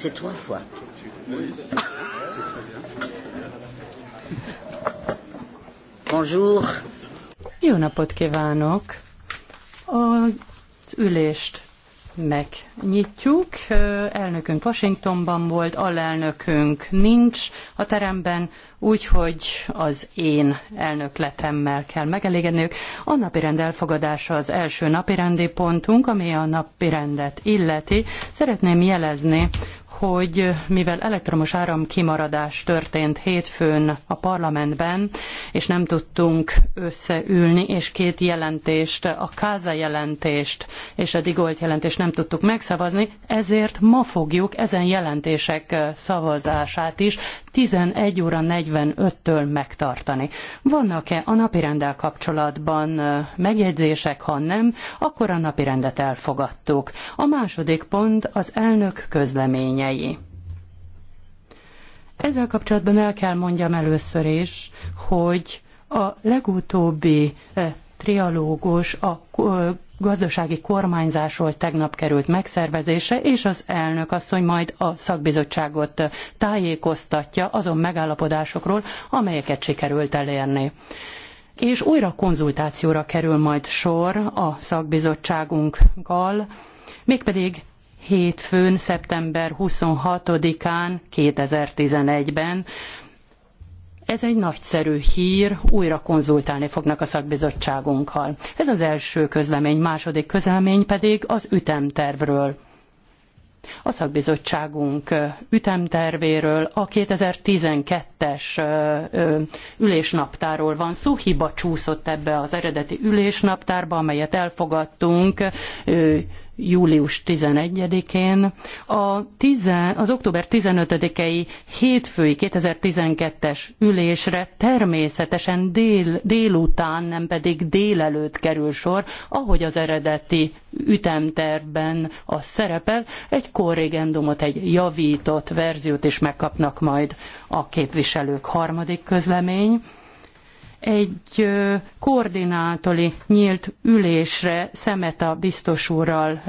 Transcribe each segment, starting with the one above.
C'est trois fois. Bonjour. Jó napot kívánok! Az ülést megnyitjuk. Elnökünk Washingtonban volt, alelnökünk nincs a teremben, úgyhogy az én elnökletemmel kell megelégedniük. A napirend elfogadása az első napirendi pontunk, ami a napirendet illeti. Szeretném jelezni, hogy mivel elektromos áramkimaradás történt hétfőn a parlamentben, és nem tudtunk összeülni, és két jelentést, a Káza jelentést és a Digolt jelentést nem tudtuk megszavazni, ezért ma fogjuk ezen jelentések szavazását is 11 óra 45-től megtartani. Vannak-e a napirenddel kapcsolatban megjegyzések, ha nem, akkor a napirendet elfogadtuk. A második pont az elnök közleménye eredményei. Ezzel kapcsolatban el kell mondjam először is, hogy a legutóbbi eh, trialógus a eh, gazdasági kormányzásról tegnap került megszervezése, és az elnök asszony majd a szakbizottságot eh, tájékoztatja azon megállapodásokról, amelyeket sikerült elérni. És újra konzultációra kerül majd sor a szakbizottságunkkal, mégpedig hétfőn, szeptember 26-án 2011-ben. Ez egy nagyszerű hír, újra konzultálni fognak a szakbizottságunkkal. Ez az első közlemény, második közlemény pedig az ütemtervről a szakbizottságunk ütemtervéről, a 2012-es ülésnaptáról van szó, hiba csúszott ebbe az eredeti ülésnaptárba, amelyet elfogadtunk július 11-én, a tizen, az október 15-i hétfői 2012-es ülésre természetesen dél, délután, nem pedig délelőtt kerül sor, ahogy az eredeti ütemtervben a szerepel, egy korrigendumot, egy javított verziót is megkapnak majd a képviselők harmadik közlemény egy koordinátori nyílt ülésre Szemeta biztos úrral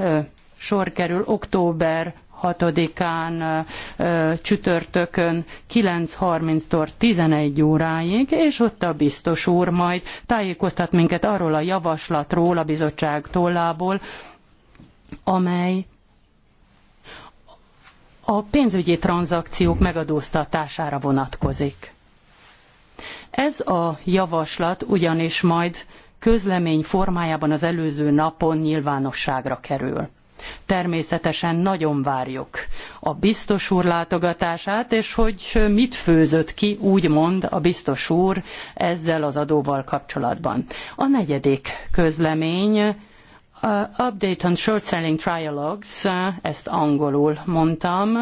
sor kerül október 6-án csütörtökön 9.30-tól 11 óráig, és ott a biztos úr majd tájékoztat minket arról a javaslatról a bizottság tollából, amely a pénzügyi tranzakciók megadóztatására vonatkozik. Ez a javaslat ugyanis majd közlemény formájában az előző napon nyilvánosságra kerül. Természetesen nagyon várjuk a biztos úr látogatását, és hogy mit főzött ki, úgymond a biztos úr ezzel az adóval kapcsolatban. A negyedik közlemény Uh, update on short selling trialogues, uh, ezt angolul mondtam.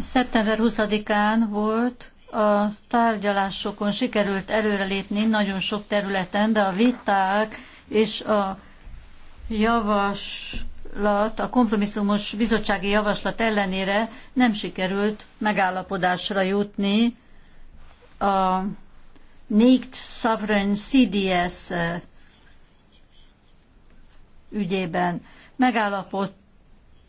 Szeptember 20-án volt a tárgyalásokon sikerült előrelépni nagyon sok területen, de a viták és a javaslat, a kompromisszumos bizottsági javaslat ellenére nem sikerült megállapodásra jutni a Nicked Sovereign CDS eh, ügyében. Megállapodt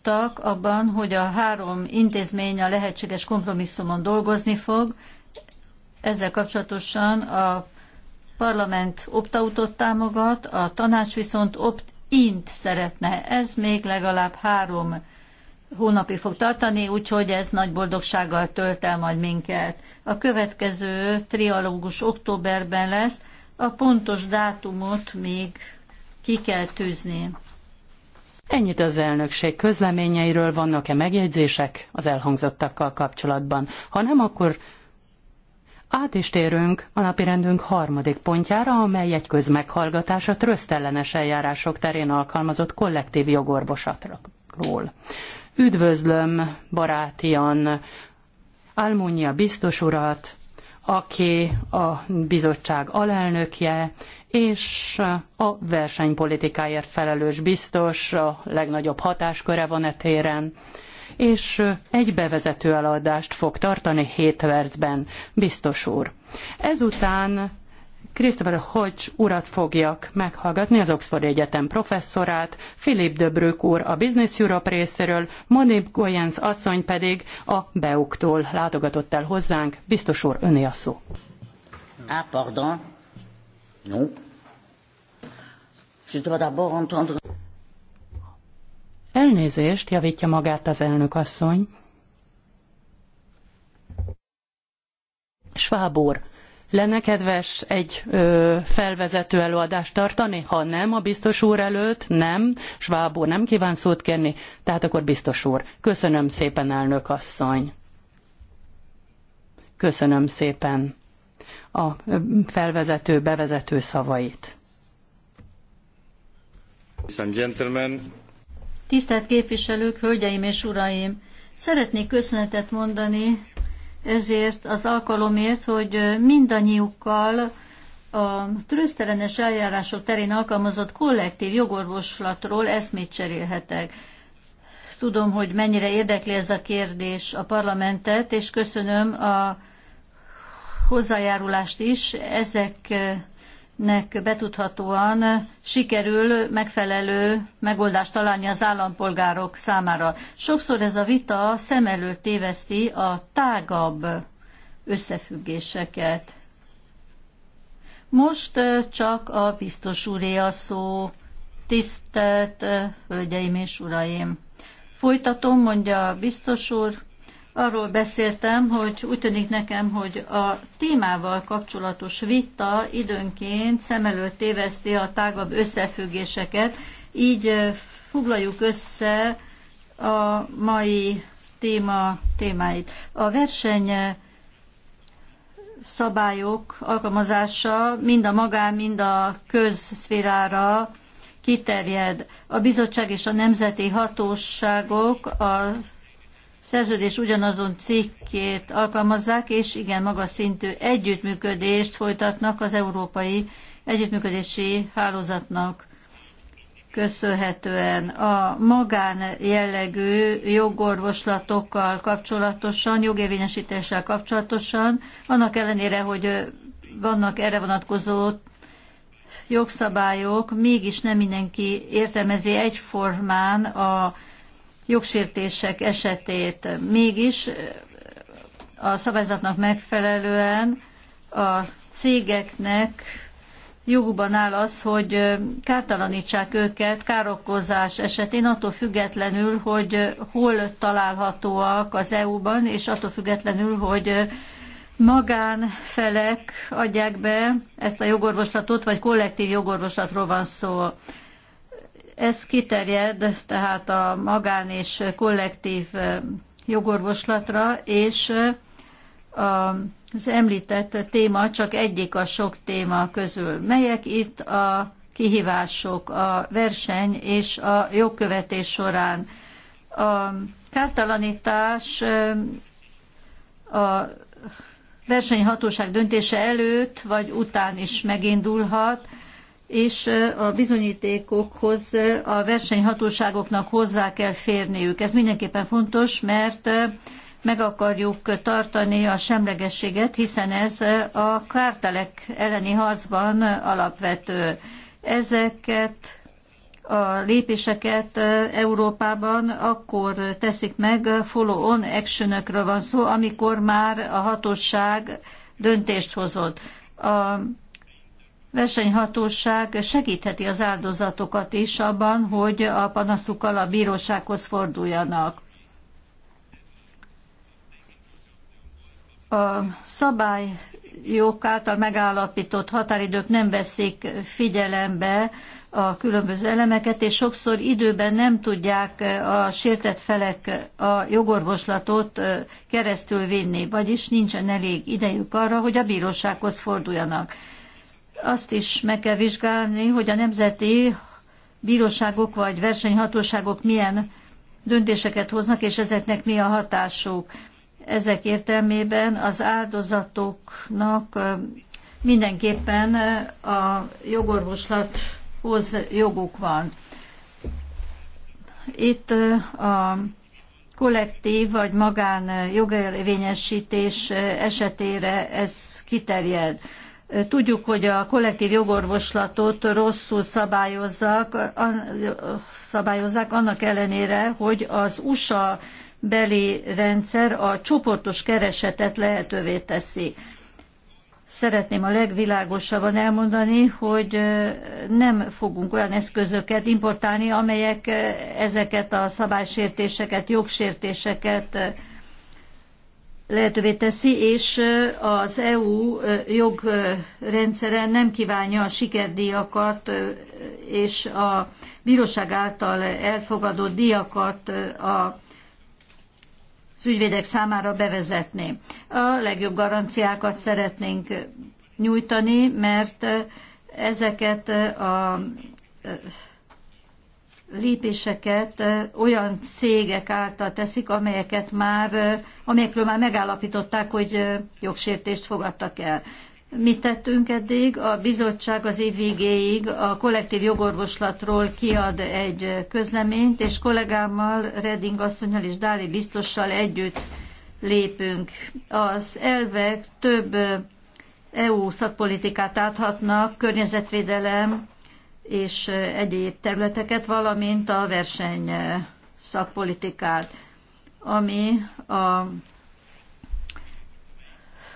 megállapodtak abban, hogy a három intézmény a lehetséges kompromisszumon dolgozni fog. Ezzel kapcsolatosan a parlament opt-outot támogat, a tanács viszont opt-int szeretne. Ez még legalább három hónapig fog tartani, úgyhogy ez nagy boldogsággal tölt el majd minket. A következő trialógus októberben lesz, a pontos dátumot még ki kell tűzni. Ennyit az elnökség közleményeiről, vannak-e megjegyzések az elhangzottakkal kapcsolatban? Ha nem, akkor át is térünk a napirendünk harmadik pontjára, amely egy közmeghallgatás a trösztellenes eljárások terén alkalmazott kollektív jogorvosatról. Üdvözlöm barátian Almunia biztos urat, aki a bizottság alelnökje, és a versenypolitikáért felelős biztos, a legnagyobb hatásköre van e téren és egy bevezető előadást fog tartani 7 percben, biztos úr. Ezután Christopher Hodge urat fogjak meghallgatni, az Oxford Egyetem professzorát, Philip Döbrük úr a Business Europe részéről, Monib Goyens asszony pedig a Beuktól látogatott el hozzánk. Biztos úr, öné a szó. Ah, pardon. Non. Je dois d'abord entendre... Elnézést, javítja magát az elnök asszony. Schwab úr, lenne kedves egy ö, felvezető előadást tartani? Ha nem, a biztos úr előtt nem, Schwab úr nem kíván szót kérni, tehát akkor biztos úr. Köszönöm szépen, elnök asszony. Köszönöm szépen a felvezető, bevezető szavait. Tisztelt képviselők, hölgyeim és uraim! Szeretnék köszönetet mondani ezért az alkalomért, hogy mindannyiukkal a trösztelenes eljárások terén alkalmazott kollektív jogorvoslatról eszmét cserélhetek. Tudom, hogy mennyire érdekli ez a kérdés a parlamentet, és köszönöm a hozzájárulást is ezek nek betudhatóan sikerül megfelelő megoldást találni az állampolgárok számára. Sokszor ez a vita szem előtt téveszti a tágabb összefüggéseket. Most csak a biztos úré a szó. Tisztelt Hölgyeim és Uraim! Folytatom, mondja a biztos úr, arról beszéltem, hogy úgy tűnik nekem, hogy a témával kapcsolatos vita időnként szem előtt téveszti a tágabb összefüggéseket, így foglaljuk össze a mai téma témáit. A verseny szabályok alkalmazása mind a magán, mind a közszférára kiterjed. A bizottság és a nemzeti hatóságok a szerződés ugyanazon cikkét alkalmazzák, és igen magas szintű együttműködést folytatnak az európai együttműködési hálózatnak köszönhetően a magán jellegű jogorvoslatokkal kapcsolatosan, jogérvényesítéssel kapcsolatosan, annak ellenére, hogy vannak erre vonatkozó jogszabályok, mégis nem mindenki értelmezi egyformán a jogsértések esetét. Mégis a szabályzatnak megfelelően a cégeknek jogban áll az, hogy kártalanítsák őket károkozás esetén, attól függetlenül, hogy hol találhatóak az EU-ban, és attól függetlenül, hogy magánfelek adják be ezt a jogorvoslatot, vagy kollektív jogorvoslatról van szó. Ez kiterjed tehát a magán és kollektív jogorvoslatra, és az említett téma csak egyik a sok téma közül. Melyek itt a kihívások a verseny és a jogkövetés során? A kártalanítás a versenyhatóság döntése előtt vagy után is megindulhat, és a bizonyítékokhoz a versenyhatóságoknak hozzá kell férniük. Ez mindenképpen fontos, mert meg akarjuk tartani a semlegességet, hiszen ez a kártelek elleni harcban alapvető. Ezeket a lépéseket Európában akkor teszik meg, follow-on action van szó, amikor már a hatóság döntést hozott. A versenyhatóság segítheti az áldozatokat is abban, hogy a panaszukkal a bírósághoz forduljanak. A szabályok által megállapított határidők nem veszik figyelembe a különböző elemeket, és sokszor időben nem tudják a sértett felek a jogorvoslatot keresztül vinni, vagyis nincsen elég idejük arra, hogy a bírósághoz forduljanak azt is meg kell vizsgálni, hogy a nemzeti bíróságok vagy versenyhatóságok milyen döntéseket hoznak, és ezeknek mi a hatásuk. Ezek értelmében az áldozatoknak mindenképpen a jogorvoslathoz joguk van. Itt a kollektív vagy magán jogérvényesítés esetére ez kiterjed. Tudjuk, hogy a kollektív jogorvoslatot rosszul szabályozzák, szabályozzák annak ellenére, hogy az USA beli rendszer a csoportos keresetet lehetővé teszi. Szeretném a legvilágosabban elmondani, hogy nem fogunk olyan eszközöket importálni, amelyek ezeket a szabálysértéseket, jogsértéseket lehetővé teszi, és az EU jogrendszere nem kívánja a sikerdíjakat és a bíróság által elfogadott díjakat a az ügyvédek számára bevezetni. A legjobb garanciákat szeretnénk nyújtani, mert ezeket a lépéseket olyan cégek által teszik, amelyeket már, amelyekről már megállapították, hogy jogsértést fogadtak el. Mit tettünk eddig? A bizottság az év végéig a kollektív jogorvoslatról kiad egy közleményt, és kollégámmal, Reding asszonynal és Dári biztossal együtt lépünk. Az elvek több EU szakpolitikát áthatnak, környezetvédelem, és egyéb területeket, valamint a verseny szakpolitikát, ami a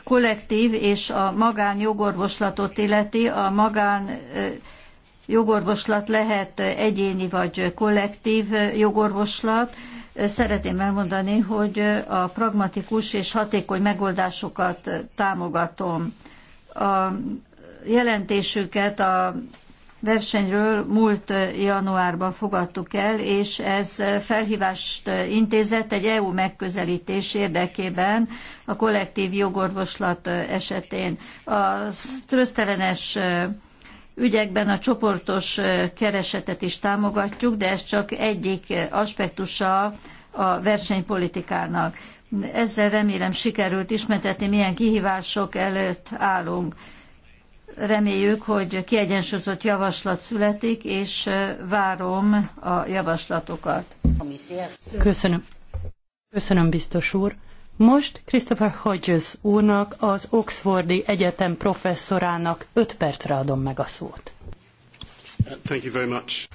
kollektív és a magán jogorvoslatot illeti. A magán jogorvoslat lehet egyéni vagy kollektív jogorvoslat. Szeretném elmondani, hogy a pragmatikus és hatékony megoldásokat támogatom. A jelentésüket a versenyről múlt januárban fogadtuk el, és ez felhívást intézett egy EU megközelítés érdekében a kollektív jogorvoslat esetén. A trösztelenes ügyekben a csoportos keresetet is támogatjuk, de ez csak egyik aspektusa a versenypolitikának. Ezzel remélem sikerült ismertetni, milyen kihívások előtt állunk Reméljük, hogy kiegyensúlyozott javaslat születik, és várom a javaslatokat. Köszönöm. Köszönöm, biztos úr. Most Christopher Hodges úrnak, az Oxfordi Egyetem professzorának öt percre adom meg a szót. Thank you very much.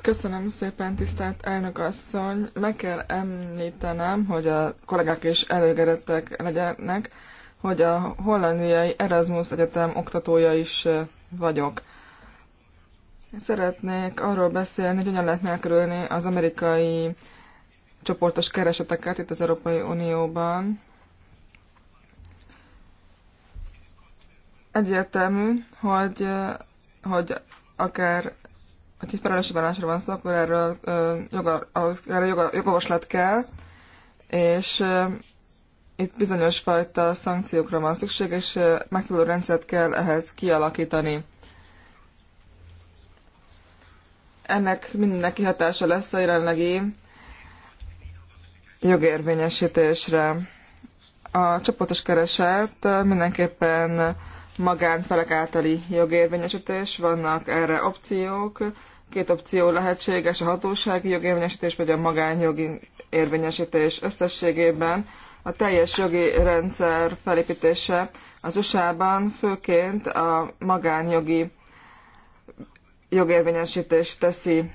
Köszönöm szépen, tisztelt elnök asszony. Meg kell említenem, hogy a kollégák is előgerettek legyenek hogy a hollandiai Erasmus Egyetem oktatója is vagyok. Szeretnék arról beszélni, hogy hogyan lehet elkerülni az amerikai csoportos kereseteket itt az Európai Unióban. Egyértelmű, hogy, hogy akár a itt felelősségi vállalásra van szó, akkor erről, joga, erről joga, jogorvoslat kell, és itt bizonyos fajta szankciókra van szükség, és megfelelő rendszert kell ehhez kialakítani. Ennek mindenki kihatása lesz a jelenlegi jogérvényesítésre. A csoportos kereset mindenképpen magánfelek általi jogérvényesítés, vannak erre opciók, két opció lehetséges, a hatósági jogérvényesítés vagy a magánjogi érvényesítés összességében a teljes jogi rendszer felépítése az USA-ban, főként a magánjogi jogérvényesítés teszi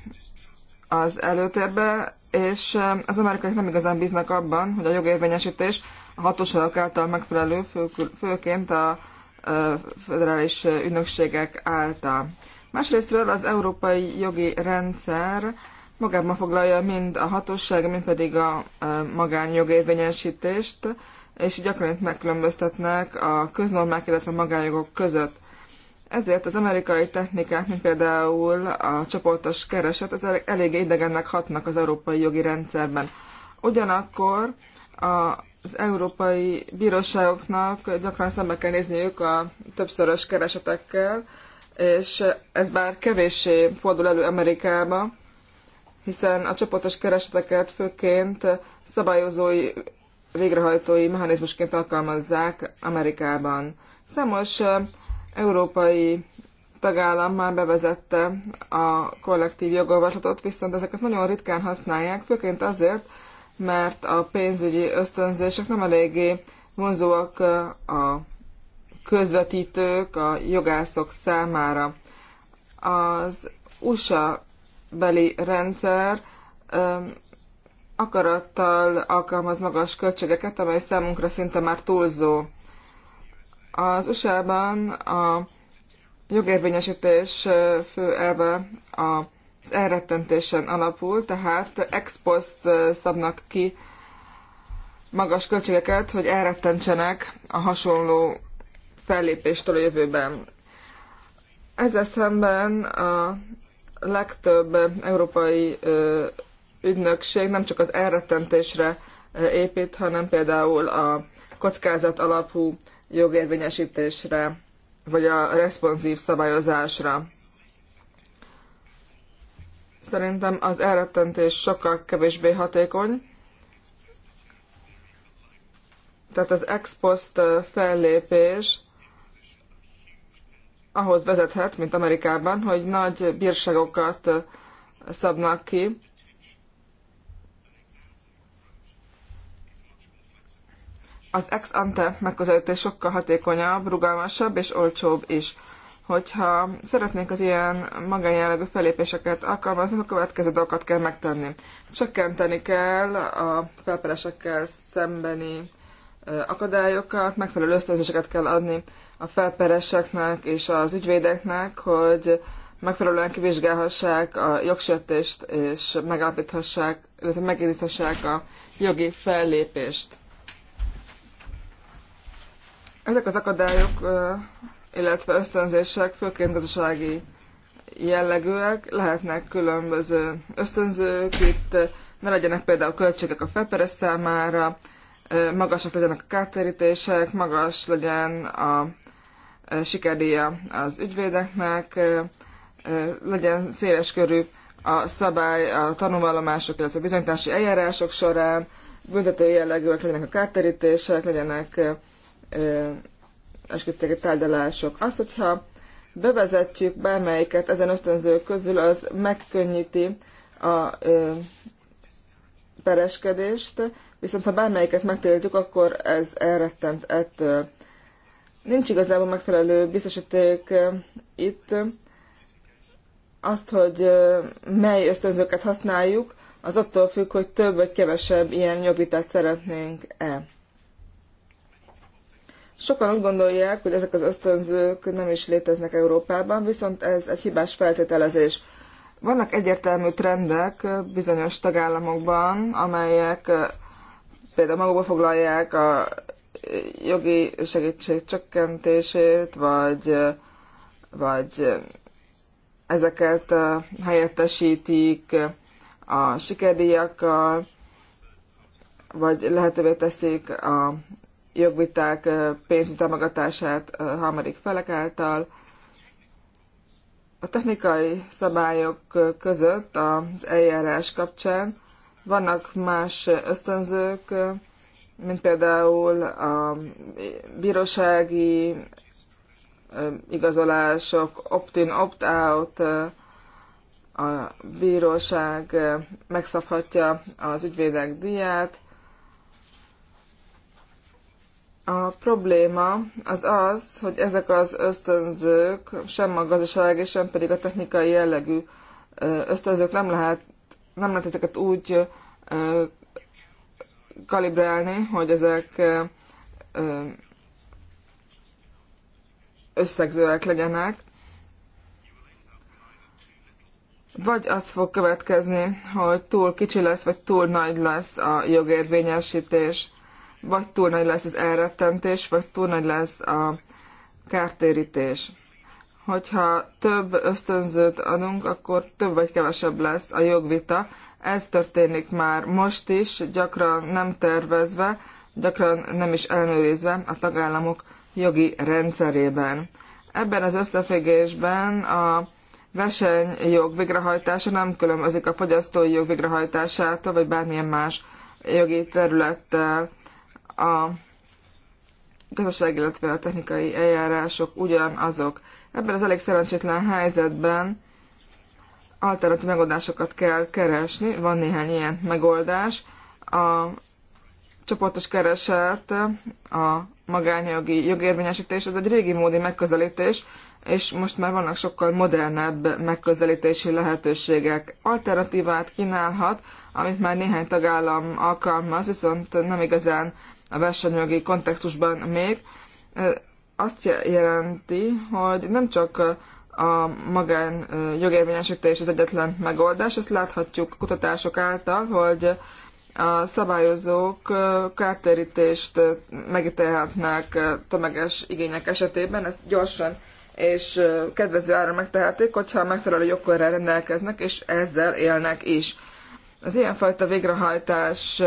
az előtérbe, és eh, az amerikaiak nem igazán bíznak abban, hogy a jogérvényesítés a hatóságok által megfelelő, főként a eh, föderális ügynökségek által. Másrésztről az európai jogi rendszer magában foglalja mind a hatóság, mind pedig a magánjog és gyakran itt megkülönböztetnek a köznormák, illetve magánjogok között. Ezért az amerikai technikák, mint például a csoportos kereset, az elég idegennek hatnak az európai jogi rendszerben. Ugyanakkor az európai bíróságoknak gyakran szembe kell nézniük a többszörös keresetekkel, és ez bár kevéssé fordul elő Amerikába, hiszen a csoportos kereseteket főként szabályozói végrehajtói mechanizmusként alkalmazzák Amerikában. Számos európai tagállam már bevezette a kollektív jogolvasatot, viszont ezeket nagyon ritkán használják, főként azért, mert a pénzügyi ösztönzések nem eléggé vonzóak a közvetítők, a jogászok számára. Az USA beli rendszer akarattal alkalmaz magas költségeket, amely számunkra szinte már túlzó. Az USA-ban a jogérvényesítés fő elve az elrettentésen alapul, tehát ex post szabnak ki magas költségeket, hogy elrettentsenek a hasonló fellépéstől a jövőben. Ezzel szemben a legtöbb európai ügynökség nem csak az elrettentésre épít, hanem például a kockázat alapú jogérvényesítésre, vagy a responszív szabályozásra. Szerintem az elrettentés sokkal kevésbé hatékony, tehát az ex post fellépés ahhoz vezethet, mint Amerikában, hogy nagy bírságokat szabnak ki. Az ex ante megközelítés sokkal hatékonyabb, rugalmasabb és olcsóbb is. Hogyha szeretnénk az ilyen magánjellegű felépéseket alkalmazni, a következő dolgokat kell megtenni. Csökkenteni kell a felperesekkel szembeni akadályokat, megfelelő ösztönzéseket kell adni a felpereseknek és az ügyvédeknek, hogy megfelelően kivizsgálhassák a jogsértést és megállapíthassák, illetve megindíthassák a jogi fellépést. Ezek az akadályok, illetve ösztönzések főként gazdasági jellegűek, lehetnek különböző ösztönzők, itt ne legyenek például költségek a felperes számára, magasak legyenek a kártérítések, magas legyen a sikerdíja az ügyvédeknek, legyen széles körű a szabály a tanulvallomások, illetve bizonyítási eljárások során, büntető jellegűek legyenek a kárterítések, legyenek esküdtségi tárgyalások. Az, hogyha bevezetjük bármelyiket ezen ösztönzők közül, az megkönnyíti a ö, pereskedést, viszont ha bármelyiket megtiltjuk, akkor ez elrettent ettől. Nincs igazából megfelelő biztosíték itt azt, hogy mely ösztönzőket használjuk, az attól függ, hogy több vagy kevesebb ilyen jogvitát szeretnénk-e. Sokan úgy gondolják, hogy ezek az ösztönzők nem is léteznek Európában, viszont ez egy hibás feltételezés. Vannak egyértelmű trendek bizonyos tagállamokban, amelyek például magukba foglalják a jogi segítség csökkentését, vagy, vagy ezeket helyettesítik a sikerdíjakkal, vagy lehetővé teszik a jogviták pénzügyi támogatását harmadik felek által. A technikai szabályok között az eljárás kapcsán vannak más ösztönzők, mint például a bírósági igazolások, opt-in, opt-out, a bíróság megszabhatja az ügyvédek díját. A probléma az az, hogy ezek az ösztönzők, sem a gazdasági, sem pedig a technikai jellegű ösztönzők nem lehet, nem lehet ezeket úgy kalibrálni, hogy ezek összegzőek legyenek. Vagy az fog következni, hogy túl kicsi lesz, vagy túl nagy lesz a jogérvényesítés, vagy túl nagy lesz az elrettentés, vagy túl nagy lesz a kártérítés. Hogyha több ösztönzőt adunk, akkor több vagy kevesebb lesz a jogvita, ez történik már most is, gyakran nem tervezve, gyakran nem is ellenőrizve a tagállamok jogi rendszerében. Ebben az összefüggésben a versenyjog végrehajtása nem különbözik a fogyasztói jog végrehajtásától, vagy bármilyen más jogi területtel. A gazdaság, illetve a technikai eljárások ugyanazok. Ebben az elég szerencsétlen helyzetben alternatív megoldásokat kell keresni, van néhány ilyen megoldás. A csoportos kereset, a magányjogi jogérvényesítés, ez egy régi módi megközelítés, és most már vannak sokkal modernebb megközelítési lehetőségek. Alternatívát kínálhat, amit már néhány tagállam alkalmaz, viszont nem igazán a versenyjogi kontextusban még. Azt jelenti, hogy nem csak a magán jogérvényesítés az egyetlen megoldás. Ezt láthatjuk kutatások által, hogy a szabályozók kártérítést megítélhetnek tömeges igények esetében. Ezt gyorsan és kedvező áron megtehetik, hogyha megfelelő jogkörrel rendelkeznek, és ezzel élnek is. Az ilyenfajta végrehajtás,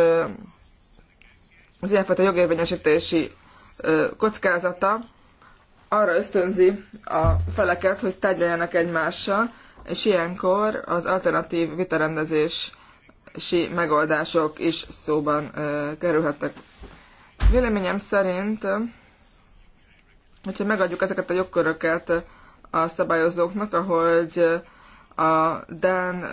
az ilyenfajta jogérvényesítési kockázata arra ösztönzi a feleket, hogy tegyenek egymással, és ilyenkor az alternatív vitarendezési megoldások is szóban ö, kerülhetnek. Véleményem szerint, hogyha megadjuk ezeket a jogköröket a szabályozóknak, ahogy a Dan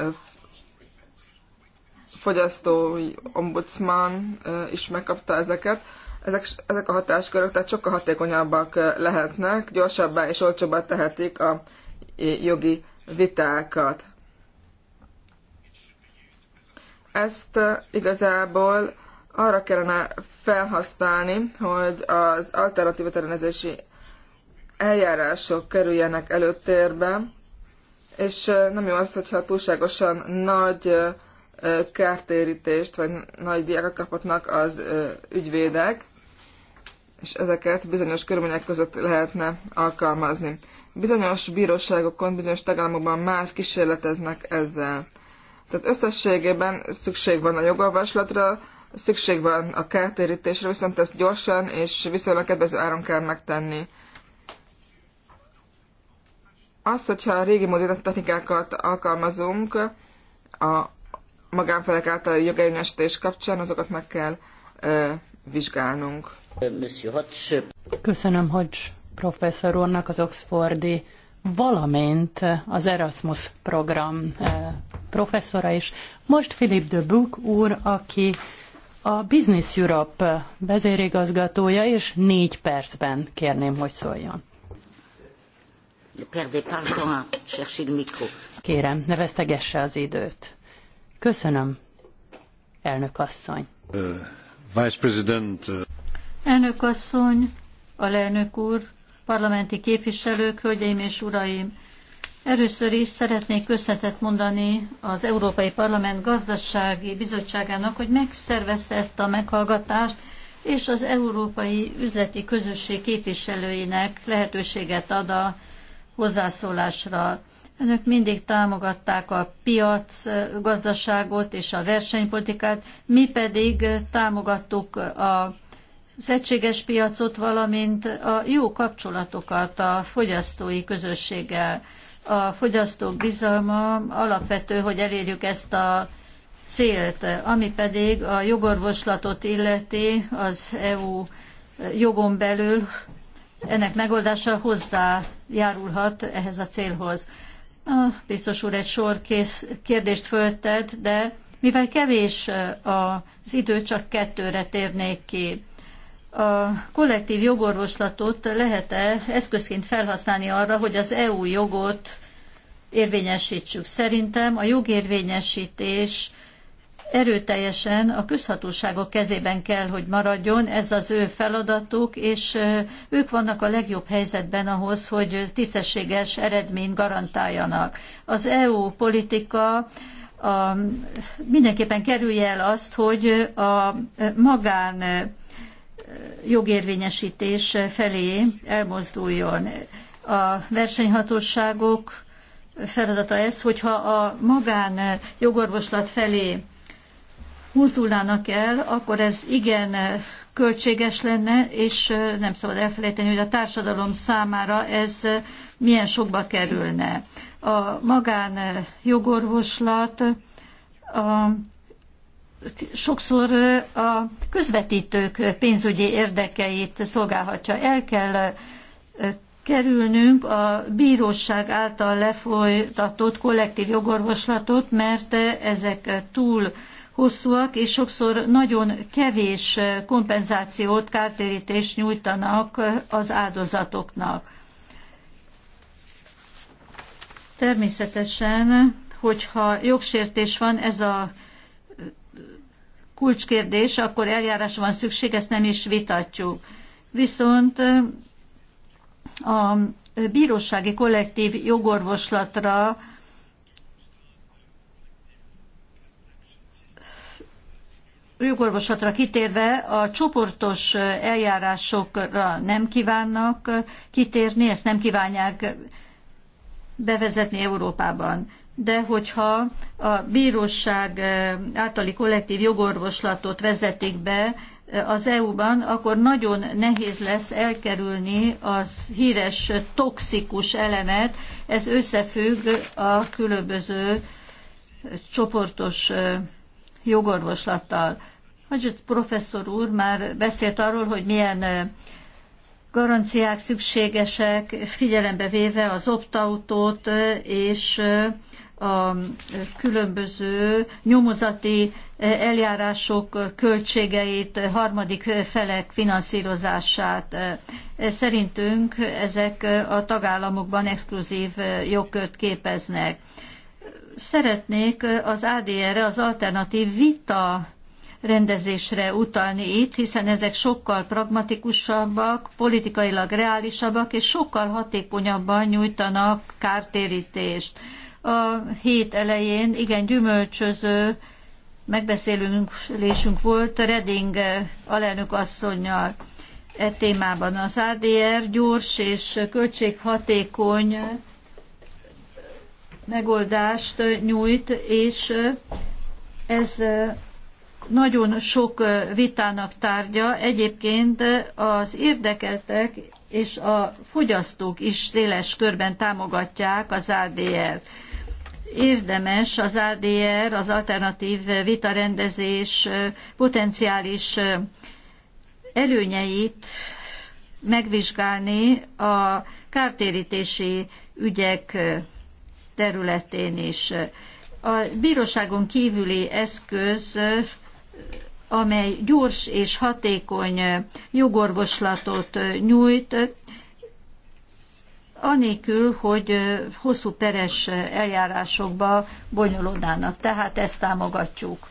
fogyasztói ombudsman is megkapta ezeket, ezek, ezek a hatáskörök tehát sokkal hatékonyabbak lehetnek, gyorsabbá és olcsóbbá tehetik a jogi vitákat. Ezt igazából arra kellene felhasználni, hogy az alternatív terenezési eljárások kerüljenek előtérbe, és nem jó az, hogyha túlságosan nagy kártérítést, vagy nagy diákat kaphatnak az ügyvédek és ezeket bizonyos körülmények között lehetne alkalmazni. Bizonyos bíróságokon, bizonyos tagállamokban már kísérleteznek ezzel. Tehát összességében szükség van a jogolvaslatra, szükség van a kártérítésre, viszont ezt gyorsan és viszonylag kedvező áron kell megtenni. Az, hogyha a régi módi technikákat alkalmazunk a magánfelek által jogérvényesítés kapcsán, azokat meg kell ö, vizsgálnunk. Köszönöm, hogy professzor úrnak az oxfordi, valamint az Erasmus program eh, professzora is. Most Philip de Buc úr, aki a Business Europe vezérigazgatója, és négy percben kérném, hogy szóljon. Kérem, ne vesztegesse az időt. Köszönöm, elnök asszony. Uh, Vice President. Uh... Elnök asszony, alelnök úr, parlamenti képviselők, hölgyeim és uraim! Először is szeretnék köszönetet mondani az Európai Parlament gazdasági bizottságának, hogy megszervezte ezt a meghallgatást, és az Európai Üzleti Közösség képviselőinek lehetőséget ad a hozzászólásra. Önök mindig támogatták a piac gazdaságot és a versenypolitikát, mi pedig támogattuk a az egységes piacot, valamint a jó kapcsolatokat a fogyasztói közösséggel. A fogyasztók bizalma alapvető, hogy elérjük ezt a célt, ami pedig a jogorvoslatot illeti az EU jogon belül, ennek megoldása hozzájárulhat ehhez a célhoz. A biztos úr egy sor kész kérdést föltett, de mivel kevés az idő, csak kettőre térnék ki a kollektív jogorvoslatot lehet-e eszközként felhasználni arra, hogy az EU jogot érvényesítsük. Szerintem a jogérvényesítés erőteljesen a közhatóságok kezében kell, hogy maradjon, ez az ő feladatuk, és ők vannak a legjobb helyzetben ahhoz, hogy tisztességes eredményt garantáljanak. Az EU politika a, mindenképpen kerülje el azt, hogy a magán jogérvényesítés felé elmozduljon. A versenyhatóságok feladata ez, hogyha a magán jogorvoslat felé húzulnának el, akkor ez igen költséges lenne, és nem szabad elfelejteni, hogy a társadalom számára ez milyen sokba kerülne. A magán jogorvoslat a sokszor a közvetítők pénzügyi érdekeit szolgálhatja. El kell kerülnünk a bíróság által lefolytatott kollektív jogorvoslatot, mert ezek túl hosszúak, és sokszor nagyon kevés kompenzációt, kártérítést nyújtanak az áldozatoknak. Természetesen, hogyha jogsértés van, ez a kulcskérdés, akkor eljárásra van szükség, ezt nem is vitatjuk. Viszont a bírósági kollektív jogorvoslatra jogorvoslatra kitérve a csoportos eljárásokra nem kívánnak kitérni, ezt nem kívánják bevezetni Európában de hogyha a bíróság általi kollektív jogorvoslatot vezetik be az EU-ban, akkor nagyon nehéz lesz elkerülni az híres toxikus elemet. Ez összefügg a különböző csoportos jogorvoslattal. Hagyzsit professzor úr már beszélt arról, hogy milyen garanciák szükségesek, figyelembe véve az opt és a különböző nyomozati eh, eljárások költségeit, eh, harmadik felek finanszírozását. Eh, szerintünk ezek a tagállamokban exkluzív jogkört képeznek. Szeretnék az ADR-re, az alternatív vita rendezésre utalni itt, hiszen ezek sokkal pragmatikusabbak, politikailag reálisabbak és sokkal hatékonyabban nyújtanak kártérítést a hét elején igen gyümölcsöző megbeszélésünk volt Reding eh, alelnök asszonynal e témában. Az ADR gyors és költséghatékony eh, megoldást eh, nyújt, és ez nagyon sok vitának tárgya. Egyébként az érdekeltek és a fogyasztók is széles körben támogatják az ADR-t érdemes az ADR, az alternatív vitarendezés potenciális előnyeit megvizsgálni a kártérítési ügyek területén is. A bíróságon kívüli eszköz, amely gyors és hatékony jogorvoslatot nyújt, anélkül, hogy hosszú peres eljárásokba bonyolódnának. Tehát ezt támogatjuk.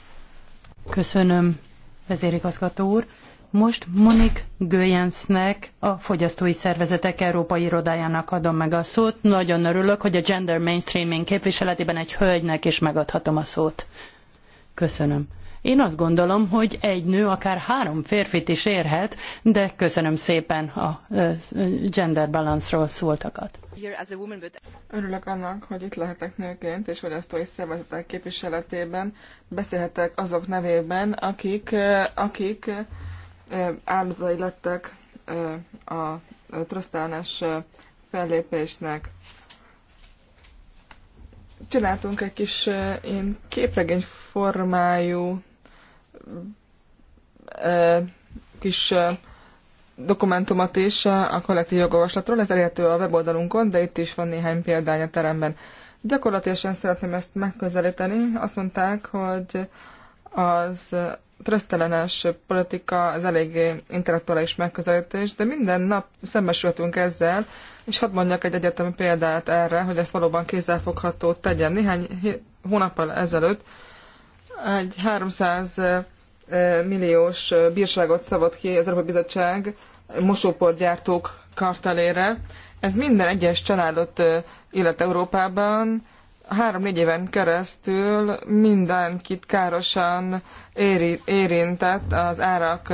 Köszönöm, vezérigazgató úr. Most Monik Göjensnek, a Fogyasztói Szervezetek Európai Irodájának adom meg a szót. Nagyon örülök, hogy a gender mainstreaming képviseletében egy hölgynek is megadhatom a szót. Köszönöm. Én azt gondolom, hogy egy nő akár három férfit is érhet, de köszönöm szépen a gender balance-ról szóltakat. Örülök annak, hogy itt lehetek nőként, és fogyasztói szervezetek képviseletében beszélhetek azok nevében, akik, akik áldozatai lettek a trösztelnes fellépésnek. Csináltunk egy kis ilyen képregény formájú kis dokumentumot is a kollektív jogolvaslatról. Ez elérhető a weboldalunkon, de itt is van néhány példány a teremben. Gyakorlatilag szeretném ezt megközelíteni. Azt mondták, hogy az trösztelenes politika az eléggé intellektuális megközelítés, de minden nap szembesültünk ezzel, és hadd mondjak egy egyetemi példát erre, hogy ezt valóban kézzelfogható tegyen. Néhány hónappal ezelőtt egy 300 milliós bírságot szabott ki az Európai Bizottság mosóporgyártók kartelére. Ez minden egyes családot illet Európában. Három-négy éven keresztül mindenkit károsan éri, érintett az árak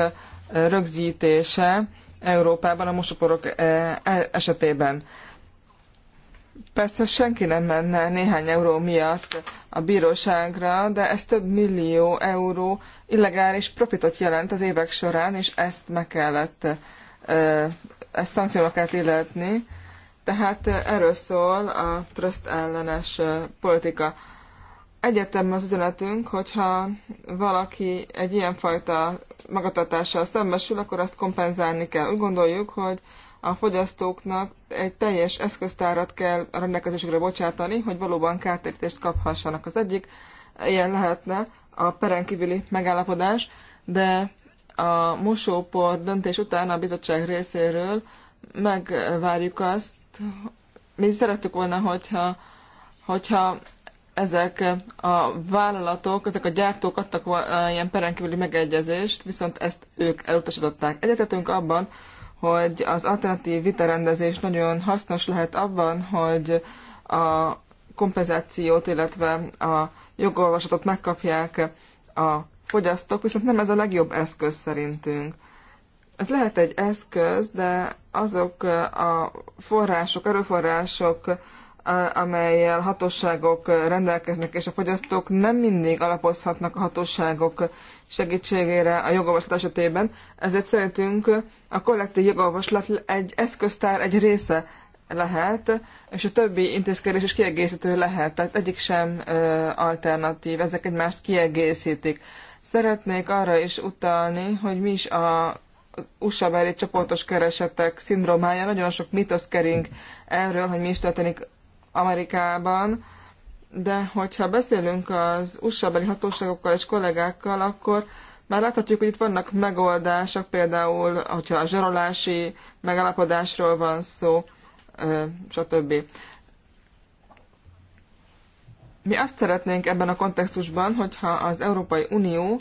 rögzítése Európában a mosóporok e-, esetében. Persze senki nem menne néhány euró miatt a bíróságra, de ez több millió euró illegális profitot jelent az évek során, és ezt meg kellett, ezt szankcióra kellett illetni. Tehát erről szól a trust ellenes politika. Egyetem az üzenetünk, hogyha valaki egy ilyenfajta magatartással szembesül, akkor azt kompenzálni kell. Úgy gondoljuk, hogy a fogyasztóknak egy teljes eszköztárat kell a rendelkezésükre bocsátani, hogy valóban kártérítést kaphassanak. Az egyik ilyen lehetne a perenkívüli megállapodás, de a mosópor döntés után a bizottság részéről megvárjuk azt, mi szerettük volna, hogyha, hogyha ezek a vállalatok, ezek a gyártók adtak ilyen perenkívüli megegyezést, viszont ezt ők elutasították. Egyetetünk abban, hogy az alternatív vitarendezés nagyon hasznos lehet abban, hogy a kompenzációt, illetve a jogolvasatot megkapják a fogyasztók, viszont nem ez a legjobb eszköz szerintünk. Ez lehet egy eszköz, de azok a források, erőforrások, amelyel hatóságok rendelkeznek, és a fogyasztók nem mindig alapozhatnak a hatóságok segítségére a jogolvaslat esetében, ezért szerintünk a kollektív jogolvaslat egy eszköztár egy része lehet, és a többi intézkedés is kiegészítő lehet, tehát egyik sem alternatív, ezek egymást kiegészítik. Szeretnék arra is utalni, hogy mi is a az USA beli csoportos keresetek szindrómája, nagyon sok mitosz kering erről, hogy mi is történik Amerikában, de hogyha beszélünk az USA beli hatóságokkal és kollégákkal, akkor már láthatjuk, hogy itt vannak megoldások, például, hogyha a zsarolási megalapodásról van szó, stb. Mi azt szeretnénk ebben a kontextusban, hogyha az Európai Unió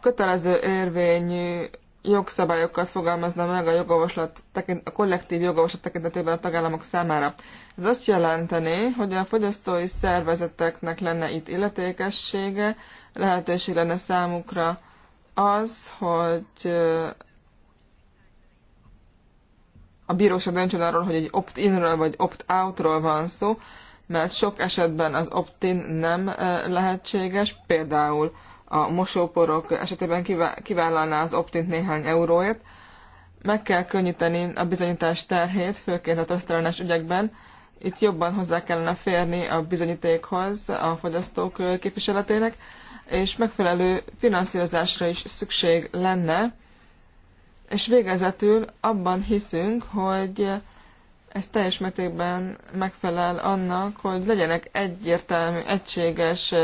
kötelező érvényű jogszabályokat fogalmazna meg a, jogavaslat, a kollektív jogavaslat tekintetében a tagállamok számára. Ez azt jelenteni, hogy a fogyasztói szervezeteknek lenne itt illetékessége, lehetőség lenne számukra az, hogy a bíróság döntsön arról, hogy egy opt-inről vagy opt-outról van szó, mert sok esetben az opt-in nem lehetséges, például a mosóporok esetében kivállalná az opt-int néhány euróért. Meg kell könnyíteni a bizonyítás terhét, főként a trösztelenes ügyekben, itt jobban hozzá kellene férni a bizonyítékhoz a fogyasztók képviseletének, és megfelelő finanszírozásra is szükség lenne, és végezetül abban hiszünk, hogy ez teljes mértékben megfelel annak, hogy legyenek egyértelmű, egységes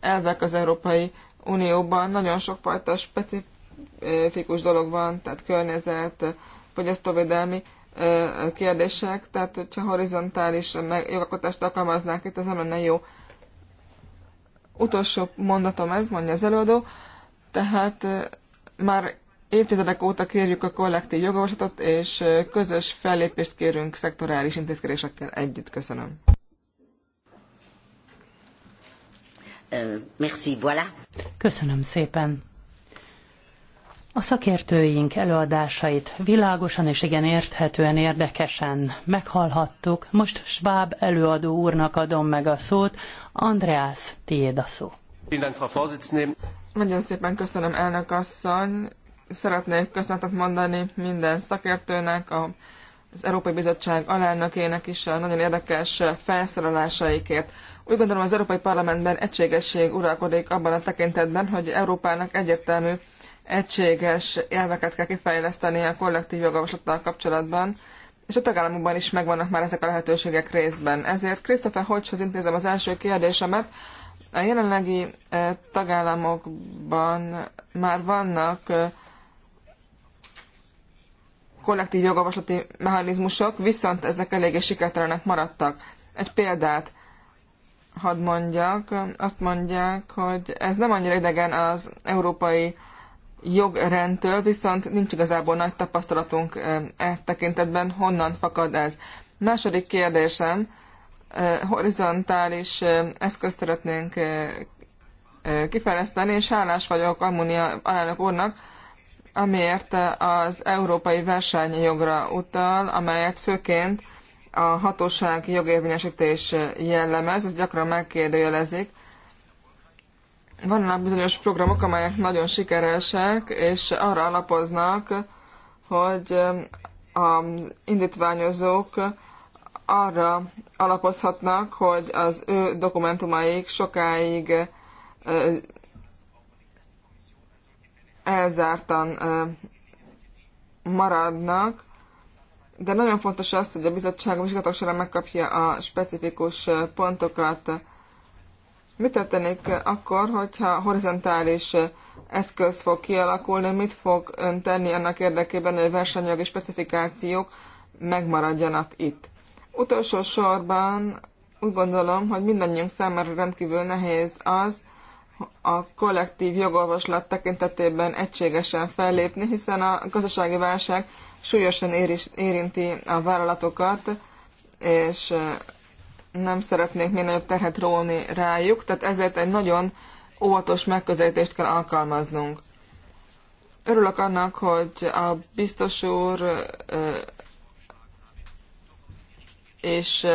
elvek az Európai Unióban. Nagyon sokfajta specifikus dolog van, tehát környezet, fogyasztóvédelmi kérdések, tehát hogyha horizontális jogalkotást alkalmaznák itt, az nem lenne jó. Utolsó mondatom ez, mondja az előadó, tehát már évtizedek óta kérjük a kollektív jogorvoslatot, és közös fellépést kérünk szektorális intézkedésekkel együtt. Köszönöm. Merci, voilà. Köszönöm szépen. A szakértőink előadásait világosan és igen érthetően érdekesen meghallhattuk. Most Schwab előadó úrnak adom meg a szót. Andreas, tiéd a szó. Nagyon szépen köszönöm, elnök asszony. Szeretnék köszönetet mondani minden szakértőnek, a, az Európai Bizottság alelnökének is a nagyon érdekes felszerelásaikért. Úgy gondolom az Európai Parlamentben egységesség uralkodik abban a tekintetben, hogy Európának egyértelmű egységes elveket kell kifejleszteni a kollektív jogavaslattal kapcsolatban, és a tagállamokban is megvannak már ezek a lehetőségek részben. Ezért Christopher Hodgshoz intézem az első kérdésemet. A jelenlegi eh, tagállamokban már vannak eh, kollektív jogavaslati mechanizmusok, viszont ezek eléggé sikertelenek maradtak. Egy példát hadd mondjak, azt mondják, hogy ez nem annyira idegen az európai jogrendtől, viszont nincs igazából nagy tapasztalatunk e tekintetben, honnan fakad ez. Második kérdésem, horizontális eszközt szeretnénk kifejleszteni, és hálás vagyok Almunia alelnök úrnak, amiért az európai versenyjogra utal, amelyet főként a hatóság jogérvényesítés jellemez, ez gyakran megkérdőjelezik, vannak bizonyos programok, amelyek nagyon sikeresek, és arra alapoznak, hogy um, a indítványozók arra alapozhatnak, hogy az ő dokumentumaik sokáig elzártan maradnak, de nagyon fontos az, hogy a bizottság a során megkapja a specifikus pontokat. Mit tettenék akkor, hogyha horizontális eszköz fog kialakulni, mit fog ön tenni annak érdekében, hogy versenyjogi specifikációk megmaradjanak itt? Utolsó sorban úgy gondolom, hogy mindannyiunk számára rendkívül nehéz az, a kollektív jogorvoslat tekintetében egységesen fellépni, hiszen a gazdasági válság súlyosan érinti a vállalatokat, és nem szeretnénk még nagyobb terhet róni rájuk, tehát ezért egy nagyon óvatos megközelítést kell alkalmaznunk. Örülök annak, hogy a biztos úr és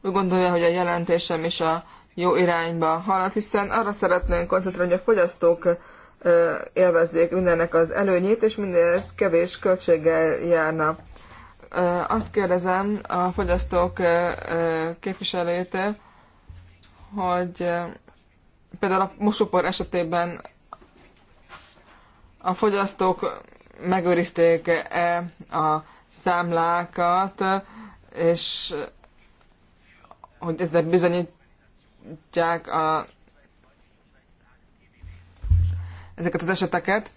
úgy gondolja, hogy a jelentésem is a jó irányba halad, hiszen arra szeretnénk koncentrálni, hogy a fogyasztók élvezzék mindennek az előnyét, és mindez kevés költséggel járna azt kérdezem a fogyasztók képviselőjétől, hogy például a mosópor esetében a fogyasztók megőrizték-e a számlákat, és hogy ezzel bizonyítják a, ezeket az eseteket.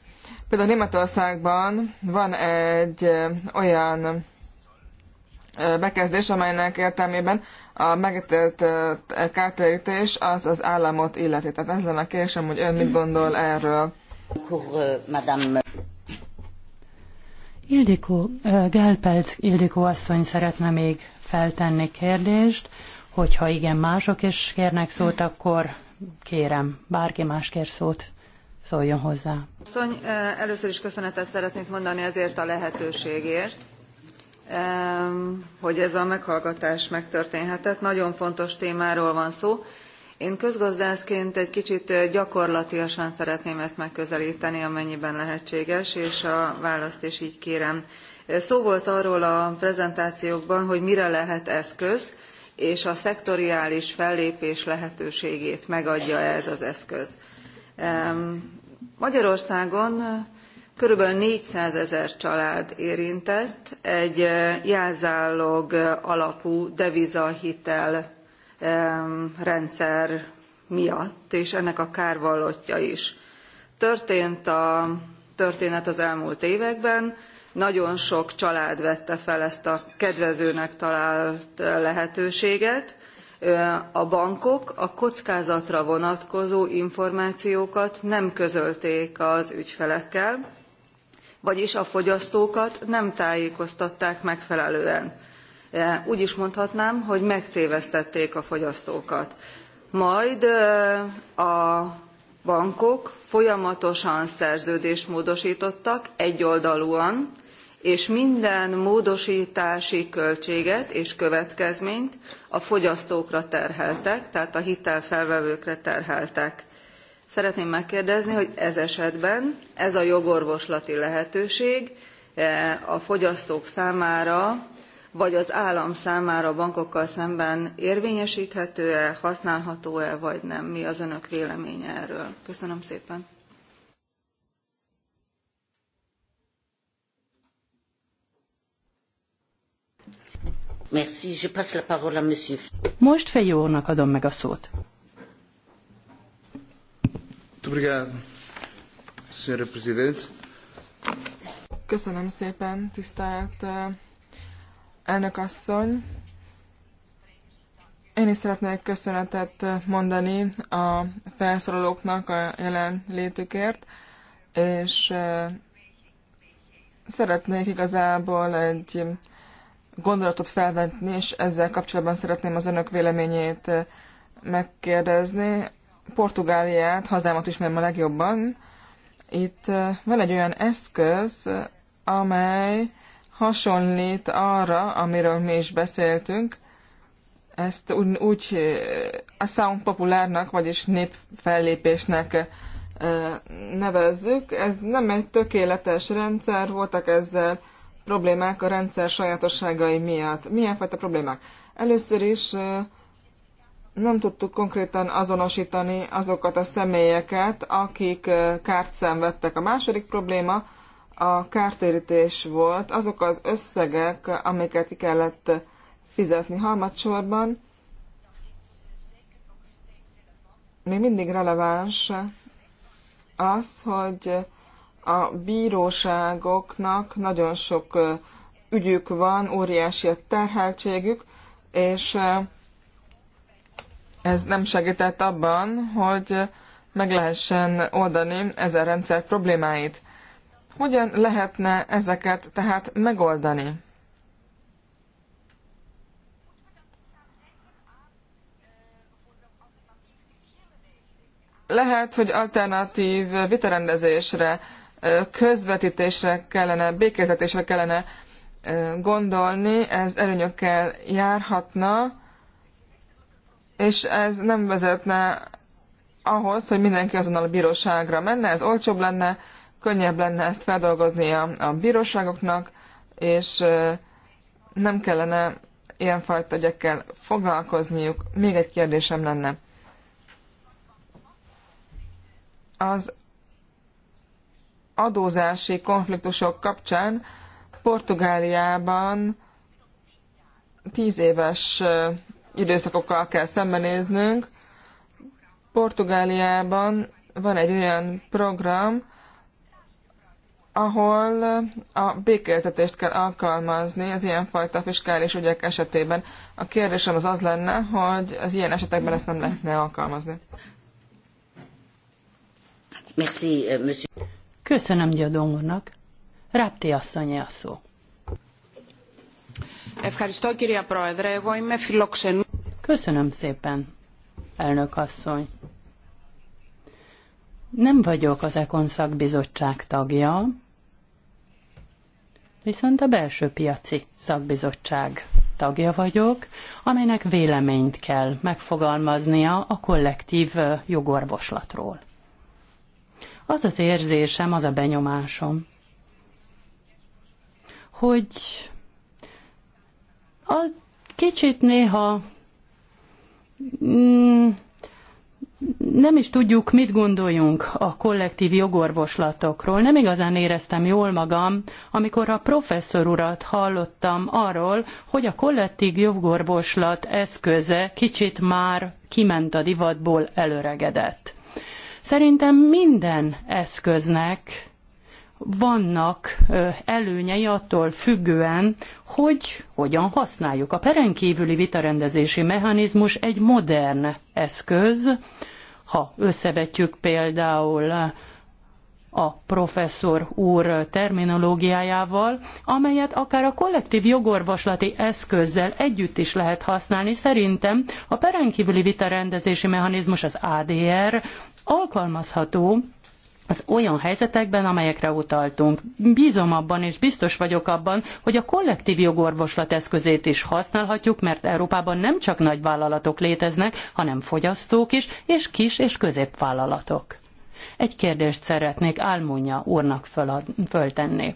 Például Németországban van egy olyan bekezdés, amelynek értelmében a megítélt kártérítés az az államot illeti. Tehát ez lenne a kérdésem, hogy ön mit gondol erről. Ildikó, Gelpelc Ildikó asszony szeretne még feltenni kérdést, hogyha igen, mások is kérnek szót, akkor kérem, bárki más kér szót, szóljon hozzá. Asszony, először is köszönetet szeretnék mondani ezért a lehetőségért hogy ez a meghallgatás megtörténhetett. Nagyon fontos témáról van szó. Én közgazdászként egy kicsit gyakorlatiasan szeretném ezt megközelíteni, amennyiben lehetséges, és a választ is így kérem. Szó volt arról a prezentációkban, hogy mire lehet eszköz, és a szektoriális fellépés lehetőségét megadja ez az eszköz. Magyarországon Körülbelül 400 ezer család érintett egy eh, jelzálog eh, alapú devizahitel rendszer miatt, és ennek a kárvallotja is. Történt a történet az elmúlt években, nagyon sok család vette fel ezt a kedvezőnek talált eh, lehetőséget. A bankok a kockázatra vonatkozó információkat nem közölték az ügyfelekkel, vagyis a fogyasztókat nem tájékoztatták megfelelően. E, úgy is mondhatnám, hogy megtévesztették a fogyasztókat. Majd e, a bankok folyamatosan szerződést módosítottak egyoldalúan, és minden módosítási költséget és következményt a fogyasztókra terheltek, tehát a hitelfelvevőkre terheltek. Szeretném megkérdezni, hogy ez esetben ez a jogorvoslati lehetőség eh, a fogyasztók számára, vagy az állam számára a bankokkal szemben érvényesíthető-e, használható-e, vagy nem? Mi az önök véleménye erről? Köszönöm szépen. Most Fejó adom meg a szót. Köszönöm szépen, tisztelt eh, elnök asszony. Én is szeretnék köszönetet eh, mondani a felszólalóknak a jelen létükért, és eh, szeretnék igazából egy gondolatot felvetni, és ezzel kapcsolatban szeretném az önök véleményét megkérdezni. Portugáliát, hazámat ismerem a legjobban. Itt van egy olyan eszköz, amely hasonlít arra, amiről mi is beszéltünk, ezt úgy, úgy a sound populárnak, vagyis népfellépésnek nevezzük. Ez nem egy tökéletes rendszer, voltak ezzel problémák a rendszer sajátosságai miatt. Milyen fajta problémák? Először is nem tudtuk konkrétan azonosítani azokat a személyeket, akik kárt szenvedtek. A második probléma a kártérítés volt, azok az összegek, amiket kellett fizetni harmadsorban, még mindig releváns az, hogy a bíróságoknak nagyon sok ügyük van, óriási a terheltségük, és ez nem segített abban, hogy meg lehessen oldani ezen rendszer problémáit. Hogyan lehetne ezeket tehát megoldani? Lehet, hogy alternatív vitarendezésre, közvetítésre kellene, békézletésre kellene gondolni, ez előnyökkel járhatna, és ez nem vezetne ahhoz, hogy mindenki azonnal a bíróságra menne, ez olcsóbb lenne, könnyebb lenne ezt feldolgozni a, a bíróságoknak, és nem kellene ilyenfajta ügyekkel foglalkozniuk. Még egy kérdésem lenne. Az adózási konfliktusok kapcsán Portugáliában tíz éves időszakokkal kell szembenéznünk. Portugáliában van egy olyan program, ahol a békéltetést kell alkalmazni az ilyenfajta fiskális ügyek esetében. A kérdésem az az lenne, hogy az ilyen esetekben ezt nem lehetne alkalmazni. Merci, euh, monsieur. Köszönöm Gyadon úrnak. Rápti asszony a szó. Köszönöm, κυρία Πρόεδρε. Köszönöm szépen, elnök asszony. Nem vagyok az Ekon szakbizottság tagja, viszont a belső piaci szakbizottság tagja vagyok, amelynek véleményt kell megfogalmaznia a kollektív jogorvoslatról. Az az érzésem, az a benyomásom, hogy a kicsit néha Mm, nem is tudjuk, mit gondoljunk a kollektív jogorvoslatokról. Nem igazán éreztem jól magam, amikor a professzor urat hallottam arról, hogy a kollektív jogorvoslat eszköze kicsit már kiment a divatból előregedett. Szerintem minden eszköznek vannak előnyei attól függően, hogy hogyan használjuk. A perenkívüli vitarendezési mechanizmus egy modern eszköz, ha összevetjük például a professzor úr terminológiájával, amelyet akár a kollektív jogorvoslati eszközzel együtt is lehet használni. Szerintem a perenkívüli vitarendezési mechanizmus, az ADR alkalmazható az olyan helyzetekben, amelyekre utaltunk. Bízom abban, és biztos vagyok abban, hogy a kollektív jogorvoslat eszközét is használhatjuk, mert Európában nem csak nagy vállalatok léteznek, hanem fogyasztók is, és kis és középvállalatok. Egy kérdést szeretnék álmonya úrnak fölad, föltenni.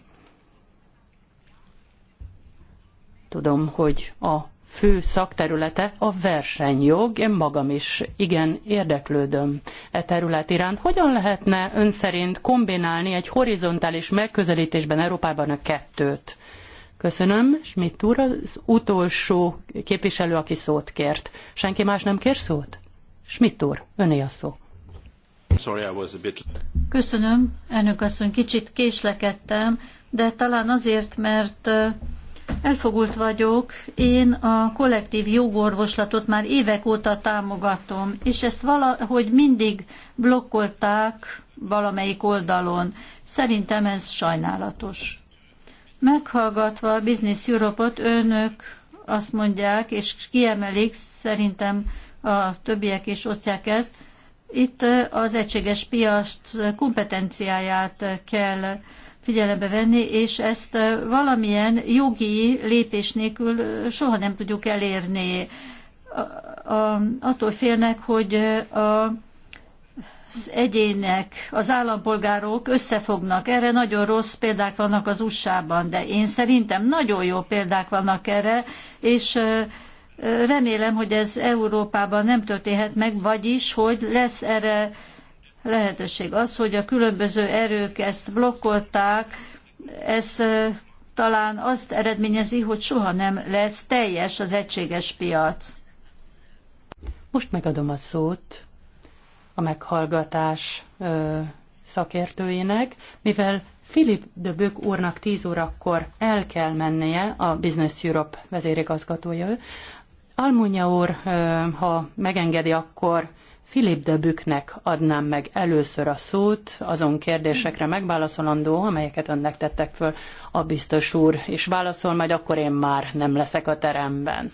Tudom, hogy a fő szakterülete a versenyjog. Én magam is igen érdeklődöm e terület iránt. Hogyan lehetne ön szerint kombinálni egy horizontális megközelítésben Európában a kettőt? Köszönöm. Schmidt úr az utolsó képviselő, aki szót kért. Senki más nem kér szót? Schmidt úr, öné a szó. Köszönöm, elnök asszony, kicsit késlekedtem, de talán azért, mert Elfogult vagyok, én a kollektív jogorvoslatot már évek óta támogatom, és ezt valahogy mindig blokkolták valamelyik oldalon. Szerintem ez sajnálatos. Meghallgatva a Business Europe-ot, önök azt mondják, és kiemelik, szerintem a többiek is osztják ezt, itt az egységes piac kompetenciáját kell figyelembe venni, és ezt valamilyen jogi lépés nélkül soha nem tudjuk elérni. A, a, attól félnek, hogy a az egyének, az állampolgárok összefognak. Erre nagyon rossz példák vannak az USA-ban, de én szerintem nagyon jó példák vannak erre, és remélem, hogy ez Európában nem történhet meg, vagyis, hogy lesz erre lehetőség. Az, hogy a különböző erők ezt blokkolták, ez talán azt eredményezi, hogy soha nem lesz teljes az egységes piac. Most megadom a szót a meghallgatás ö, szakértőjének, mivel Philip de Bök úrnak 10 órakor el kell mennie, a Business Europe vezérigazgatója ő. Almunia úr, ha megengedi, akkor Philip de Bücknek adnám meg először a szót azon kérdésekre megválaszolandó, amelyeket önnek tettek föl a biztos úr, és válaszol majd akkor én már nem leszek a teremben.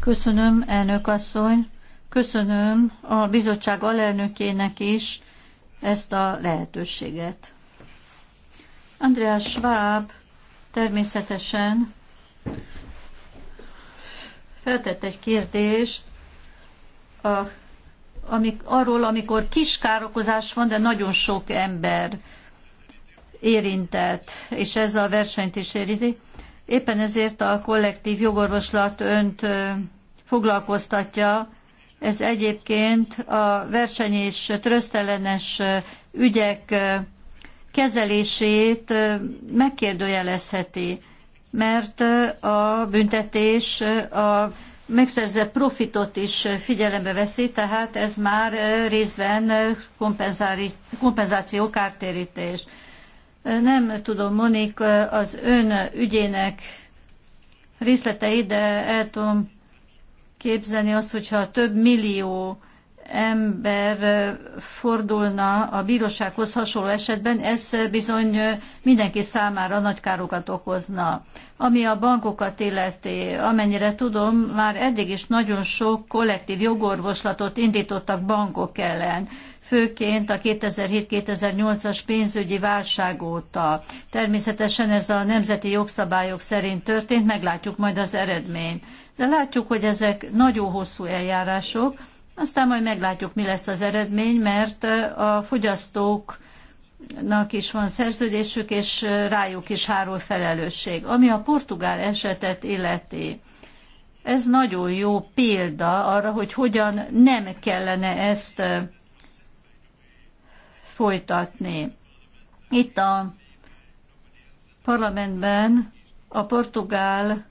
Köszönöm, elnök asszony. Köszönöm a bizottság alelnökének is ezt a lehetőséget. Andreas Schwab természetesen feltett egy kérdést a, amik, arról, amikor kis károkozás van, de nagyon sok ember érintett, és ez a versenyt is érinti. Éppen ezért a kollektív jogorvoslat önt foglalkoztatja. Ez egyébként a verseny és trösztelenes ügyek kezelését megkérdőjelezheti, mert a büntetés a megszerzett profitot is figyelembe veszi, tehát ez már részben kompenzáció, kártérítés. Nem tudom, Monik, az ön ügyének részleteit, de el tudom képzelni azt, hogyha több millió ember fordulna a bírósághoz hasonló esetben, ez bizony mindenki számára nagy károkat okozna. Ami a bankokat illeti, amennyire tudom, már eddig is nagyon sok kollektív jogorvoslatot indítottak bankok ellen főként a 2007-2008-as pénzügyi válság óta. Természetesen ez a nemzeti jogszabályok szerint történt, meglátjuk majd az eredményt. De látjuk, hogy ezek nagyon hosszú eljárások, aztán majd meglátjuk, mi lesz az eredmény, mert a fogyasztóknak is van szerződésük, és rájuk is hárul felelősség. Ami a portugál esetet illeti, ez nagyon jó példa arra, hogy hogyan nem kellene ezt folytatni. Itt a parlamentben a portugál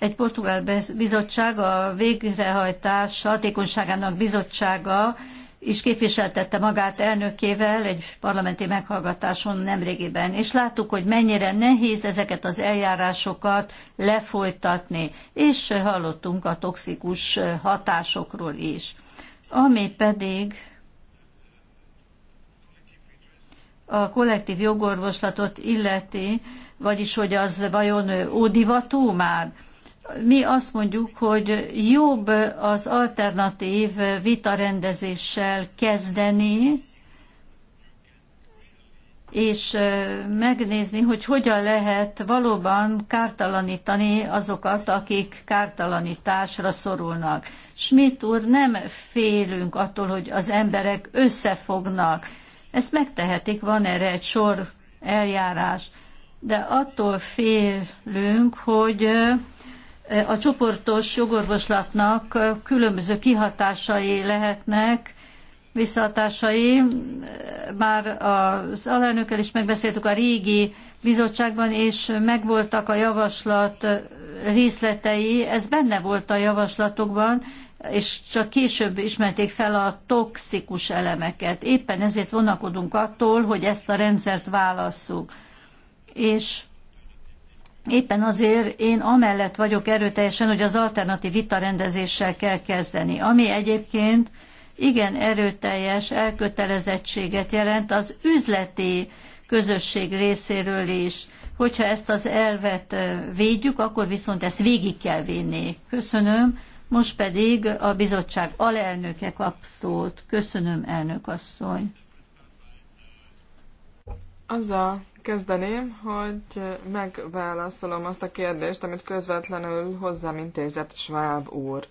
egy portugál bizottság, a végrehajtás hatékonyságának bizottsága is képviseltette magát elnökével egy parlamenti meghallgatáson nemrégiben, és láttuk, hogy mennyire nehéz ezeket az eljárásokat lefolytatni, és hallottunk a toxikus hatásokról is. Ami pedig a kollektív jogorvoslatot illeti, vagyis hogy az vajon ódivatú már, mi azt mondjuk, hogy jobb az alternatív vitarendezéssel kezdeni, és megnézni, hogy hogyan lehet valóban kártalanítani azokat, akik kártalanításra szorulnak. Schmidt úr, nem félünk attól, hogy az emberek összefognak. Ezt megtehetik, van erre egy sor eljárás. De attól félünk, hogy a csoportos jogorvoslatnak különböző kihatásai lehetnek, visszahatásai. Már az alelnökkel is megbeszéltük a régi bizottságban, és megvoltak a javaslat részletei, ez benne volt a javaslatokban, és csak később ismerték fel a toxikus elemeket. Éppen ezért vonakodunk attól, hogy ezt a rendszert válasszuk. És Éppen azért én amellett vagyok erőteljesen, hogy az alternatív vitarendezéssel kell kezdeni, ami egyébként igen erőteljes elkötelezettséget jelent az üzleti közösség részéről is. Hogyha ezt az elvet védjük, akkor viszont ezt végig kell vinni. Köszönöm. Most pedig a bizottság alelnöke kap szót. Köszönöm, elnök asszony. Azzal kezdeném, hogy megválaszolom azt a kérdést, amit közvetlenül hozzám intézett Schwab úr.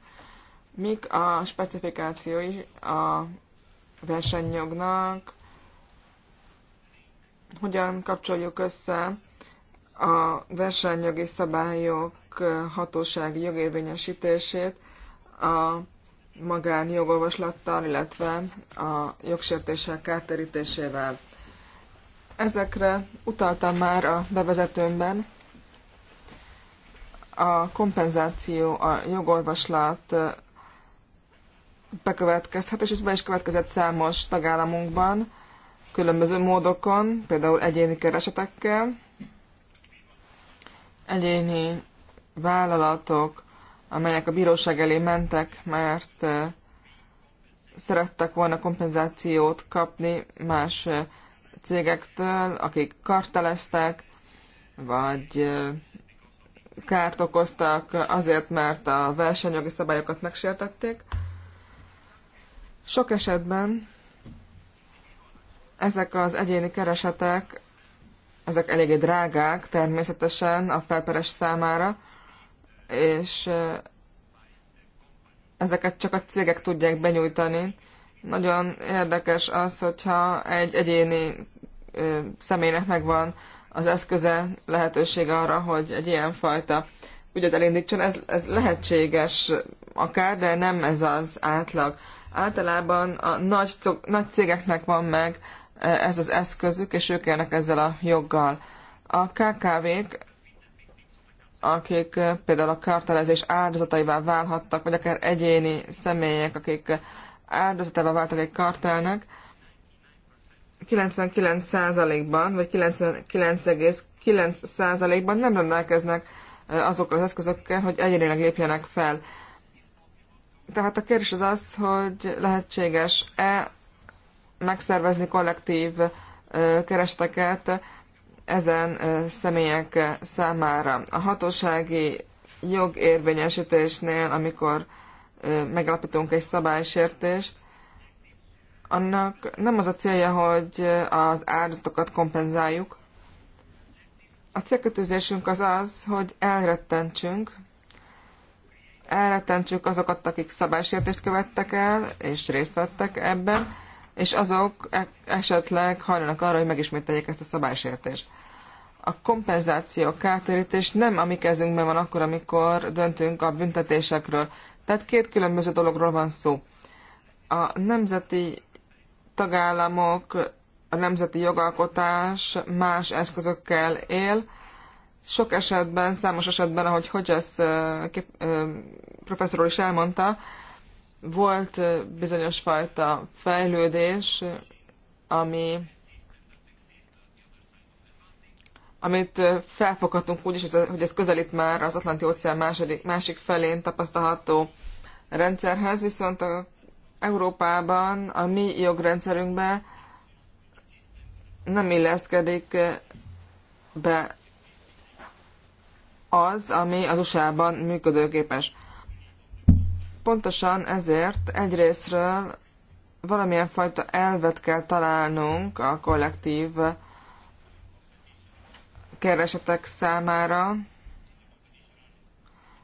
Mik a specifikációi a versenyjognak? Hogyan kapcsoljuk össze a versenyjogi szabályok hatósági jogérvényesítését a magánjogolvaslattal, illetve a jogsértések kárterítésével? Ezekre utaltam már a bevezetőmben. A kompenzáció, a jogolvaslat bekövetkezhet, és ez be is következett számos tagállamunkban, különböző módokon, például egyéni keresetekkel, egyéni vállalatok, amelyek a bíróság elé mentek, mert szerettek volna kompenzációt kapni más cégektől, akik karteleztek, vagy kárt okoztak azért, mert a versenyjogi szabályokat megsértették. Sok esetben ezek az egyéni keresetek, ezek eléggé drágák természetesen a felperes számára, és ezeket csak a cégek tudják benyújtani nagyon érdekes az, hogyha egy egyéni személynek megvan az eszköze, lehetőség arra, hogy egy ilyen fajta, ügyet elindítson. Ez, ez lehetséges akár, de nem ez az átlag. Általában a nagy, nagy cégeknek van meg ez az eszközük, és ők élnek ezzel a joggal. A KKV-k, akik például a kartelezés áldozataival válhattak, vagy akár egyéni személyek, akik áldozatává váltak egy kartelnek, 99%-ban, vagy 99,9%-ban nem rendelkeznek azokkal az eszközökkel, hogy egyenileg lépjenek fel. Tehát a kérdés az az, hogy lehetséges-e megszervezni kollektív kereseteket ezen személyek számára. A hatósági jogérvényesítésnél, amikor megalapítunk egy szabálysértést, annak nem az a célja, hogy az áldozatokat kompenzáljuk. A célkötőzésünk az az, hogy elrettentsünk, elrettentsük azokat, akik szabálysértést követtek el, és részt vettek ebben, és azok e-, esetleg hajlanak arra, hogy megismételjék ezt a szabálysértést. A kompenzáció, a kártérítés nem a mi kezünkben van akkor, amikor döntünk a büntetésekről. Tehát két különböző dologról van szó. A nemzeti tagállamok, a nemzeti jogalkotás más eszközökkel él. Sok esetben, számos esetben, ahogy Hodges professzor is elmondta, volt bizonyos fajta fejlődés, ami amit felfoghatunk úgy is, hogy ez közelít már az Atlanti óceán második, másik felén tapasztalható rendszerhez, viszont a Európában, a mi jogrendszerünkben nem illeszkedik be az, ami az USA-ban működőképes. Pontosan ezért egyrésztről valamilyen fajta elvet kell találnunk a kollektív keresetek számára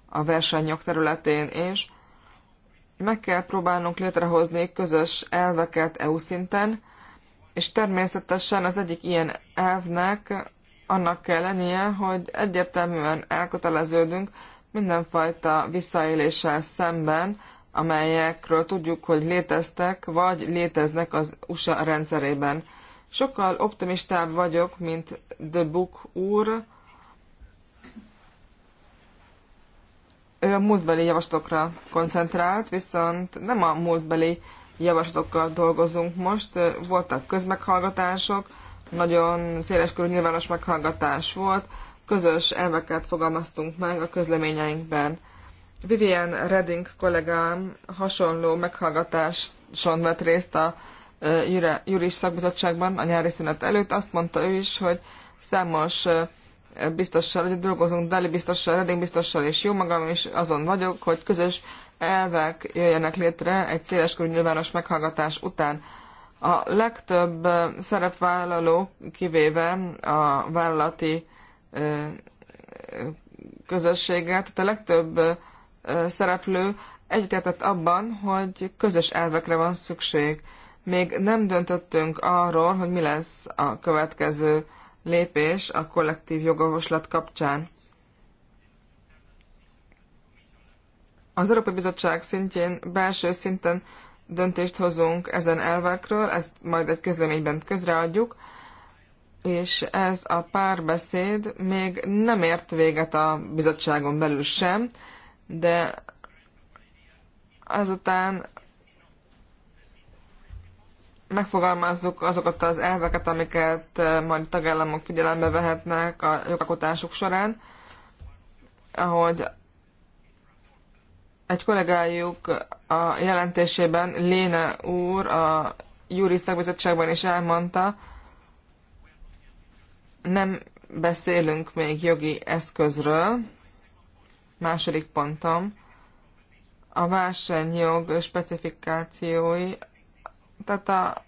a versenyok területén és meg kell próbálnunk létrehozni közös elveket EU szinten, és természetesen az egyik ilyen elvnek annak kell lennie, hogy egyértelműen elköteleződünk mindenfajta visszaéléssel szemben, amelyekről tudjuk, hogy léteztek, vagy léteznek az USA rendszerében. Sokkal optimistább vagyok, mint The Book úr. Ő a múltbeli javaslatokra koncentrált, viszont nem a múltbeli javaslatokkal dolgozunk most. Voltak közmeghallgatások, nagyon széleskörű nyilvános meghallgatás volt, közös elveket fogalmaztunk meg a közleményeinkben. Vivian Redding kollégám hasonló meghallgatáson vett részt a Juris szakbizottságban a nyári szünet előtt. Azt mondta ő is, hogy számos biztossal, hogy dolgozunk Dali biztossal, Redding biztossal, és jó magam is azon vagyok, hogy közös elvek jöjjenek létre egy széleskörű nyilvános meghallgatás után. A legtöbb szerepvállaló, kivéve a vállalati közösséget, tehát a legtöbb szereplő egyetértett abban, hogy közös elvekre van szükség még nem döntöttünk arról, hogy mi lesz a következő lépés a kollektív jogavoslat kapcsán. Az Európai Bizottság szintjén, belső szinten döntést hozunk ezen elvekről, ezt majd egy közleményben közreadjuk, és ez a párbeszéd még nem ért véget a bizottságon belül sem, de azután megfogalmazzuk azokat az elveket, amiket eh, majd tagállamok figyelembe vehetnek a jogalkotásuk során, ahogy egy kollégájuk a jelentésében, Léne úr a júri szakbizottságban is elmondta, nem beszélünk még jogi eszközről. Második pontom. A versenyjog specifikációi tehát a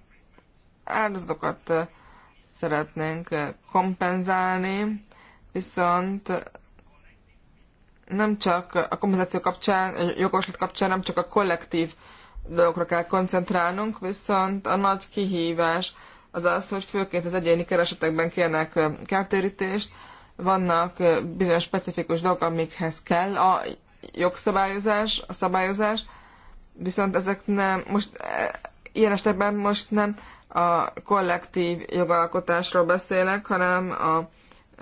áldozatokat szeretnénk kompenzálni, viszont nem csak a kompenzáció kapcsán, a jogoslat kapcsán nem csak a kollektív dolgokra kell koncentrálnunk, viszont a nagy kihívás az az, hogy főként az egyéni keresetekben kérnek kártérítést, vannak bizonyos specifikus dolgok, amikhez kell a jogszabályozás, a szabályozás, viszont ezek nem, most e- ilyen esetben most nem a kollektív jogalkotásról beszélek, hanem a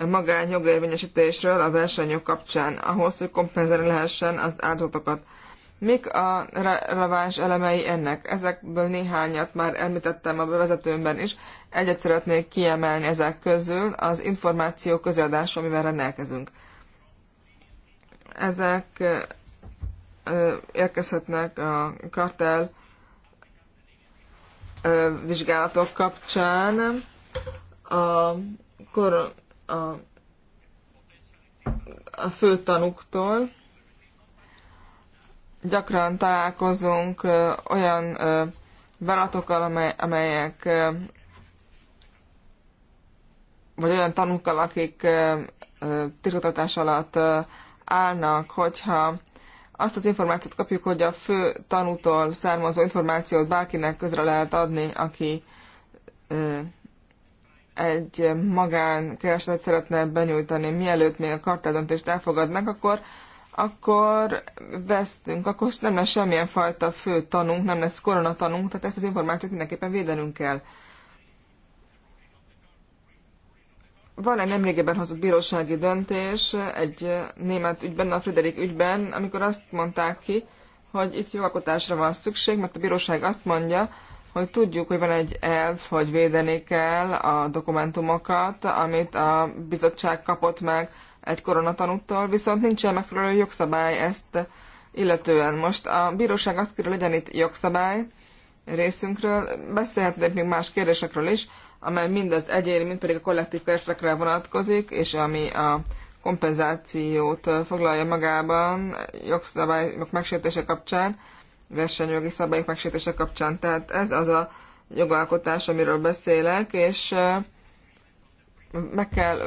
magány jogérvényesítésről a versenyok kapcsán, ahhoz, hogy kompenzálni lehessen az áldozatokat. Mik a releváns elemei ennek? Ezekből néhányat már említettem a bevezetőmben is. Egyet szeretnék kiemelni ezek közül, az információ közeladása, amivel rendelkezünk. Ezek érkezhetnek a kartel vizsgálatok kapcsán a, kor, a, a főtanuktól. Gyakran találkozunk olyan beratokkal, amely, amelyek vagy olyan tanúkkal, akik titkotatás alatt állnak, hogyha azt az információt kapjuk, hogy a fő tanútól származó információt bárkinek közre lehet adni, aki egy magánkeresetet szeretne benyújtani, mielőtt még a kartádöntést elfogadnak, akkor, akkor vesztünk, akkor nem lesz semmilyen fajta fő tanunk, nem lesz koronatanunk, tehát ezt az információt mindenképpen védenünk kell. Van egy nemrégiben hozott bírósági döntés egy német ügyben, a Frederik ügyben, amikor azt mondták ki, hogy itt jogalkotásra van szükség, mert a bíróság azt mondja, hogy tudjuk, hogy van egy elv, hogy védeni kell a dokumentumokat, amit a bizottság kapott meg egy koronatanúttól, viszont nincsen megfelelő jogszabály ezt illetően. Most a bíróság azt hogy legyen itt jogszabály részünkről, beszélhetnék még más kérdésekről is, amely mind az egyéni, mind pedig a kollektív keresetekre vonatkozik, és ami a kompenzációt foglalja magában jogszabályok megsértése kapcsán, versenyjogi szabályok megsértése kapcsán. Tehát ez az a jogalkotás, amiről beszélek, és meg kell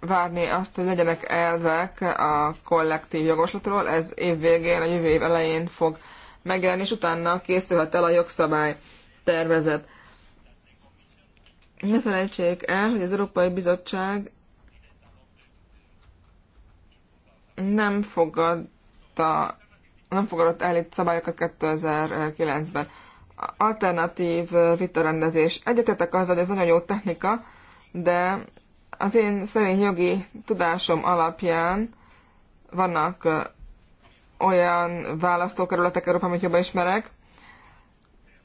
várni azt, hogy legyenek elvek a kollektív jogoslatról. Ez év végén, a jövő év elején fog megjelenni, és utána készülhet el a jogszabály tervezet. Ne felejtsék el, hogy az Európai Bizottság nem fogadta, nem fogadott el itt szabályokat 2009-ben. Alternatív vitarendezés. Egyetetek azzal, hogy ez nagyon jó technika, de az én szerint jogi tudásom alapján vannak olyan választókerületek Európában, amit jobban ismerek,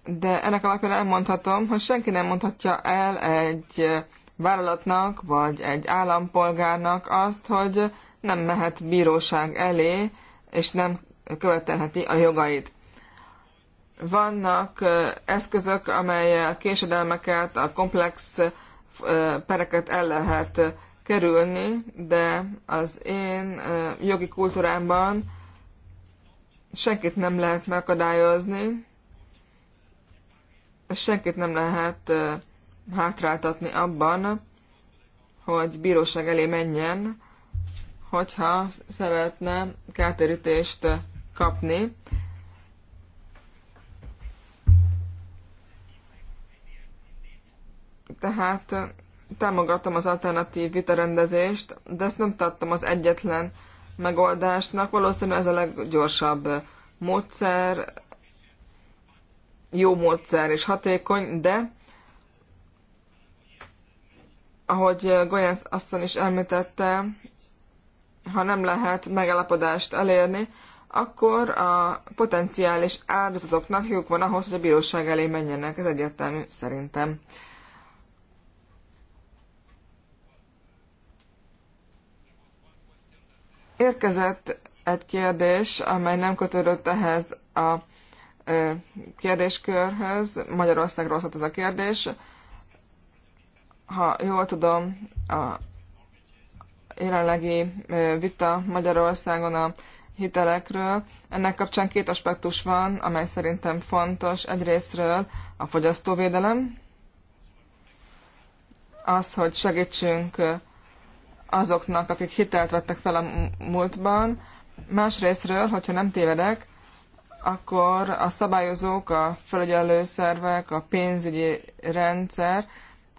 de ennek alapján elmondhatom, hogy senki nem mondhatja el egy vállalatnak vagy egy állampolgárnak azt, hogy nem mehet bíróság elé, és nem követelheti a jogait. Vannak eszközök, amelyel késedelmeket, a komplex pereket el lehet kerülni, de az én jogi kultúrámban senkit nem lehet megakadályozni, senkit nem lehet hátráltatni abban, hogy bíróság elé menjen, hogyha szeretne kártérítést kapni. Tehát támogatom az alternatív vitarendezést, de ezt nem tartom az egyetlen megoldásnak. Valószínűleg ez a leggyorsabb módszer, jó módszer és hatékony, de ahogy Goyens asszony is említette, ha nem lehet megállapodást elérni, akkor a potenciális áldozatoknak jók van ahhoz, hogy a bíróság elé menjenek. Ez egyértelmű szerintem. Érkezett egy kérdés, amely nem kötődött ehhez a kérdéskörhöz. Magyarországról szólt ez a kérdés. Ha jól tudom, a jelenlegi vita Magyarországon a hitelekről. Ennek kapcsán két aspektus van, amely szerintem fontos. Egyrésztről a fogyasztóvédelem, az, hogy segítsünk azoknak, akik hitelt vettek fel a múltban. Másrésztről, hogyha nem tévedek, akkor a szabályozók, a felügyelő szervek, a pénzügyi rendszer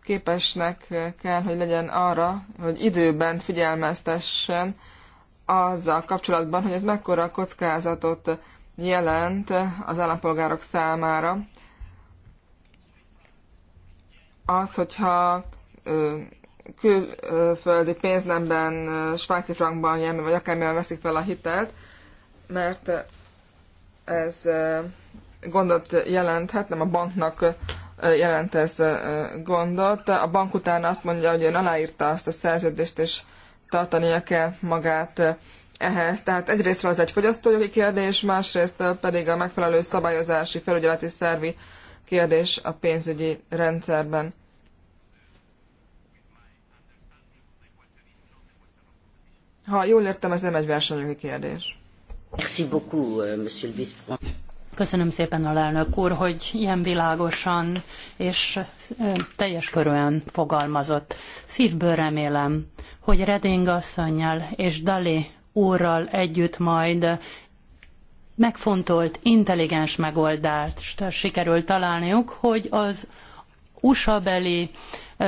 képesnek kell, hogy legyen arra, hogy időben figyelmeztessen azzal kapcsolatban, hogy ez mekkora kockázatot jelent az állampolgárok számára. Az, hogyha külföldi pénznemben, svájci frankban, jelmi vagy akármilyen veszik fel a hitelt, mert ez gondot jelenthet, nem a banknak jelent ez gondot. A bank utána azt mondja, hogy ön aláírta azt a szerződést, és tartania kell magát ehhez. Tehát egyrészt az egy fogyasztójogi kérdés, másrészt pedig a megfelelő szabályozási felügyeleti szervi kérdés a pénzügyi rendszerben. Ha jól értem, ez nem egy versenyjogi kérdés. Merci beaucoup, euh, monsieur le vice Köszönöm szépen, alelnök úr, hogy ilyen világosan és teljes körűen fogalmazott. Szívből remélem, hogy Reding asszonynal és Dali úrral együtt majd megfontolt, intelligens megoldást sikerül találniuk, hogy az USA-beli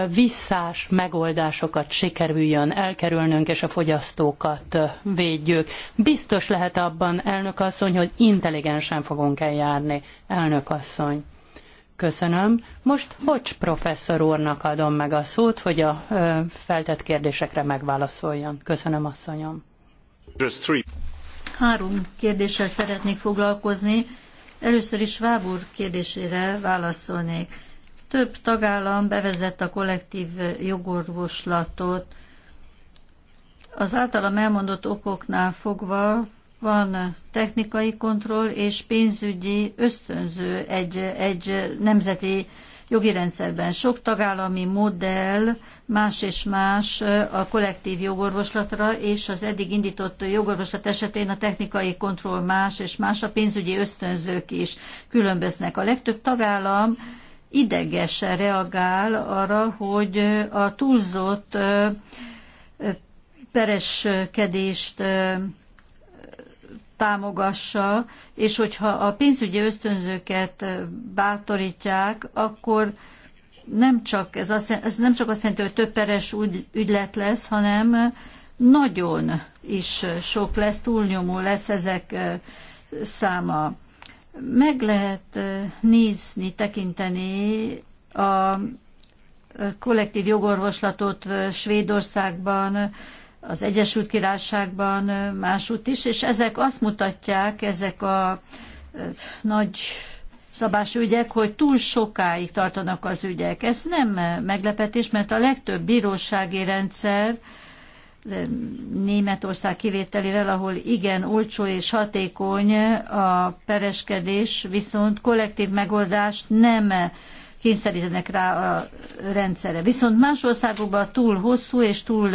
visszás megoldásokat sikerüljön elkerülnünk, és a fogyasztókat védjük. Biztos lehet abban, elnök asszony, hogy intelligensen fogunk eljárni, elnök asszony. Köszönöm. Most Bocs professzor úrnak adom meg a szót, hogy a feltett kérdésekre megválaszoljon. Köszönöm, asszonyom. Három kérdéssel szeretnék foglalkozni. Először is Schwab úr kérdésére válaszolnék. Több tagállam bevezett a kollektív jogorvoslatot. Az általam elmondott okoknál fogva van technikai kontroll és pénzügyi ösztönző egy, egy nemzeti jogi rendszerben. Sok tagállami modell más és más a kollektív jogorvoslatra, és az eddig indított jogorvoslat esetén a technikai kontroll más és más, a pénzügyi ösztönzők is különböznek. A legtöbb tagállam idegesen reagál arra, hogy a túlzott pereskedést támogassa, és hogyha a pénzügyi ösztönzőket bátorítják, akkor nem csak, ez, azt, ez nem csak azt jelenti, hogy több peres ügylet lesz, hanem nagyon is sok lesz, túlnyomó lesz ezek száma. Meg lehet nézni, tekinteni a kollektív jogorvoslatot Svédországban, az Egyesült Királyságban, másút is, és ezek azt mutatják, ezek a nagy szabás ügyek, hogy túl sokáig tartanak az ügyek. Ez nem meglepetés, mert a legtöbb bírósági rendszer Németország kivételével, ahol igen olcsó és hatékony a pereskedés, viszont kollektív megoldást nem kényszerítenek rá a rendszerre. Viszont más országokban túl hosszú és túl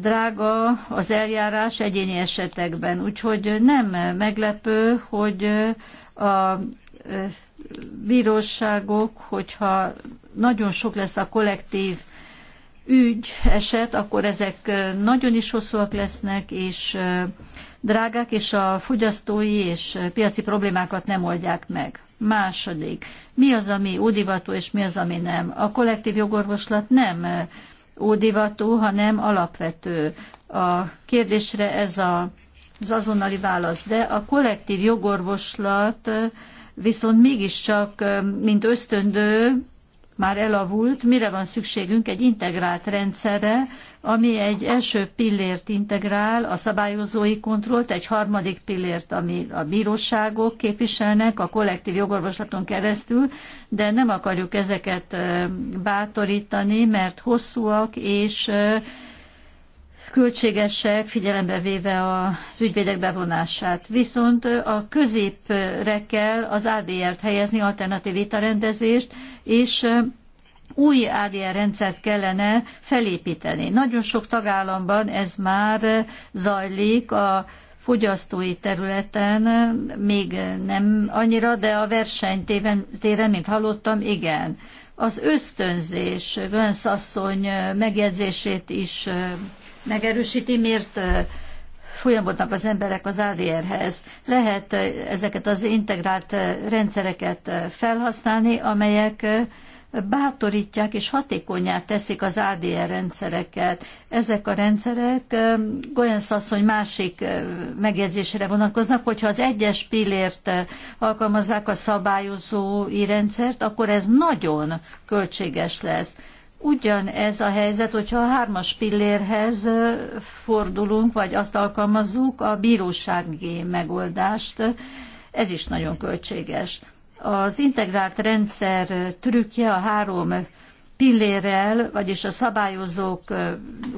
drága az eljárás egyéni esetekben. Úgyhogy nem meglepő, hogy a bíróságok, hogyha nagyon sok lesz a kollektív ügy eset, akkor ezek nagyon is hosszúak lesznek, és drágák, és a fogyasztói és piaci problémákat nem oldják meg. Második, mi az, ami ódivatú, és mi az, ami nem. A kollektív jogorvoslat nem ódivatú, hanem alapvető. A kérdésre ez a, az azonnali válasz, de a kollektív jogorvoslat viszont mégiscsak, mint ösztöndő, már elavult, mire van szükségünk egy integrált rendszerre, ami egy első pillért integrál, a szabályozói kontrollt, egy harmadik pillért, ami a bíróságok képviselnek a kollektív jogorvoslaton keresztül, de nem akarjuk ezeket bátorítani, mert hosszúak és költségesek, figyelembe véve az ügyvédek bevonását. Viszont a középre kell az ADR-t helyezni, alternatív vitarendezést, és új ADR rendszert kellene felépíteni. Nagyon sok tagállamban ez már zajlik a fogyasztói területen, még nem annyira, de a versenytéren, mint hallottam, igen. Az ösztönzés, Gönsz asszony megjegyzését is megerősíti, miért folyamodnak az emberek az ADR-hez. Lehet ezeket az integrált rendszereket felhasználni, amelyek bátorítják és hatékonyá teszik az ADR rendszereket. Ezek a rendszerek olyan szasz, hogy másik megjegyzésre vonatkoznak, hogyha az egyes pillért alkalmazzák a szabályozói rendszert, akkor ez nagyon költséges lesz. Ugyanez a helyzet, hogyha a hármas pillérhez fordulunk, vagy azt alkalmazzuk, a bírósági megoldást, ez is nagyon költséges. Az integrált rendszer trükkje a három pillérrel, vagyis a szabályozók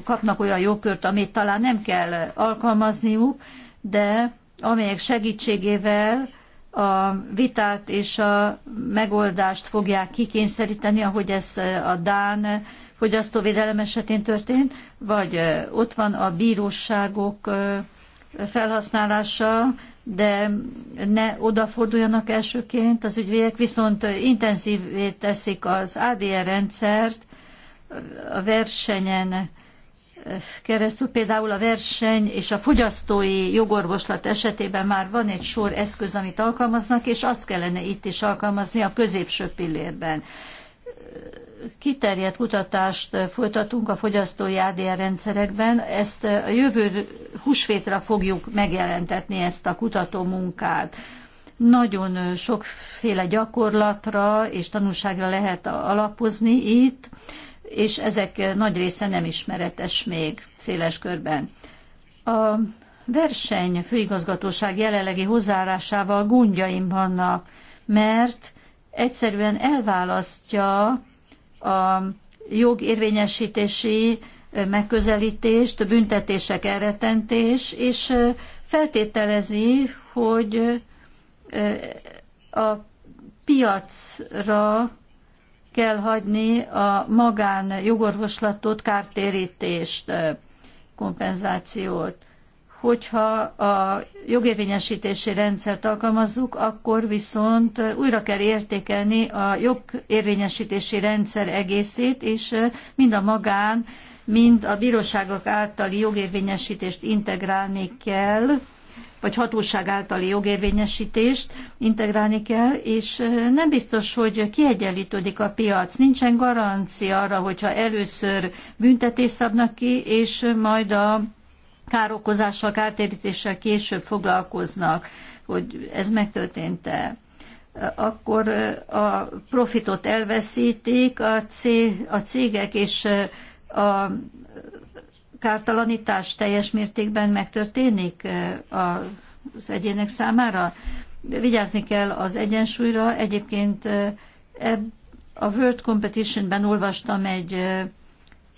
kapnak olyan jogkört, amit talán nem kell alkalmazniuk, de amelyek segítségével a vitát és a megoldást fogják kikényszeríteni, ahogy ez a Dán fogyasztóvédelem esetén történt, vagy ott van a bíróságok felhasználása, de ne odaforduljanak elsőként az ügyvédek, viszont intenzívé teszik az ADR rendszert, a versenyen keresztül, például a verseny és a fogyasztói jogorvoslat esetében már van egy sor eszköz, amit alkalmaznak, és azt kellene itt is alkalmazni a középső pillérben. Kiterjedt kutatást folytatunk a fogyasztói ADR rendszerekben, ezt a jövő húsvétra fogjuk megjelentetni ezt a kutató munkát nagyon sokféle gyakorlatra és tanulságra lehet alapozni itt, és ezek nagy része nem ismeretes még széles körben. A verseny főigazgatóság jelenlegi hozzáállásával gondjaim vannak, mert egyszerűen elválasztja a jogérvényesítési megközelítést, a büntetések elretentés, és feltételezi, hogy a piacra kell hagyni a magán jogorvoslatot, kártérítést, kompenzációt. Hogyha a jogérvényesítési rendszert alkalmazzuk, akkor viszont újra kell értékelni a jogérvényesítési rendszer egészét, és mind a magán, mind a bíróságok általi jogérvényesítést integrálni kell, vagy hatóság általi jogérvényesítést integrálni kell, és nem biztos, hogy kiegyenlítődik a piac. Nincsen garancia arra, hogyha először büntetés szabnak ki, és majd a károkozással, kártérítéssel később foglalkoznak, hogy ez megtörtént-e akkor a profitot elveszítik a, cég, a cégek, és a kártalanítás teljes mértékben megtörténik az egyének számára. Vigyázni kell az egyensúlyra. Egyébként a World Competition-ben olvastam egy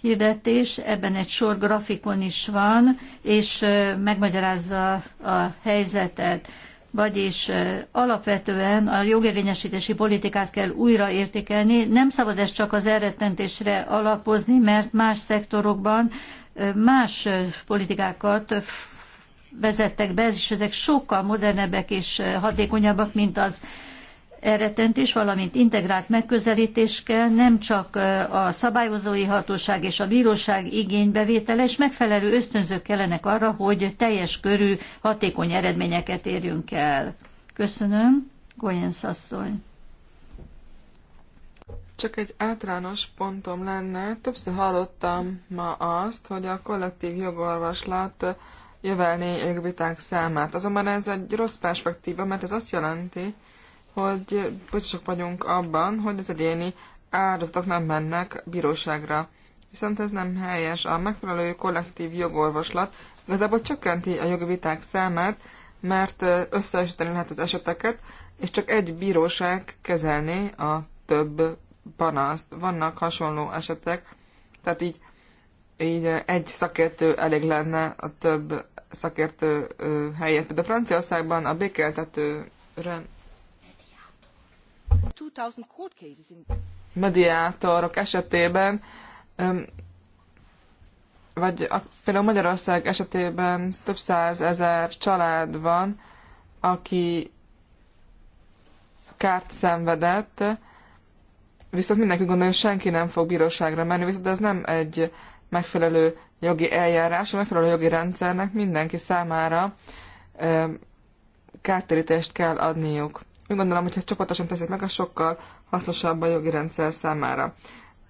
hirdetés, ebben egy sor grafikon is van, és megmagyarázza a helyzetet. Vagyis alapvetően a jogérvényesítési politikát kell újra értékelni. Nem szabad ezt csak az elrettentésre alapozni, mert más szektorokban más politikákat vezettek be, és ezek sokkal modernebbek és hatékonyabbak, mint az elretentés, valamint integrált megközelítés kell, nem csak a szabályozói hatóság és a bíróság igénybevétele, és megfelelő ösztönzők kellenek arra, hogy teljes körű hatékony eredményeket érjünk el. Köszönöm, Goyens asszony. Csak egy általános pontom lenne. Többször hallottam ma azt, hogy a kollektív jogorvoslat jövelné jogviták számát. Azonban ez egy rossz perspektíva, mert ez azt jelenti, hogy biztosak vagyunk abban, hogy az egyéni áldozatok nem mennek bíróságra. Viszont ez nem helyes. A megfelelő kollektív jogorvoslat igazából csökkenti a jogi viták számát, mert összeesíteni lehet az eseteket, és csak egy bíróság kezelné a több panaszt. Vannak hasonló esetek, tehát így, így egy szakértő elég lenne a több szakértő helyett. De Franciaországban a rend... mediátorok esetében, vagy a, például Magyarország esetében több száz ezer család van, aki kárt szenvedett, viszont mindenki gondolja, hogy senki nem fog bíróságra menni, viszont ez nem egy megfelelő jogi eljárás, a megfelelő jogi rendszernek mindenki számára kártérítést kell adniuk. Úgy gondolom, hogy ezt csapatosan teszik meg, a sokkal hasznosabb a jogi rendszer számára.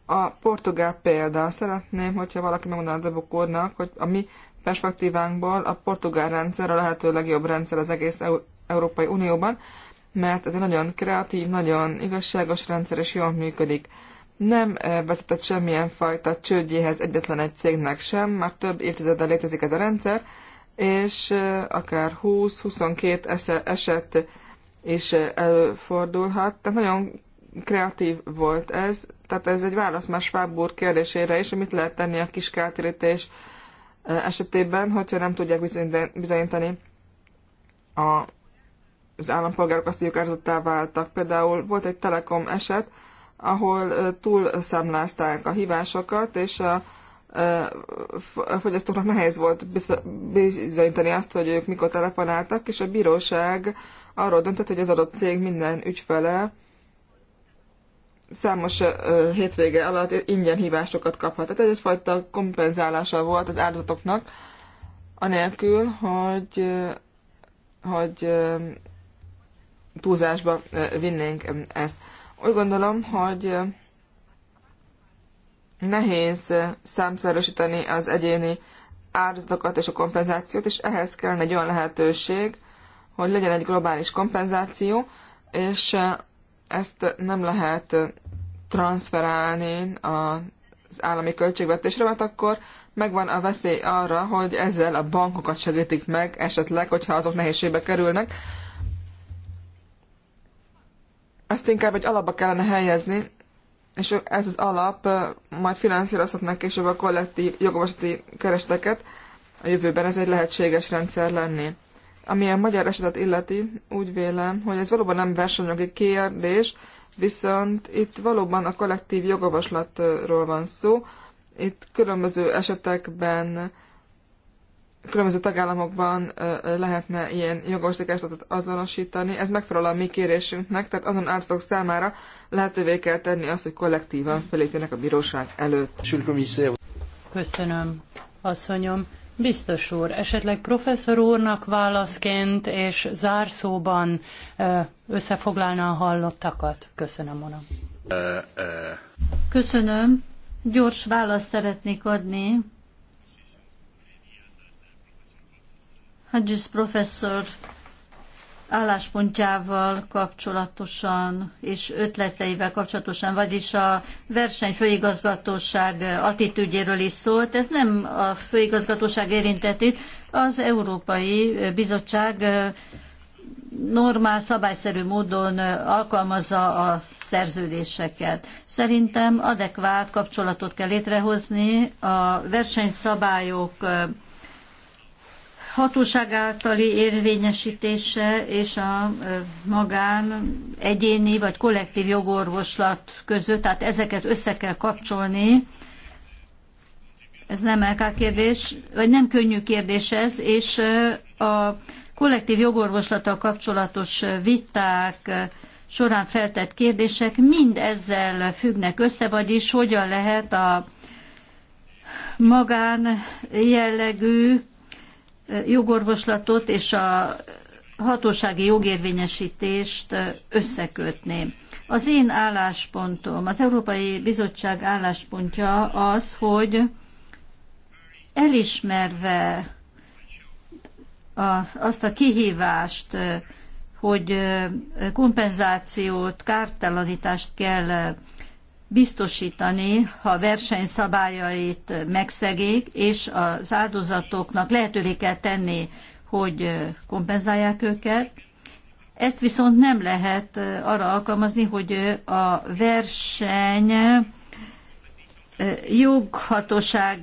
A portugál példa. Szeretném, hogyha valaki megmondaná Debuk úrnak, hogy a mi perspektívánkból a portugál rendszer a lehető legjobb rendszer az egész Európai Unióban, mert ez egy nagyon kreatív, nagyon igazságos rendszer, és jól működik. Nem eh, vezetett semmilyen fajta csődjéhez egyetlen egy cégnek sem, már több évtizeddel létezik ez a rendszer, és eh, akár 20-22 eset is eh, előfordulhat. Tehát nagyon kreatív volt ez, tehát ez egy válasz más Fábúr kérdésére is, mit lehet tenni a kis kártérítés esetében, hogyha nem tudják bizonyítani a az állampolgárok azt, hogy jogázottá váltak. Például volt egy telekom eset, ahol túlszámlázták a hívásokat, és a, a fogyasztóknak nehéz volt bizonyítani azt, hogy ők mikor telefonáltak, és a bíróság arról döntött, hogy az adott cég minden ügyfele számos hétvége alatt ingyen hívásokat kaphat. Tehát ez egyfajta kompenzálása volt az áldozatoknak, anélkül, hogy, hogy túlzásba vinnénk ezt. Úgy gondolom, hogy nehéz számszerűsíteni az egyéni áldozatokat és a kompenzációt, és ehhez kellene egy olyan lehetőség, hogy legyen egy globális kompenzáció, és ezt nem lehet transferálni az állami költségvetésre, mert akkor megvan a veszély arra, hogy ezzel a bankokat segítik meg, esetleg, hogyha azok nehézségbe kerülnek, ezt inkább egy alapba kellene helyezni, és ez az alap majd finanszírozhatnak később a kollektív jogorvoslati kereseteket, a jövőben ez egy lehetséges rendszer lenni. Ami a magyar esetet illeti, úgy vélem, hogy ez valóban nem versenyjogi kérdés, viszont itt valóban a kollektív jogavaslatról van szó. Itt különböző esetekben különböző tagállamokban lehetne ilyen jogosítékesletet azonosítani. Ez megfelel a mi kérésünknek, tehát azon ártok számára lehetővé kell tenni azt, hogy kollektívan felépjenek a bíróság előtt. Köszönöm, asszonyom. Biztos úr, esetleg professzor úrnak válaszként és zárszóban összefoglalná a hallottakat? Köszönöm, Mona. Köszönöm. Gyors választ szeretnék adni Hedges professzor álláspontjával kapcsolatosan és ötleteivel kapcsolatosan, vagyis a verseny főigazgatóság attitűdjéről is szólt. Ez nem a főigazgatóság érintett itt, az Európai Bizottság normál, szabályszerű módon alkalmazza a szerződéseket. Szerintem adekvát kapcsolatot kell létrehozni a versenyszabályok hatóság általi érvényesítése és a magán egyéni vagy kollektív jogorvoslat között, tehát ezeket össze kell kapcsolni. Ez nem LK kérdés, vagy nem könnyű kérdés ez, és a kollektív jogorvoslattal kapcsolatos viták során feltett kérdések mind ezzel függnek össze, vagyis hogyan lehet a magán jellegű jogorvoslatot és a hatósági jogérvényesítést összekötném. Az én álláspontom, az Európai Bizottság álláspontja az, hogy elismerve a, azt a kihívást, hogy kompenzációt, kártalanítást kell biztosítani, ha versenyszabályait megszegik, és az áldozatoknak lehetővé kell tenni, hogy kompenzálják őket. Ezt viszont nem lehet arra alkalmazni, hogy a verseny joghatóság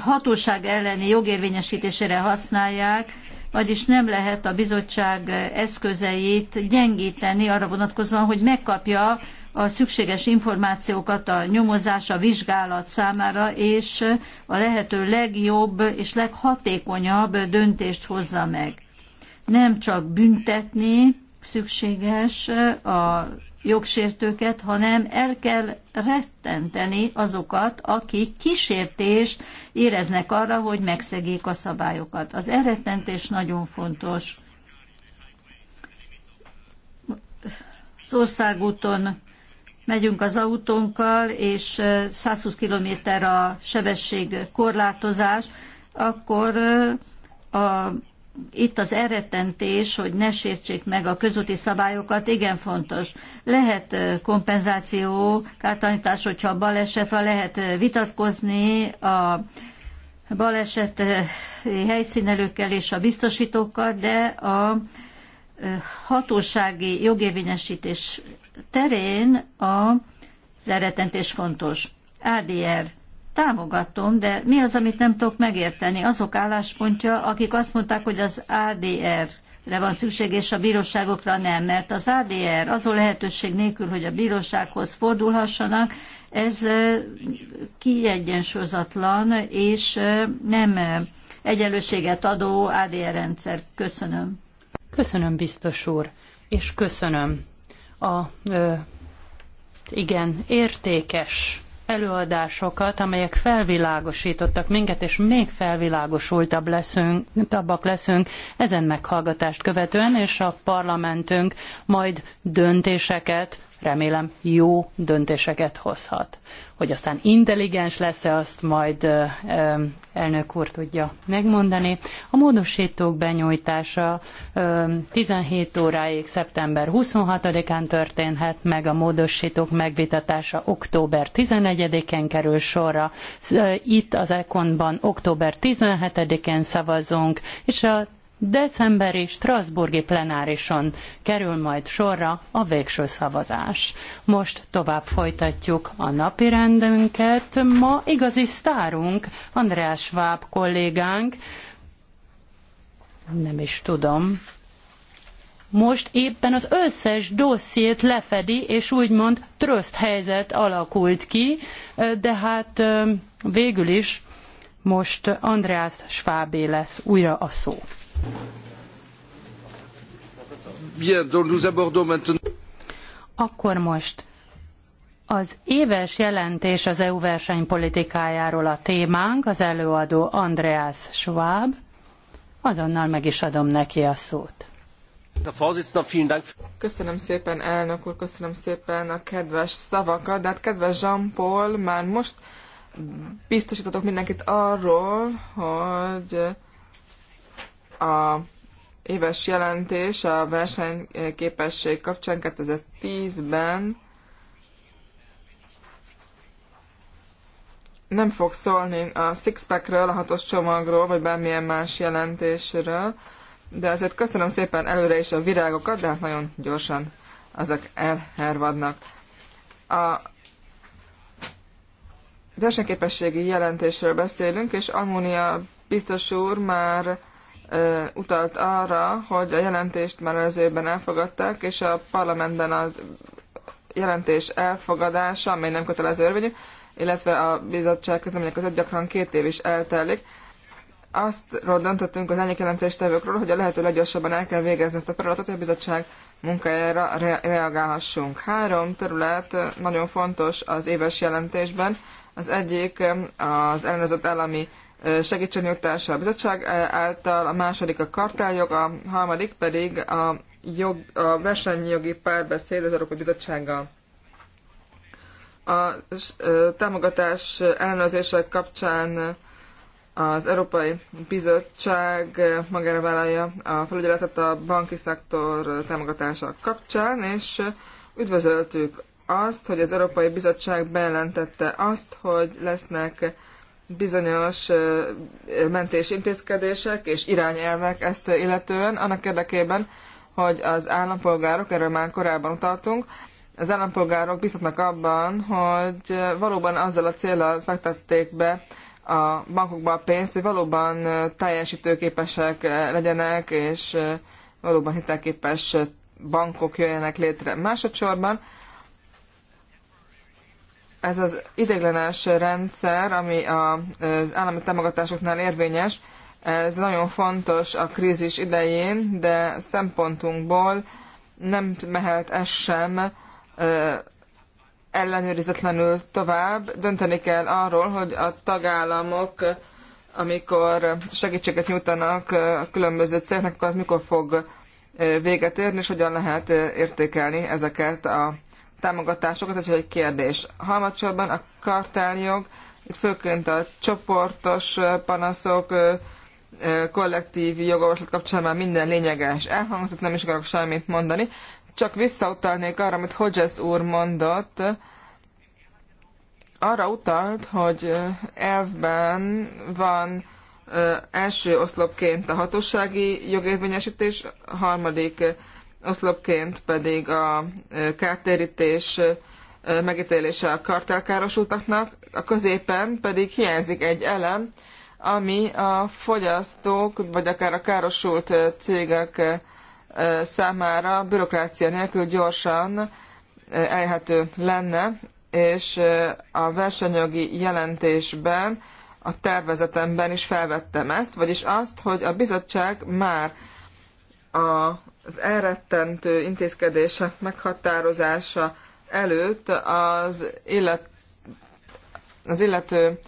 hatóság elleni jogérvényesítésére használják, vagyis nem lehet a bizottság eszközeit gyengíteni arra vonatkozóan, hogy megkapja a szükséges információkat a nyomozás, a vizsgálat számára, és a lehető legjobb és leghatékonyabb döntést hozza meg. Nem csak büntetni szükséges a jogsértőket, hanem el kell rettenteni azokat, akik kísértést éreznek arra, hogy megszegik a szabályokat. Az elrettentés nagyon fontos. Az országúton megyünk az autónkkal, és 120 km a sebesség korlátozás, akkor a, itt az elrettentés, hogy ne sértsék meg a közúti szabályokat, igen fontos. Lehet kompenzáció, kártalanítás, hogyha baleset van, lehet vitatkozni a baleset helyszínelőkkel és a biztosítókkal, de a hatósági jogérvényesítés terén az elretentés fontos. ADR támogatom, de mi az, amit nem tudok megérteni? Azok álláspontja, akik azt mondták, hogy az ADR le van szükség, és a bíróságokra nem, mert az ADR azon lehetőség nélkül, hogy a bírósághoz fordulhassanak, ez kiegyensúlyozatlan és nem egyenlőséget adó ADR rendszer. Köszönöm. Köszönöm, biztos úr, és köszönöm a ö, igen értékes előadásokat, amelyek felvilágosítottak minket, és még felvilágosultabb leszünk, tabbak leszünk ezen meghallgatást követően, és a parlamentünk majd döntéseket remélem jó döntéseket hozhat. Hogy aztán intelligens lesz-e, azt majd elnök úr tudja megmondani. A módosítók benyújtása 17 óráig szeptember 26-án történhet meg, a módosítók megvitatása október 11-én kerül sorra. Itt az Ekonban október 17-én szavazunk, és a decemberi Strasburgi plenárison kerül majd sorra a végső szavazás. Most tovább folytatjuk a napi rendünket. Ma igazi sztárunk, András Schwab kollégánk, nem is tudom, most éppen az összes dossziét lefedi, és úgymond tröszt helyzet alakult ki, de hát végül is most András Schwabé lesz újra a szó. Akkor most az éves jelentés az EU versenypolitikájáról a témánk, az előadó Andreas Schwab. Azonnal meg is adom neki a szót. Köszönöm szépen, elnök úr, köszönöm szépen a kedves szavakat, de hát kedves Jean-Paul, már most biztosítatok mindenkit arról, hogy a éves jelentés a versenyképesség kapcsán 2010-ben nem fog szólni a Sixpackről, a hatos csomagról, vagy bármilyen más jelentésről, de azért köszönöm szépen előre is a virágokat, de hát nagyon gyorsan azok elhervadnak. A versenyképességi jelentésről beszélünk, és Almónia biztos úr már utalt arra, hogy a jelentést már az évben elfogadták, és a parlamentben a jelentés elfogadása, amely nem kötelező érvényű, illetve a bizottság közlemények között gyakran két év is eltelik. Azt döntöttünk az elnyék jelentéstevőkről, hogy a lehető leggyorsabban el kell végezni ezt a feladatot, hogy a bizottság munkájára re- reagálhassunk. Három terület nagyon fontos az éves jelentésben. Az egyik az ellenőrzött állami segítségnyújtása a bizottság által, a második a kartáljog, a harmadik pedig a, jog, a versenyjogi párbeszéd az Európai Bizottsággal. A támogatás ellenőrzése kapcsán az Európai Bizottság magára vállalja a felügyeletet a banki szektor támogatása kapcsán, és üdvözöltük azt, hogy az Európai Bizottság bejelentette azt, hogy lesznek bizonyos mentés intézkedések és irányelvek ezt illetően, annak érdekében, hogy az állampolgárok, erről már korábban utaltunk, az állampolgárok biztatnak abban, hogy valóban azzal a célral fektették be a bankokba a pénzt, hogy valóban teljesítőképesek legyenek, és valóban hitelképes bankok jöjjenek létre. Másodszorban ez az ideiglenes rendszer, ami az állami támogatásoknál érvényes, ez nagyon fontos a krízis idején, de szempontunkból nem mehet ez sem ellenőrizetlenül tovább. Dönteni kell arról, hogy a tagállamok, amikor segítséget nyújtanak a különböző cégnek, az mikor fog véget érni, és hogyan lehet értékelni ezeket a támogatásokat, ez egy kérdés. Harmadsorban a karteljog, itt főként a csoportos panaszok, kollektív jogorvoslat kapcsán már minden lényeges elhangzott, nem is akarok semmit mondani. Csak visszautalnék arra, amit Hodges úr mondott, arra utalt, hogy elvben van első oszlopként a hatósági jogérvényesítés, harmadik oszlopként pedig a kártérítés megítélése a kartelkárosultaknak, a középen pedig hiányzik egy elem, ami a fogyasztók, vagy akár a károsult cégek számára bürokrácia nélkül gyorsan elérhető lenne, és a versenyjogi jelentésben, a tervezetemben is felvettem ezt, vagyis azt, hogy a bizottság már az elrettentő intézkedések meghatározása előtt az, illet, az illető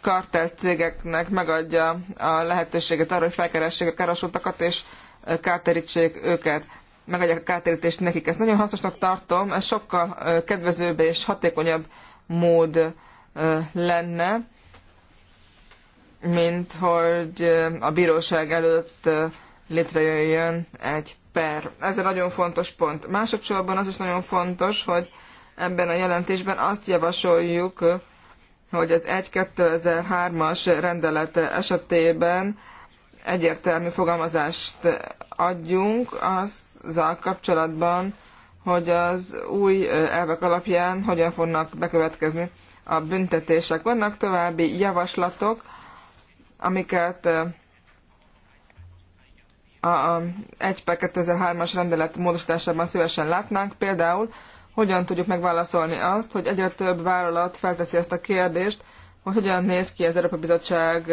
kartelt cégeknek megadja a lehetőséget arra, hogy felkeressék a károsultakat és kárterítsék őket. Megadják a kártérítést nekik. Ezt nagyon hasznosnak tartom, ez sokkal kedvezőbb és hatékonyabb mód lenne, mint hogy a bíróság előtt létrejöjjön egy per. Ez egy nagyon fontos pont. Másodszorban az is nagyon fontos, hogy ebben a jelentésben azt javasoljuk, hogy az 1-2003-as rendelet esetében egyértelmű fogalmazást adjunk azzal kapcsolatban, hogy az új elvek alapján hogyan fognak bekövetkezni a büntetések. Vannak további javaslatok, amiket a 1 per 2003-as rendelet módosításában szívesen látnánk. Például hogyan tudjuk megválaszolni azt, hogy egyre több vállalat felteszi ezt a kérdést, hogy hogyan néz ki az Európai Bizottság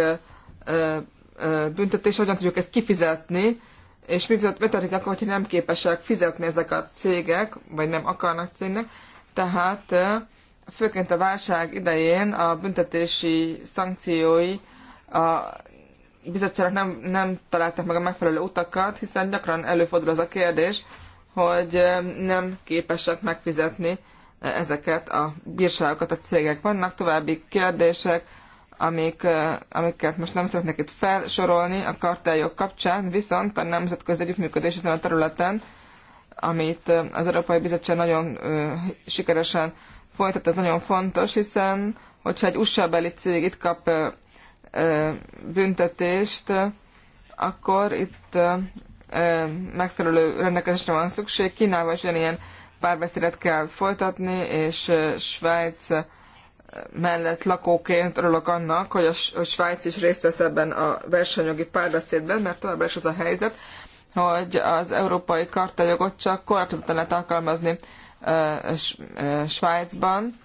büntetés, hogyan tudjuk ezt kifizetni, és mi történik akkor, hogyha nem képesek fizetni ezek a cégek, vagy nem akarnak cégnek. Tehát főként a válság idején a büntetési szankciói a bizottságok nem, nem találtak meg a megfelelő utakat, hiszen gyakran előfordul az a kérdés, hogy nem képesek megfizetni ezeket a bírságokat a cégek. Vannak további kérdések, amik, amiket most nem szeretnék itt felsorolni a kartályok kapcsán, viszont a nemzetközi együttműködés ezen a területen, amit az Európai Bizottság nagyon sikeresen folytat, ez nagyon fontos, hiszen hogyha egy USA beli cég itt kap büntetést, akkor itt megfelelő rendelkezésre van szükség. Kínával is ilyen párbeszédet kell folytatni, és Svájc mellett lakóként örülök annak, hogy, a, hogy Svájc is részt vesz ebben a versenyjogi párbeszédben, mert továbbra is az a helyzet, hogy az európai kartajogot csak korlátozottan lehet alkalmazni Svájcban,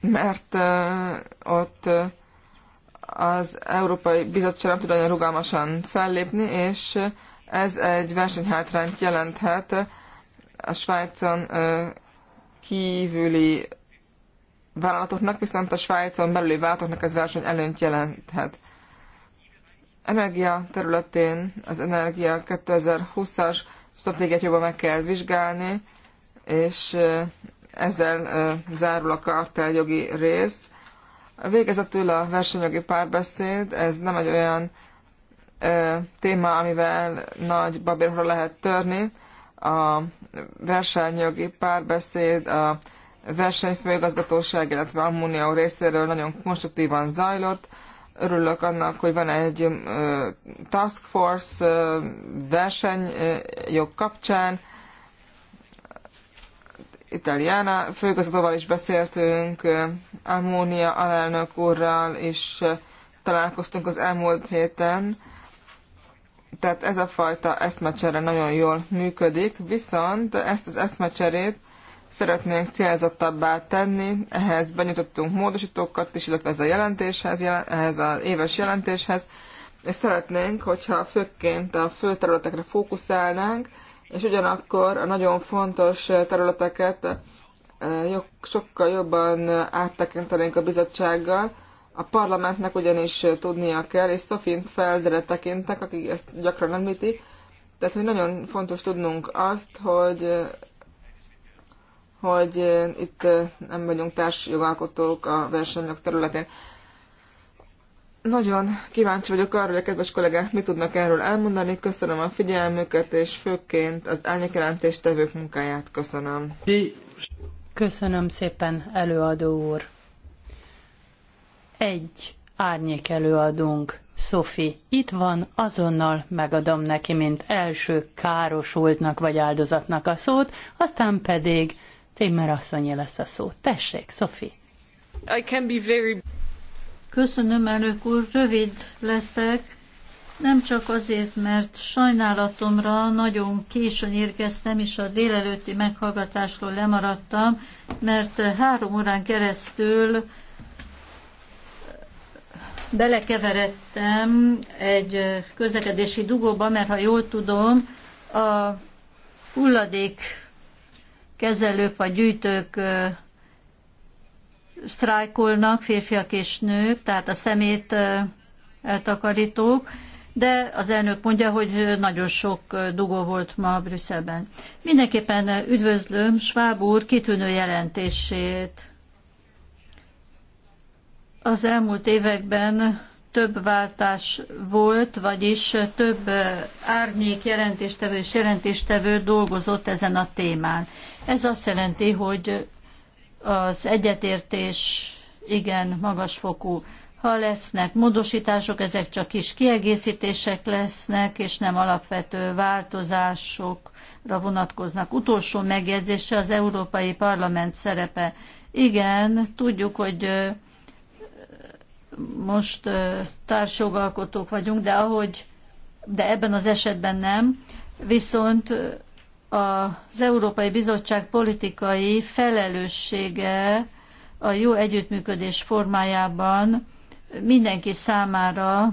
mert ott az Európai Bizottság nem tud olyan rugalmasan fellépni, és ez egy versenyhátrányt jelenthet a Svájcon kívüli vállalatoknak, viszont a Svájcon belüli vállalatoknak ez verseny előnyt jelenthet. Energia területén az Energia 2020-as stratégiát jobban meg kell vizsgálni, és ezzel zárul a jogi rész. Végezetül a versenyjogi párbeszéd, ez nem egy olyan ö, téma, amivel nagy babérhora lehet törni. A versenyjogi párbeszéd, a versenyfőigazgatóság, illetve a Munió részéről nagyon konstruktívan zajlott. Örülök annak, hogy van egy ö, task force ö, versenyjog kapcsán, Italiana főigazgatóval is beszéltünk, Almónia alelnök úrral is találkoztunk az elmúlt héten, tehát ez a fajta eszmecsere nagyon jól működik, viszont ezt az eszmecserét szeretnénk célzottabbá tenni, ehhez benyújtottunk módosítókat is, illetve ez a jelentéshez, ehhez az éves jelentéshez, és szeretnénk, hogyha főként a fő területekre fókuszálnánk, és ugyanakkor a nagyon fontos eh, területeket eh, sokkal jobban eh, áttekintenénk a bizottsággal. A parlamentnek ugyanis tudnia kell, és Szofint Feldre tekintek, aki ezt gyakran említi, tehát, hogy nagyon fontos tudnunk azt, hogy, hogy itt nem vagyunk társjogalkotók a versenyok területén. Nagyon kíváncsi vagyok arra, hogy a kedves kollégák mit tudnak erről elmondani. Köszönöm a figyelmüket, és főként az árnyékjelentés tevők munkáját köszönöm. Köszönöm szépen, előadó úr. Egy árnyék előadónk, Sophie, itt van, azonnal megadom neki, mint első károsultnak vagy áldozatnak a szót, aztán pedig Cémer asszonyi lesz a szó. Tessék, Sophie. I can be very... Köszönöm, elnök úr, rövid leszek. Nem csak azért, mert sajnálatomra nagyon későn érkeztem, és a délelőtti meghallgatásról lemaradtam, mert három órán keresztül belekeveredtem egy közlekedési dugóba, mert ha jól tudom, a hulladék kezelők vagy gyűjtők sztrájkolnak férfiak és nők, tehát a szemét eltakarítók, de az elnök mondja, hogy nagyon sok dugó volt ma Brüsszelben. Mindenképpen üdvözlöm Schwab úr kitűnő jelentését. Az elmúlt években több váltás volt, vagyis több árnyék jelentéstevő és jelentéstevő dolgozott ezen a témán. Ez azt jelenti, hogy az egyetértés igen magasfokú. Ha lesznek módosítások, ezek csak kis kiegészítések lesznek, és nem alapvető változásokra vonatkoznak. Utolsó megjegyzése az Európai Parlament szerepe. Igen, tudjuk, hogy most társjogalkotók vagyunk, de ahogy, de ebben az esetben nem. Viszont az Európai Bizottság politikai felelőssége a jó együttműködés formájában mindenki számára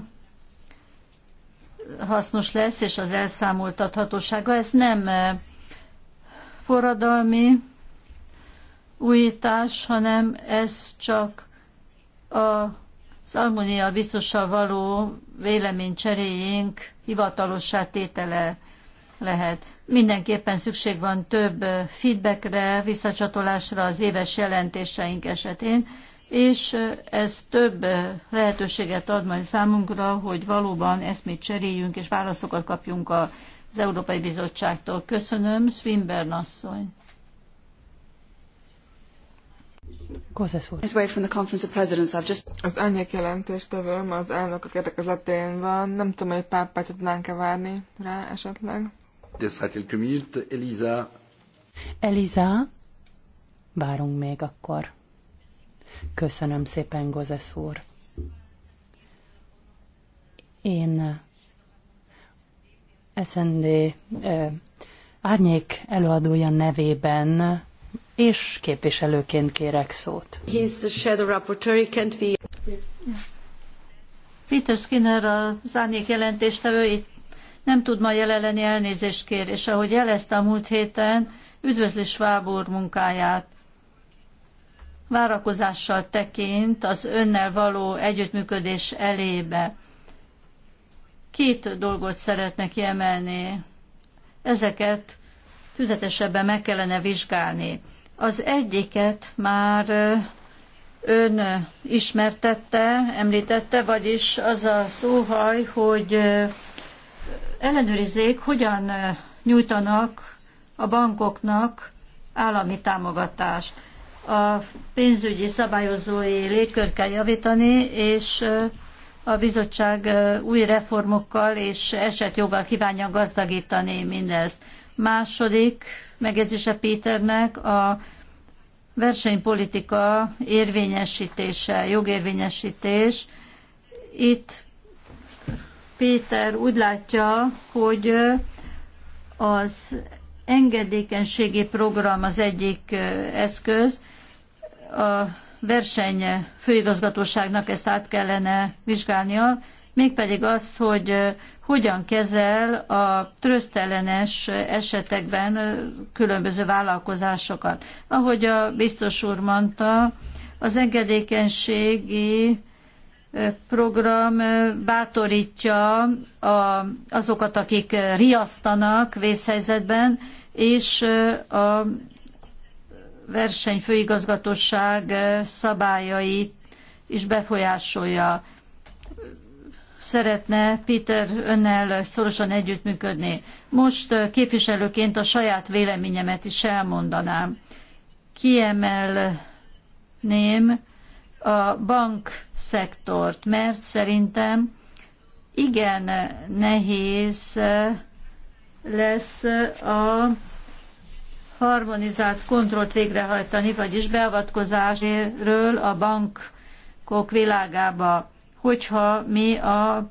hasznos lesz, és az elszámoltathatósága. Ez nem eh, forradalmi újítás, hanem ez csak a az Almunia biztosan való véleménycseréjénk hivatalossá tétele lehet. Mindenképpen szükség van több feedbackre, visszacsatolásra az éves jelentéseink esetén, és ez több lehetőséget ad majd számunkra, hogy valóban ezt mit cseréljünk és válaszokat kapjunk az Európai Bizottságtól. Köszönöm, Swinburne asszony. Az elnyek jelentéstevőm az elnökök érdekezletén van, nem tudom, hogy pár percet tudnánk-e várni rá esetleg. Eliza. Eliza, várunk még akkor. Köszönöm szépen, Gozesz úr. Én eh, SND eh, árnyék előadója nevében és képviselőként kérek szót. He's the shadow rapporteur, he can't be... Peter Skinner az árnyék jelentéstevő, itt nem tud ma jelen lenni, elnézést kér, és ahogy jelezte a múlt héten, üdvözli Schwab úr munkáját. Várakozással tekint az önnel való együttműködés elébe. Két dolgot szeretne kiemelni. Ezeket tüzetesebben meg kellene vizsgálni. Az egyiket már ön ismertette, említette, vagyis az a szóhaj, hogy ellenőrizzék, hogyan nyújtanak a bankoknak állami támogatást. A pénzügyi szabályozói légkört kell javítani, és a bizottság új reformokkal és esetjoggal kívánja gazdagítani mindezt. Második megjegyzése Péternek a versenypolitika érvényesítése, jogérvényesítés. Itt Péter úgy látja, hogy az engedékenységi program az egyik eszköz, a verseny főigazgatóságnak ezt át kellene vizsgálnia, mégpedig azt, hogy hogyan kezel a trösztelenes esetekben különböző vállalkozásokat. Ahogy a biztos úr mondta, az engedékenységi program bátorítja a, azokat, akik riasztanak vészhelyzetben, és a versenyfőigazgatóság szabályait is befolyásolja. Szeretne Peter önnel szorosan együttműködni. Most képviselőként a saját véleményemet is elmondanám. Kiemelném, a bankszektort, mert szerintem igen nehéz eh, lesz eh, a harmonizált kontrollt végrehajtani, vagyis beavatkozásról a bankok világába, hogyha mi a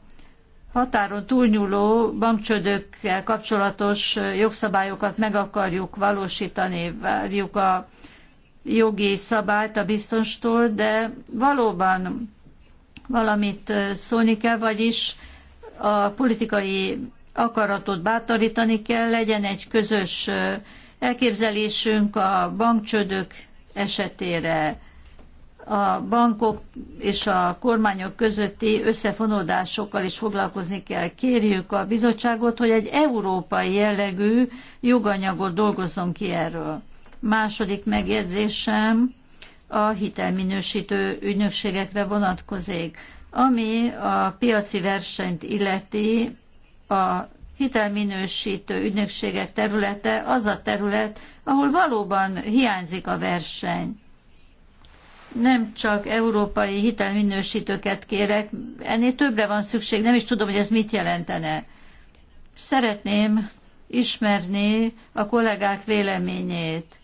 határon túlnyúló bankcsödökkel kapcsolatos eh, jogszabályokat meg akarjuk valósítani, várjuk a jogi szabályt a biztonstól, de valóban valamit szólni kell, vagyis a politikai akaratot bátorítani kell, legyen egy közös elképzelésünk a bankcsődök esetére, a bankok és a kormányok közötti összefonódásokkal is foglalkozni kell. Kérjük a bizottságot, hogy egy európai jellegű joganyagot dolgozzon ki erről. Második megjegyzésem a hitelminősítő ügynökségekre vonatkozik. Ami a piaci versenyt illeti, a hitelminősítő ügynökségek területe az a terület, ahol valóban hiányzik a verseny. Nem csak európai hitelminősítőket kérek, ennél többre van szükség, nem is tudom, hogy ez mit jelentene. Szeretném ismerni a kollégák véleményét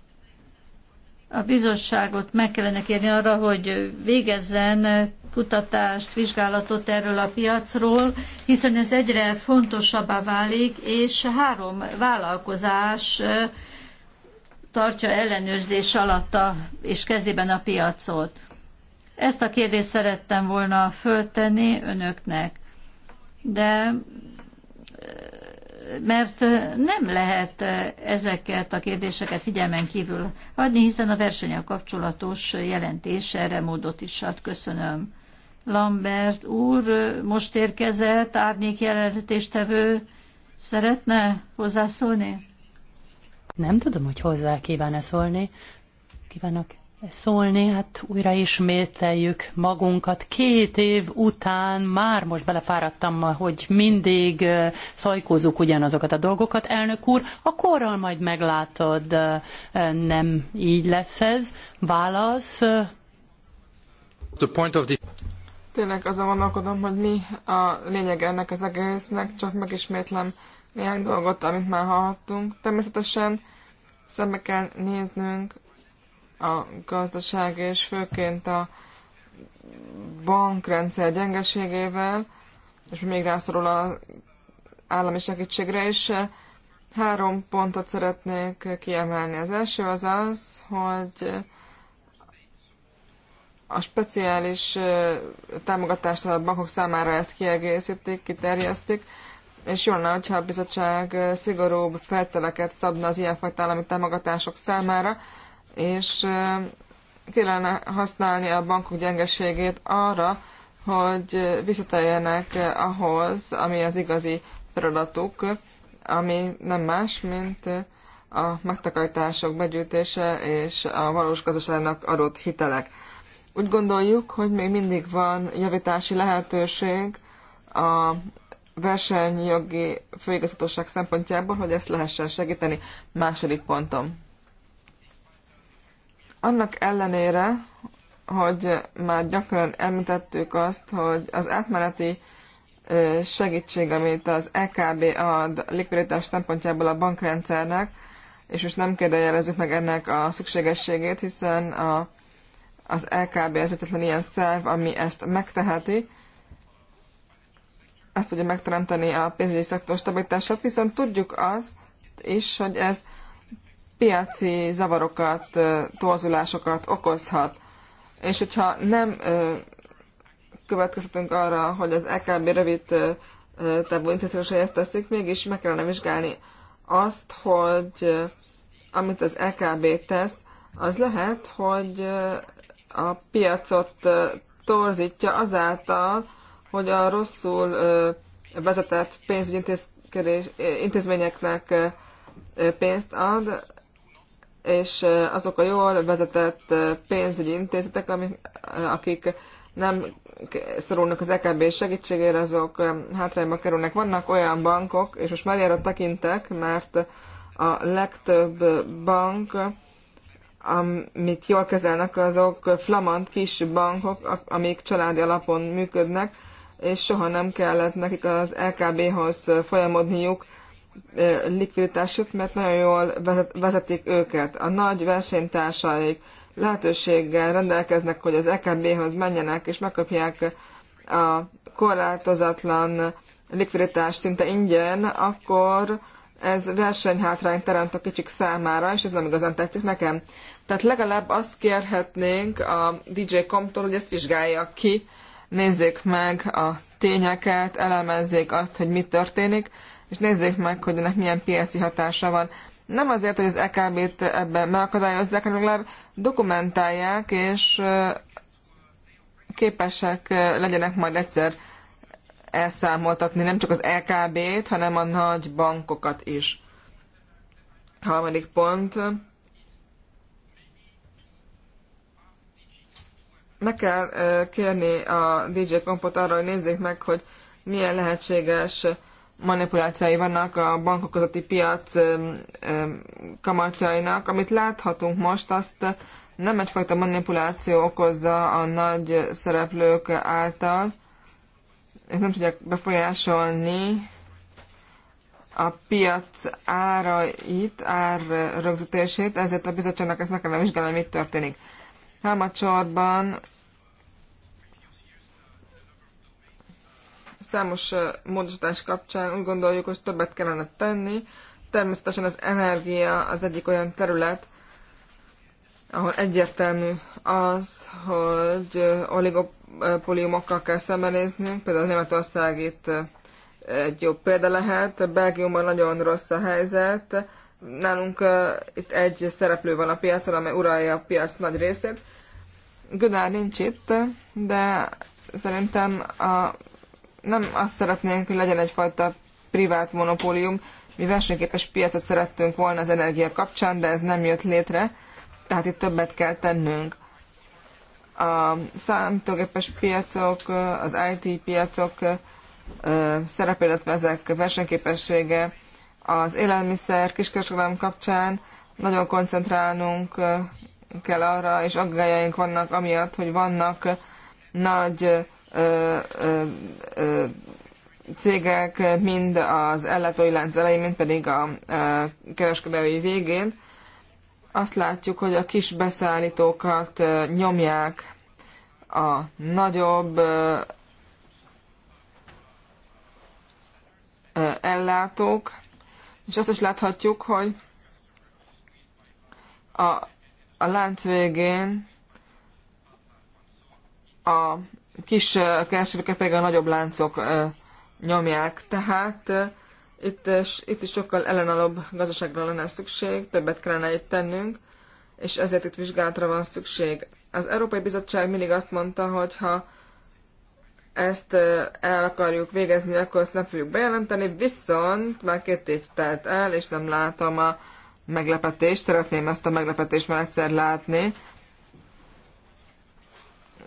a bizottságot meg kellene kérni arra, hogy végezzen kutatást, vizsgálatot erről a piacról, hiszen ez egyre fontosabbá válik, és három vállalkozás tartja ellenőrzés alatt a, és kezében a piacot. Ezt a kérdést szerettem volna föltenni önöknek, de mert nem lehet ezeket a kérdéseket figyelmen kívül hagyni, hiszen a versenyel kapcsolatos jelentés erre módot is ad. Köszönöm. Lambert úr most érkezett, árnyék jelentéstevő szeretne hozzászólni? Nem tudom, hogy hozzá kíván-e szólni. Kívánok szólni, hát újra ismételjük magunkat. Két év után már most belefáradtam, hogy mindig szajkózunk ugyanazokat a dolgokat. Elnök úr, a korral majd meglátod, nem így lesz ez. Válasz? The point of the... Tényleg azon gondolkodom, hogy mi a lényeg ennek az egésznek, csak megismétlem néhány dolgot, amit már hallhattunk. Természetesen szembe kell néznünk a gazdaság és főként a bankrendszer gyengeségével, és még rászorul az állami segítségre, és három pontot szeretnék kiemelni. Az első az az, hogy a speciális támogatást a bankok számára ezt kiegészítik, kiterjesztik, és jól lenne, hogyha a bizottság szigorúbb felteleket szabna az ilyenfajta állami támogatások számára, és kellene használni a bankok gyengeségét arra, hogy visszateljenek ahhoz, ami az igazi feladatuk, ami nem más, mint a megtakarítások begyűjtése és a valós gazdaságnak adott hitelek. Úgy gondoljuk, hogy még mindig van javítási lehetőség a versenyjogi főigazgatóság szempontjából, hogy ezt lehessen segíteni. Második pontom. Annak ellenére, hogy már gyakran említettük azt, hogy az átmeneti segítség, amit az EKB ad likviditás szempontjából a bankrendszernek, és most nem kérdejelezzük meg ennek a szükségességét, hiszen a, az LKB e az egyetlen ilyen szerv, ami ezt megteheti, ezt tudja megteremteni a pénzügyi szektor stabilitását, viszont tudjuk azt is, hogy ez piaci zavarokat, torzulásokat okozhat. És hogyha nem következtetünk arra, hogy az EKB rövid távú intézkedései ezt teszik, mégis meg kellene vizsgálni azt, hogy amit az EKB tesz, az lehet, hogy a piacot torzítja azáltal, hogy a rosszul vezetett pénzügyi intézményeknek pénzt ad, és azok a jól vezetett pénzügyi intézetek, amik, akik nem szorulnak az EKB segítségére, azok hátrányba kerülnek. Vannak olyan bankok, és most már erre tekintek, mert a legtöbb bank, amit jól kezelnek, azok flamand kis bankok, amik családi alapon működnek, és soha nem kellett nekik az LKB-hoz e folyamodniuk likviditásuk, mert nagyon jól vezetik őket. A nagy versenytársaik lehetőséggel rendelkeznek, hogy az EKB-hoz menjenek, és megkapják a korlátozatlan likviditás szinte ingyen, akkor ez versenyhátrányt teremt a kicsik számára, és ez nem igazán tetszik nekem. Tehát legalább azt kérhetnénk a DJ Comptól, hogy ezt vizsgálja ki, nézzék meg a tényeket, elemezzék azt, hogy mi történik, és nézzék meg, hogy ennek milyen piaci hatása van. Nem azért, hogy az EKB-t ebben megakadályozzák, hanem legalább dokumentálják, és képesek legyenek majd egyszer elszámoltatni nem csak az ekb t hanem a nagy bankokat is. Harmadik pont. Meg kell kérni a DJ Kompot arra, hogy nézzék meg, hogy milyen lehetséges manipulációi vannak a bankok közötti piac kamatjainak. Amit láthatunk most, azt nem egyfajta manipuláció okozza a nagy szereplők által, ők nem tudják befolyásolni a piac árait, ár rögzítését, ezért a bizottságnak ezt meg kellene vizsgálni, mit történik. Hámacsorban számos módosítás kapcsán úgy gondoljuk, hogy többet kellene tenni. Természetesen az energia az egyik olyan terület, ahol egyértelmű az, hogy oligopóliumokkal kell szembenézni. például Németország itt egy jó példa lehet, Belgiumban nagyon rossz a helyzet, nálunk uh, itt egy szereplő van a piacon, amely uralja a piac nagy részét. Gunnar nincs itt, de szerintem a nem azt szeretnénk, hogy legyen egyfajta privát monopólium. Mi versenyképes piacot szerettünk volna az energia kapcsán, de ez nem jött létre, tehát itt többet kell tennünk. A számítógépes piacok, az IT piacok szerep, illetve ezek versenyképessége az élelmiszer kiskereskedelem kapcsán nagyon koncentrálnunk kell arra, és aggájaink vannak amiatt, hogy vannak nagy cégek mind az ellátói lánc elején, mind pedig a kereskedelői végén. Azt látjuk, hogy a kis beszállítókat nyomják a nagyobb ellátók, és azt is láthatjuk, hogy a, a lánc végén a kis kereskedőket pedig a nagyobb láncok nyomják. Tehát itt, itt is sokkal ellenállóbb gazdaságra lenne szükség, többet kellene itt tennünk, és ezért itt vizsgálatra van szükség. Az Európai Bizottság mindig azt mondta, hogy ha ezt el akarjuk végezni, akkor ezt nem fogjuk bejelenteni, viszont már két év telt el, és nem látom a meglepetést, szeretném ezt a meglepetést már egyszer látni,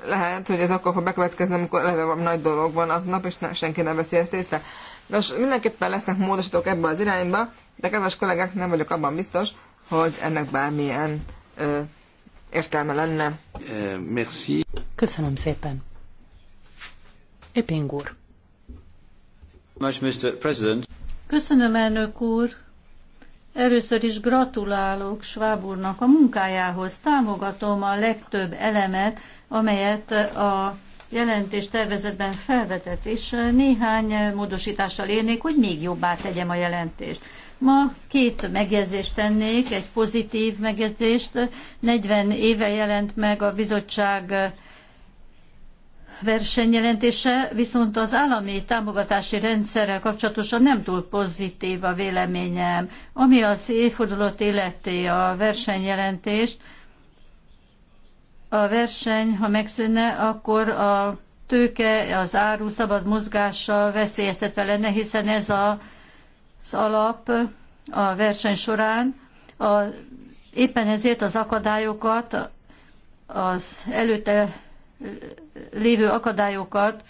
lehet, hogy ez akkor fog bekövetkezni, amikor eleve van nagy dolog van aznap, és ne, senki nem veszi ezt észre. Nos, mindenképpen lesznek módosítók ebbe az irányba, de kedves kollégák, nem vagyok abban biztos, hogy ennek bármilyen ö, értelme lenne. Merci. Köszönöm szépen. Epping úr. Köszönöm, elnök úr. Először is gratulálok Schwab úrnak a munkájához. Támogatom a legtöbb elemet, amelyet a jelentés tervezetben felvetett, és néhány módosítással érnék, hogy még jobbá tegyem a jelentést. Ma két megjegyzést tennék, egy pozitív megjegyzést. 40 éve jelent meg a bizottság versenyjelentése, viszont az állami támogatási rendszerrel kapcsolatosan nem túl pozitív a véleményem. Ami az évfordulót illeti a versenyjelentést, a verseny, ha megszűnne, akkor a tőke, az áru szabad mozgása veszélyeztetve lenne, hiszen ez a, az alap a verseny során. A, éppen ezért az akadályokat az előtte lévő akadályokat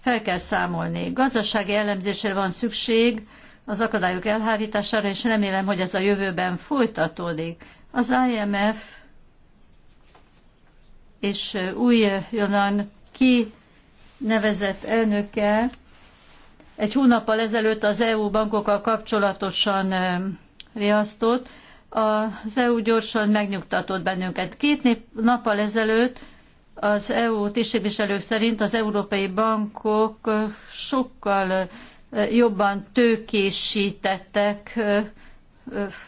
fel kell számolni. Gazdasági elemzésre van szükség az akadályok elhárítására, és remélem, hogy ez a jövőben folytatódik. Az IMF és újonnan ki nevezett elnöke egy hónappal ezelőtt az EU bankokkal kapcsolatosan riasztott, az EU gyorsan megnyugtatott bennünket. Két nappal ezelőtt az EU tisztviselők szerint az európai bankok sokkal jobban tőkésítettek,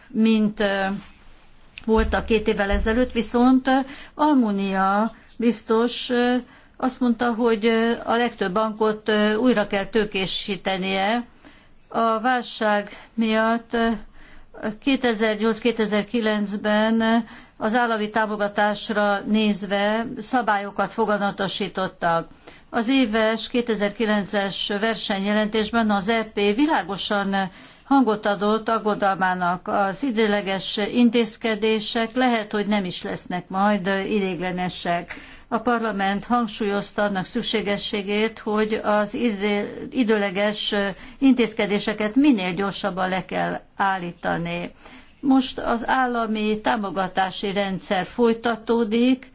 mint voltak két évvel ezelőtt, viszont Almunia biztos azt mondta, hogy a legtöbb bankot újra kell tőkésítenie. A válság miatt 2008-2009-ben az állami támogatásra nézve szabályokat foganatosítottak. Az éves 2009-es versenyjelentésben az EP világosan hangot adott aggodalmának. Az időleges intézkedések lehet, hogy nem is lesznek majd idéglenesek. A parlament hangsúlyozta annak szükségességét, hogy az időleges intézkedéseket minél gyorsabban le kell állítani. Most az állami támogatási rendszer folytatódik,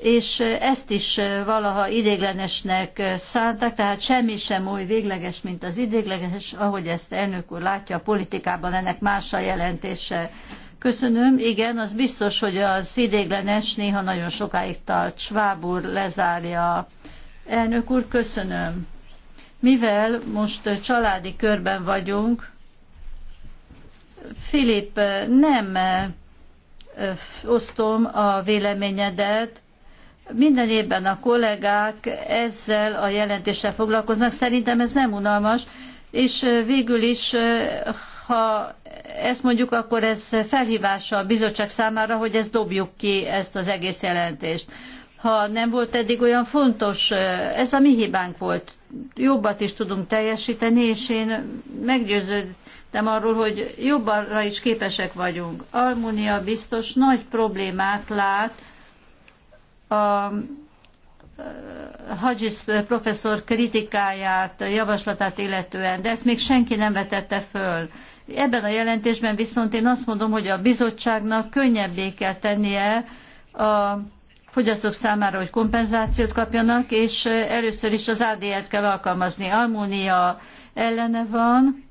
és ezt is valaha idéglenesnek szántak, tehát semmi sem új végleges, mint az idégleges, ahogy ezt elnök úr látja, a politikában ennek más a jelentése. Köszönöm, igen, az biztos, hogy az idéglenes néha nagyon sokáig tart. Schwab úr lezárja. Elnök úr, köszönöm. Mivel most családi körben vagyunk, Filip, nem osztom a véleményedet. Minden évben a kollégák ezzel a jelentéssel foglalkoznak. Szerintem ez nem unalmas, és végül is, ha ezt mondjuk, akkor ez felhívása a bizottság számára, hogy ezt dobjuk ki, ezt az egész jelentést. Ha nem volt eddig olyan fontos, ez a mi hibánk volt. Jobbat is tudunk teljesíteni, és én meggyőződ, beszéltem arról, hogy jobbra is képesek vagyunk. Almunia biztos nagy problémát lát a Hagyis professzor kritikáját, javaslatát illetően, de ezt még senki nem vetette föl. Ebben a jelentésben viszont én azt mondom, hogy a bizottságnak könnyebbé kell tennie a fogyasztók számára, hogy kompenzációt kapjanak, és először is az adl t kell alkalmazni. Almónia ellene van,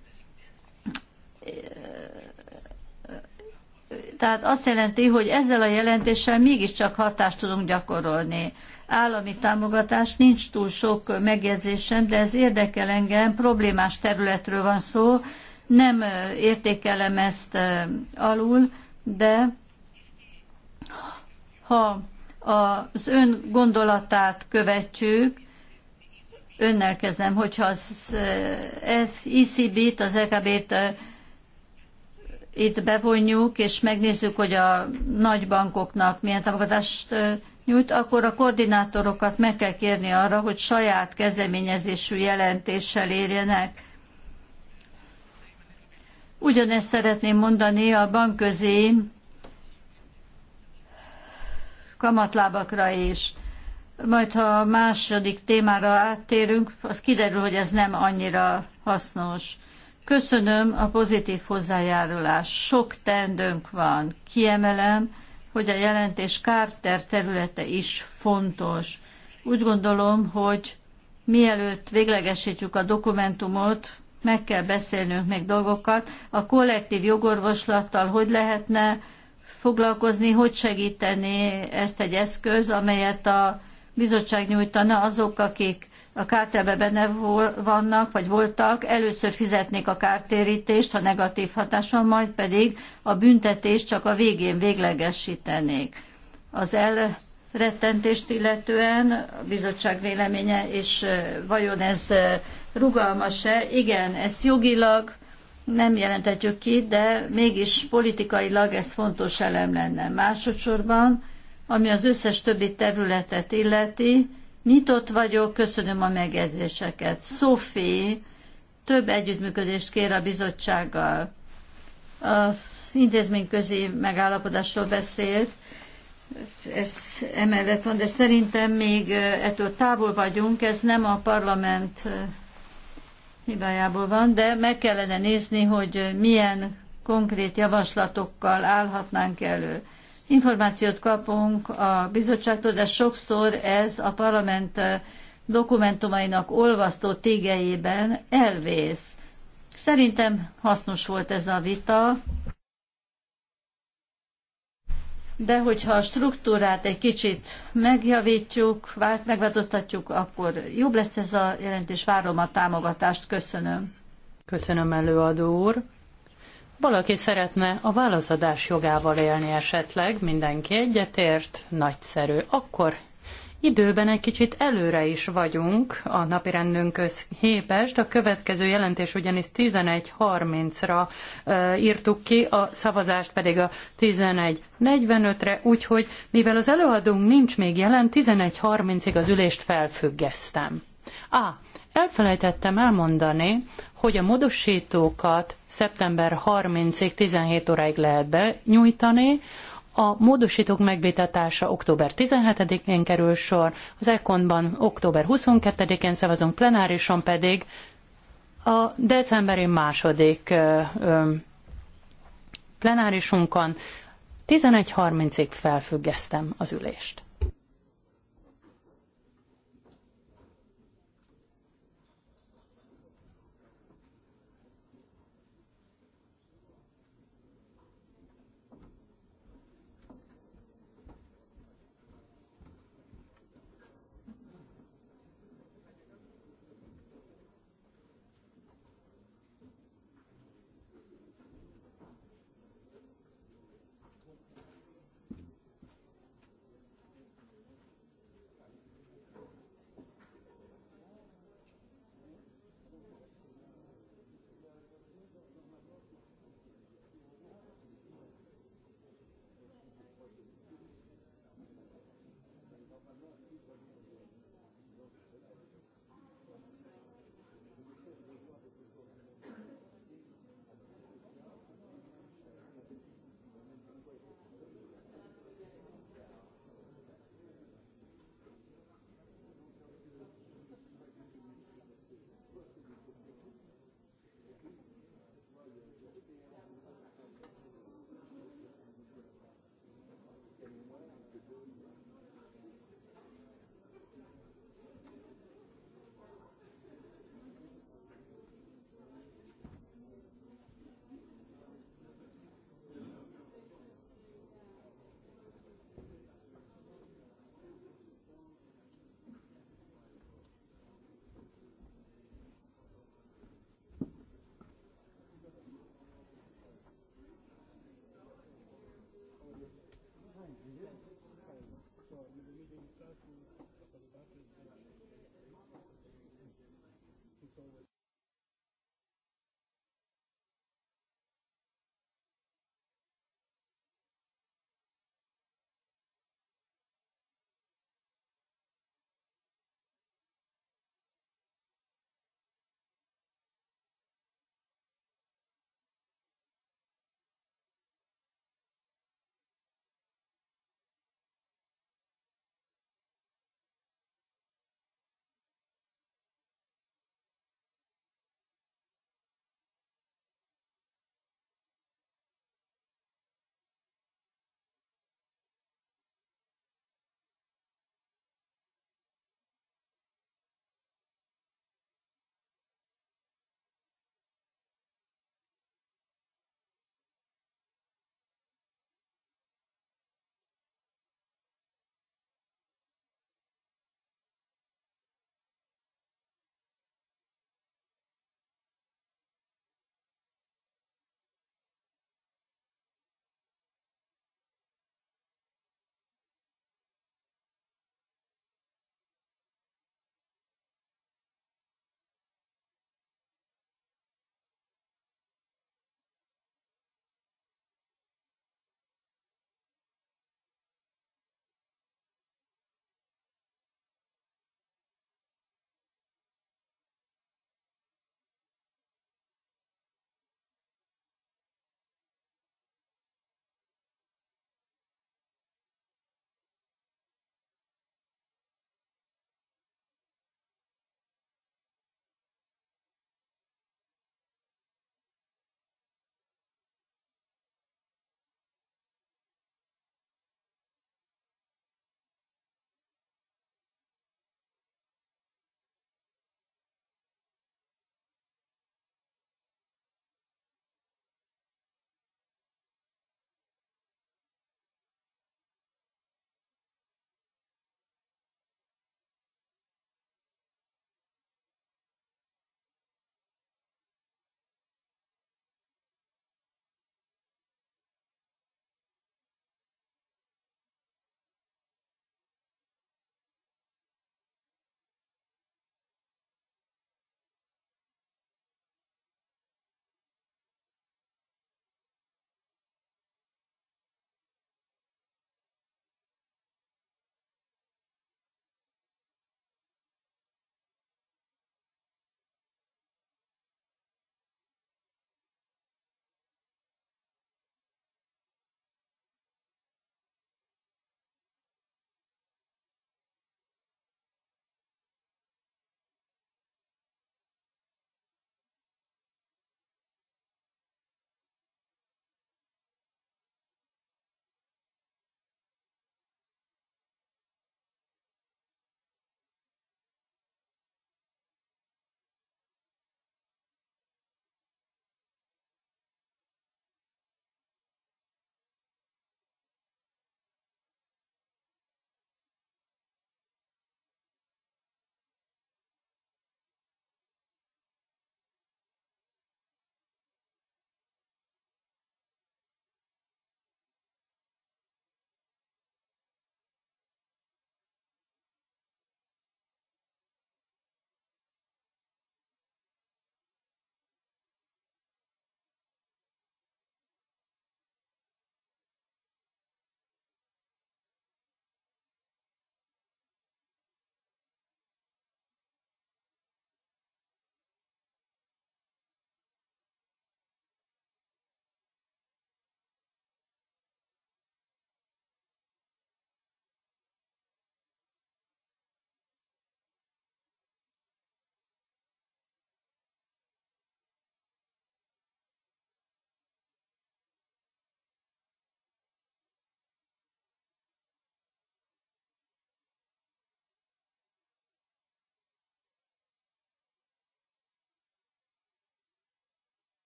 tehát azt jelenti, hogy ezzel a jelentéssel mégiscsak hatást tudunk gyakorolni. Állami támogatás, nincs túl sok megjegyzésem, de ez érdekel engem, problémás területről van szó, nem értékelem ezt alul, de ha az ön gondolatát követjük, önnel kezdem, hogyha az ECB-t, az EKB-t itt bevonjuk, és megnézzük, hogy a nagy bankoknak milyen támogatást nyújt, akkor a koordinátorokat meg kell kérni arra, hogy saját kezdeményezésű jelentéssel érjenek. Ugyanezt szeretném mondani a bankközi kamatlábakra is. Majd ha a második témára áttérünk, az kiderül, hogy ez nem annyira hasznos. Köszönöm a pozitív hozzájárulás. Sok tendőnk van. Kiemelem, hogy a jelentés Carter területe is fontos. Úgy gondolom, hogy mielőtt véglegesítjük a dokumentumot, meg kell beszélnünk még dolgokat. A kollektív jogorvoslattal hogy lehetne foglalkozni, hogy segíteni ezt egy eszköz, amelyet a bizottság nyújtana azok, akik a kártelbe benne vannak, vagy voltak, először fizetnék a kártérítést, ha negatív hatáson, majd pedig a büntetést csak a végén véglegesítenék. Az elrettentést illetően a bizottság véleménye, és vajon ez rugalmas-e? Igen, ezt jogilag nem jelentetjük ki, de mégis politikailag ez fontos elem lenne. Másodszorban, ami az összes többi területet illeti, Nyitott vagyok, köszönöm a megjegyzéseket. Sophie több együttműködést kér a bizottsággal. Az intézményközi megállapodásról beszélt, ez emellett van, de szerintem még ettől távol vagyunk, ez nem a parlament hibájából van, de meg kellene nézni, hogy milyen konkrét javaslatokkal állhatnánk elő információt kapunk a bizottságtól, de sokszor ez a parlament eh, dokumentumainak olvasztó tégejében elvész. Szerintem hasznos volt ez a vita, de hogyha a struktúrát egy kicsit megjavítjuk, megváltoztatjuk, akkor jobb lesz ez a jelentés. Várom a támogatást. Köszönöm. Köszönöm, előadó úr. Valaki szeretne a válaszadás jogával élni esetleg, mindenki egyetért, nagyszerű. Akkor időben egy kicsit előre is vagyunk a napirendünkhöz képest. A következő jelentés ugyanis 11.30-ra e, írtuk ki, a szavazást pedig a 11.45-re, úgyhogy mivel az előadónk nincs még jelen, 11.30-ig az ülést felfüggesztem. A. elfelejtettem elmondani, hogy a módosítókat szeptember 30-ig 17 óráig lehet benyújtani, a módosítók megvitatása október 17-én kerül sor, az Ekonban október 22-én szavazunk, plenárison pedig a decemberi második ö, ö, plenárisunkon 11.30-ig felfüggesztem az ülést. it's always szóval.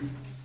Thank you.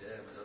Yeah,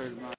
Köszönöm.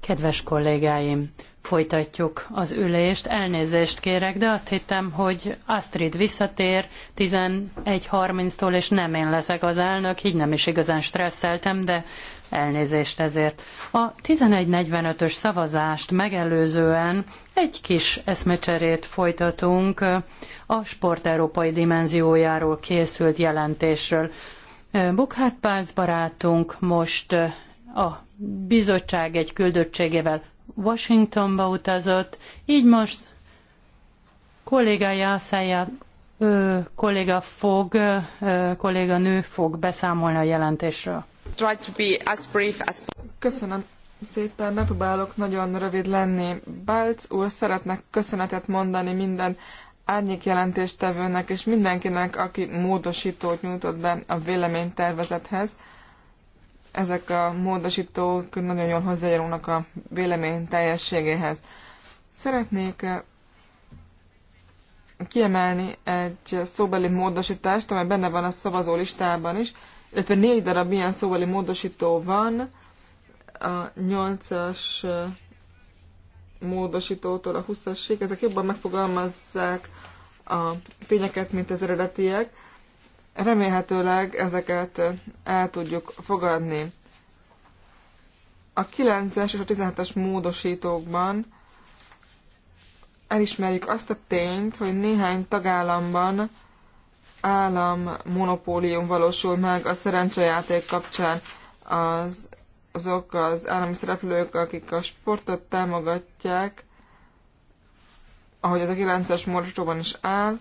Kedves kollégáim, folytatjuk az ülést. Elnézést kérek, de azt hittem, hogy Astrid visszatér 11.30-tól, és nem én leszek az elnök, így nem is igazán stresszeltem, de elnézést ezért. A 11.45-ös szavazást megelőzően egy kis eszmecserét folytatunk a sport európai dimenziójáról készült jelentésről. Bukhát Pálc barátunk most a bizottság egy küldöttségével Washingtonba utazott, így most kollégája Szája kolléga fog, ö, kolléga nő fog beszámolni a jelentésről. Köszönöm szépen, megpróbálok nagyon rövid lenni. Balc úr szeretnek köszönetet mondani minden árnyék jelentéstevőnek és mindenkinek, aki módosítót nyújtott be a véleménytervezethez. Ezek a módosítók nagyon jól hozzájárulnak a vélemény teljességéhez. Szeretnék eh, kiemelni egy szóbeli módosítást, amely benne van a szavazó listában is, illetve négy darab ilyen szóbeli módosító van, a nyolcas eh, módosítótól a 20 ezek jobban megfogalmazzák a tényeket, mint az eredetiek. Remélhetőleg ezeket el tudjuk fogadni. A 9-es és a 17-es módosítókban elismerjük azt a tényt, hogy néhány tagállamban állam monopólium valósul meg a szerencsejáték kapcsán. Az azok az állami szereplők, akik a sportot támogatják, ahogy az a 9-es morsóban is áll,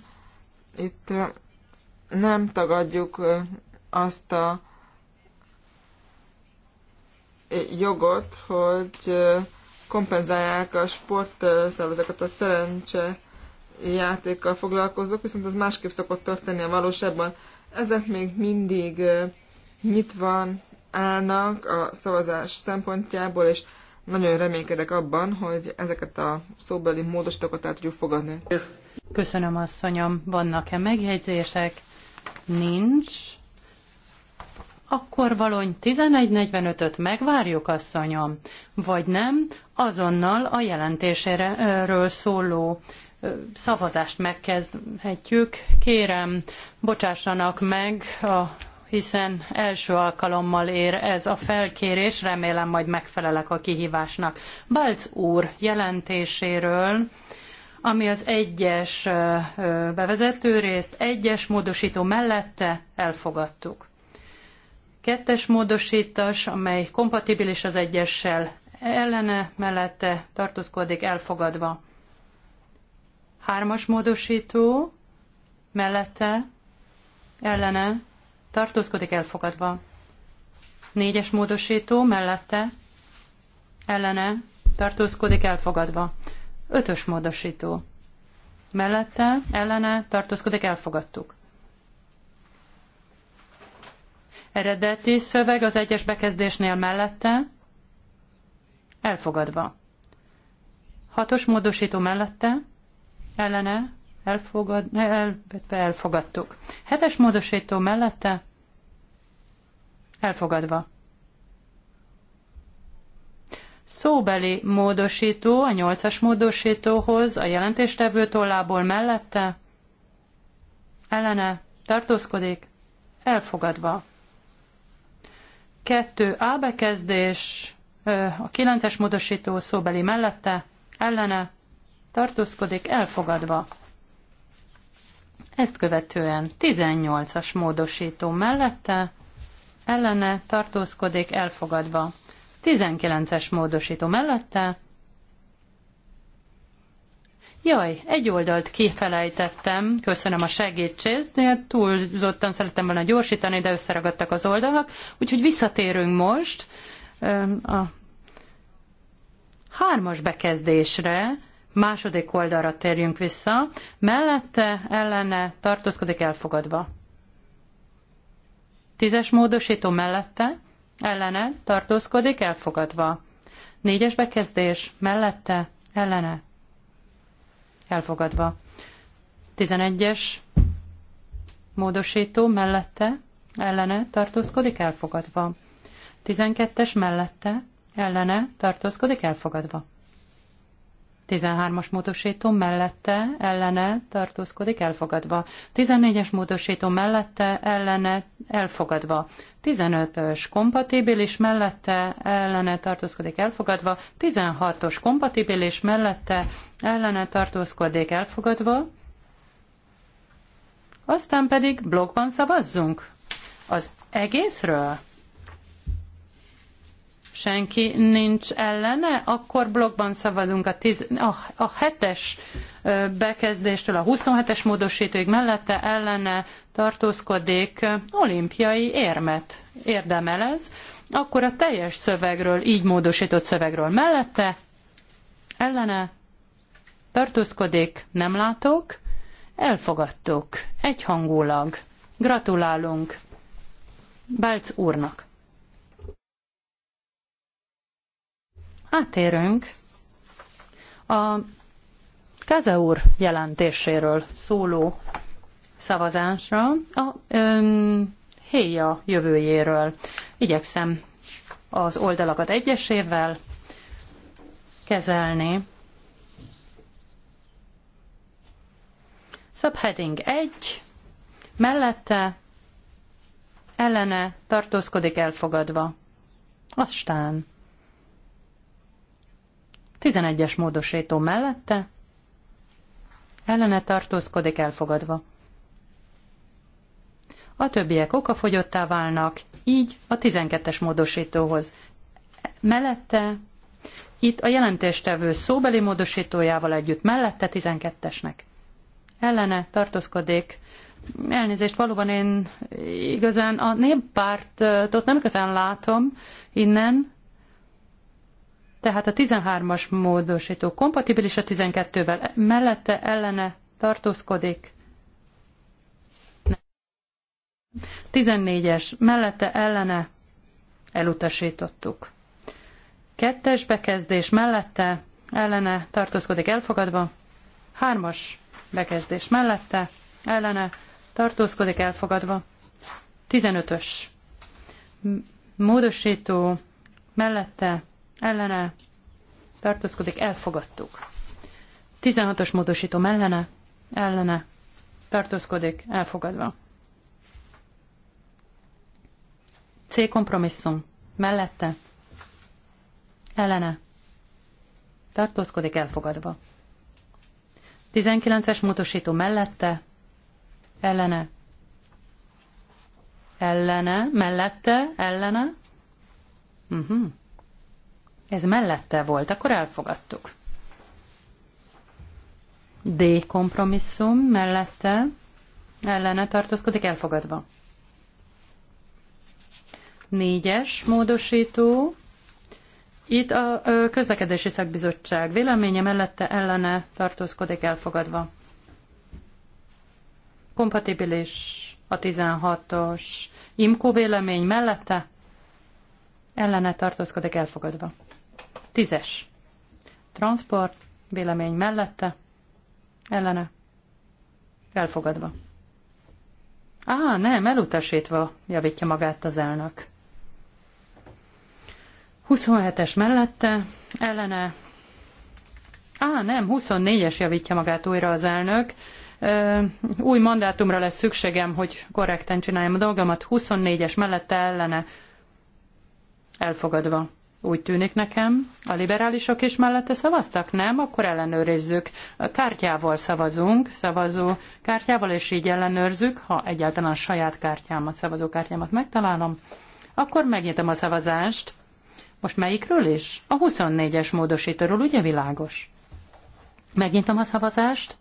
itt nem tagadjuk azt a jogot, hogy kompenzálják a sportszervezeket a szerencse játékkal foglalkozók, viszont az másképp szokott történni a valóságban. Ezek még mindig nyitva állnak a szavazás szempontjából, és nagyon reménykedek abban, hogy ezeket a szóbeli módosítókat el tudjuk fogadni. Köszönöm, asszonyom. Vannak-e megjegyzések? Nincs. Akkor valony 11.45-öt megvárjuk, asszonyom, vagy nem, azonnal a jelentéséről szóló szavazást megkezdhetjük. Kérem, bocsássanak meg a hiszen első alkalommal ér ez a felkérés, remélem majd megfelelek a kihívásnak. Balc úr jelentéséről ami az egyes bevezető részt, egyes módosító mellette elfogadtuk. Kettes módosítás, amely kompatibilis az egyessel, ellene mellette tartózkodik elfogadva. Hármas módosító mellette ellene tartózkodik elfogadva. Négyes módosító mellette ellene tartózkodik elfogadva. Ötös módosító mellette ellene tartózkodik elfogadtuk. Eredeti szöveg az egyes bekezdésnél mellette elfogadva. Hatos módosító mellette ellene Elfogad, el, elfogadtuk. Hetes módosító mellette elfogadva. Szóbeli módosító a nyolcas módosítóhoz a jelentéstevő tollából mellette ellene tartózkodik elfogadva. Kettő a bekezdés a kilences módosító szóbeli mellette ellene tartózkodik elfogadva. Ezt követően 18-as módosító mellette ellene tartózkodik elfogadva. 19-es módosító mellette Jaj, egy oldalt kifelejtettem, köszönöm a segítséget, túlzottan szerettem volna gyorsítani, de összeragadtak az oldalak, úgyhogy visszatérünk most a hármas bekezdésre, Második oldalra térjünk vissza. Mellette ellene tartózkodik elfogadva. Tízes módosító mellette ellene tartózkodik elfogadva. Négyes bekezdés mellette ellene elfogadva. Tizenegyes módosító mellette ellene tartózkodik elfogadva. Tizenkettes mellette ellene tartózkodik elfogadva. 13-as módosító mellette, ellene tartózkodik, elfogadva. 14-es módosító mellette, ellene, elfogadva. 15-ös kompatibilis mellette, ellene tartózkodik, elfogadva. 16-os kompatibilis mellette, ellene tartózkodik, elfogadva. Aztán pedig blogban szavazzunk. Az egészről? senki nincs ellene, akkor blokkban szavazunk a, tiz, a, a hetes bekezdéstől a 27-es módosítóig mellette ellene tartózkodik olimpiai érmet érdemelez, akkor a teljes szövegről, így módosított szövegről mellette ellene tartózkodik, nem látok, elfogadtuk, egyhangulag. Gratulálunk Belc úrnak! Átérünk a Keze úr jelentéséről szóló szavazásra a öm, héja jövőjéről. Igyekszem az oldalakat egyesével kezelni. Subheading 1, mellette, ellene tartózkodik elfogadva. Aztán Tizenegyes módosító mellette ellene tartózkodik elfogadva. A többiek okafogyottá válnak, így a 12-es módosítóhoz. Mellette itt a jelentéstevő szóbeli módosítójával együtt mellette 12-esnek. Ellene tartózkodik. Elnézést, valóban én igazán a néppártot nem igazán látom innen, tehát a 13-as módosító kompatibilis a 12-vel, mellette ellene tartózkodik. 14-es, mellette ellene elutasítottuk. Kettes bekezdés mellette ellene tartózkodik elfogadva. Hármas bekezdés mellette ellene tartózkodik elfogadva. 15-ös módosító mellette ellene tartózkodik, elfogadtuk. 16-os módosító ellene, ellene tartózkodik, elfogadva. C kompromisszum mellette, ellene tartózkodik, elfogadva. 19-es módosító mellette, ellene, ellene, mellette, ellene, uh-huh. Ez mellette volt, akkor elfogadtuk. D kompromisszum mellette ellene tartózkodik elfogadva. Négyes módosító. Itt a közlekedési szakbizottság véleménye mellette ellene tartózkodik elfogadva. Kompatibilis a 16-os. Imkó vélemény mellette ellene tartózkodik elfogadva. Tízes. Transport, vélemény mellette, ellene, elfogadva. Á, nem, elutasítva, javítja magát az elnök. 27-es mellette, ellene, á, nem, 24-es javítja magát újra az elnök, új mandátumra lesz szükségem, hogy korrekten csináljam a dolgomat. 24-es mellette ellene elfogadva. Úgy tűnik nekem. A liberálisok is mellette szavaztak? Nem? Akkor ellenőrizzük. kártyával szavazunk, szavazó kártyával, és így ellenőrzzük, ha egyáltalán a saját kártyámat, szavazókártyámat megtalálom. Akkor megnyitom a szavazást. Most melyikről is? A 24-es módosítóról, ugye világos? Megnyitom a szavazást.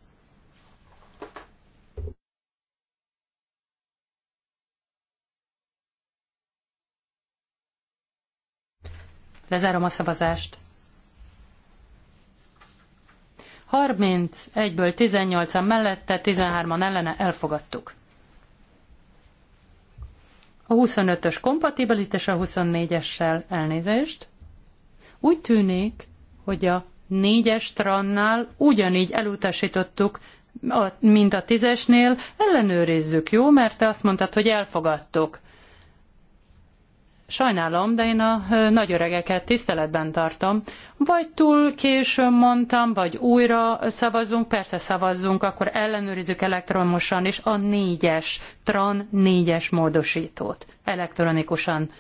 Lezárom a szavazást. 31-ből 18-an mellette, 13-an ellene elfogadtuk. A 25-ös kompatibilitás a 24-essel elnézést. Úgy tűnik, hogy a 4-es trannál ugyanígy elutasítottuk, mint a 10-esnél, ellenőrizzük, jó? Mert te azt mondtad, hogy elfogadtuk. Sajnálom, de én a nagyöregeket tiszteletben tartom. Vagy túl későn mondtam, vagy újra szavazunk, persze szavazzunk, akkor ellenőrizzük elektromosan is a négyes, tran négyes módosítót. Elektronikusan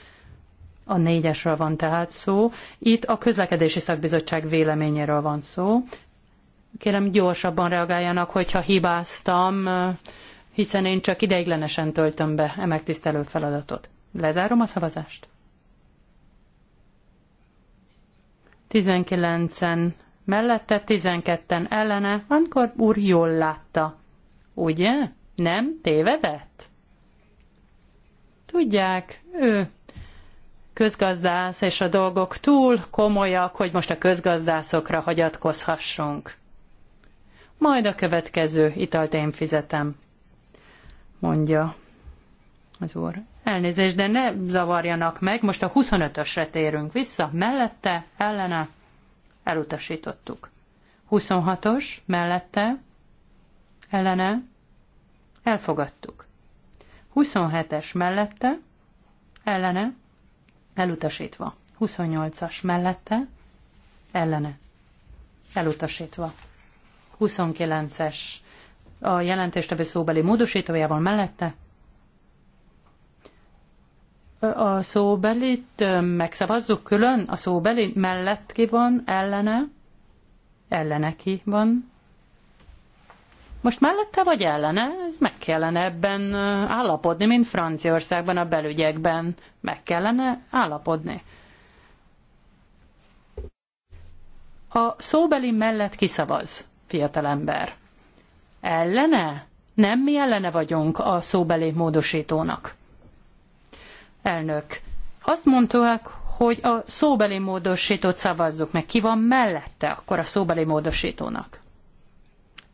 a négyesről van tehát szó. Itt a közlekedési szakbizottság véleményéről van szó. Kérem gyorsabban reagáljanak, hogyha hibáztam, hiszen én csak ideiglenesen töltöm be e megtisztelő feladatot. Lezárom a szavazást. 19-en mellette, 12-en ellene, Ankor úr jól látta. Ugye? Nem tévedett? Tudják, ő közgazdász, és a dolgok túl komolyak, hogy most a közgazdászokra hagyatkozhassunk. Majd a következő italt én fizetem, mondja az úr. Elnézést, de ne zavarjanak meg, most a 25-ösre térünk vissza, mellette, ellene, elutasítottuk. 26-os, mellette, ellene, elfogadtuk. 27-es mellette, ellene, elutasítva. 28-as mellette, ellene, elutasítva. 29-es a jelentéstevő szóbeli módosítójával mellette, a szóbelit megszavazzuk külön? A szóbeli mellett ki van, ellene? Ellene ki van? Most mellette vagy ellene? Ez meg kellene ebben állapodni, mint Franciaországban a belügyekben. Meg kellene állapodni. A szóbeli mellett kiszavaz, fiatalember. Ellene? Nem mi ellene vagyunk a szóbeli módosítónak. Elnök, azt mondták, hogy a szóbeli módosítót szavazzuk meg. Ki van mellette akkor a szóbeli módosítónak?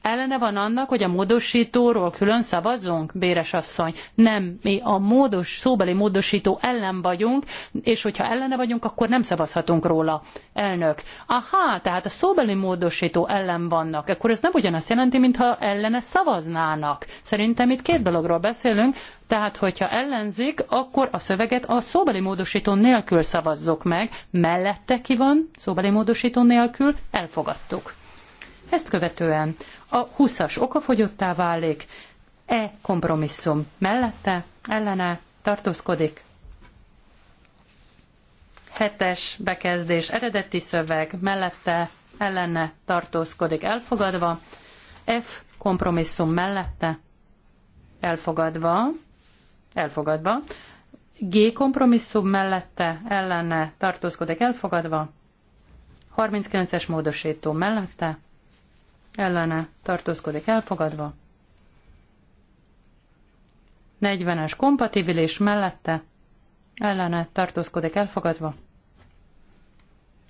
Ellene van annak, hogy a módosítóról külön szavazzunk, Béres asszony? Nem, mi a módos, szóbeli módosító ellen vagyunk, és hogyha ellene vagyunk, akkor nem szavazhatunk róla. Elnök. Aha, tehát a szóbeli módosító ellen vannak, akkor ez nem ugyanazt jelenti, mintha ellene szavaznának. Szerintem itt két dologról beszélünk, tehát, hogyha ellenzik, akkor a szöveget a szóbeli módosító nélkül szavazzuk meg, mellette ki van, szóbeli módosító nélkül, elfogadtuk. Ezt követően a 20-as okafogyottá válik, e kompromisszum mellette, ellene tartózkodik. Hetes bekezdés eredeti szöveg mellette, ellene tartózkodik elfogadva, F kompromisszum mellette, elfogadva, elfogadva, G kompromisszum mellette, ellene tartózkodik elfogadva, 39-es módosító mellette, ellene tartózkodik elfogadva. 40-es kompatibilis mellette ellene tartózkodik elfogadva.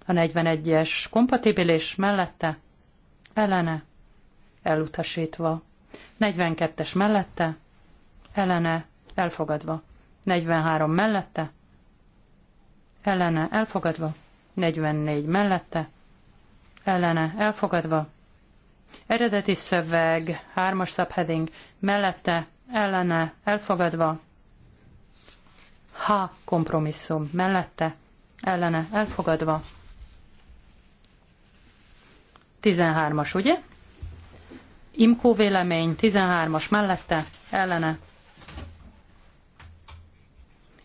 A 41-es kompatibilis mellette ellene elutasítva. 42-es mellette ellene elfogadva. 43 mellette ellene elfogadva. 44 mellette ellene elfogadva. Eredeti szöveg, hármas subheading, mellette, ellene, elfogadva. ha Kompromisszum, mellette, ellene, elfogadva. 13-as, ugye? Imkó vélemény, 13-as mellette, ellene.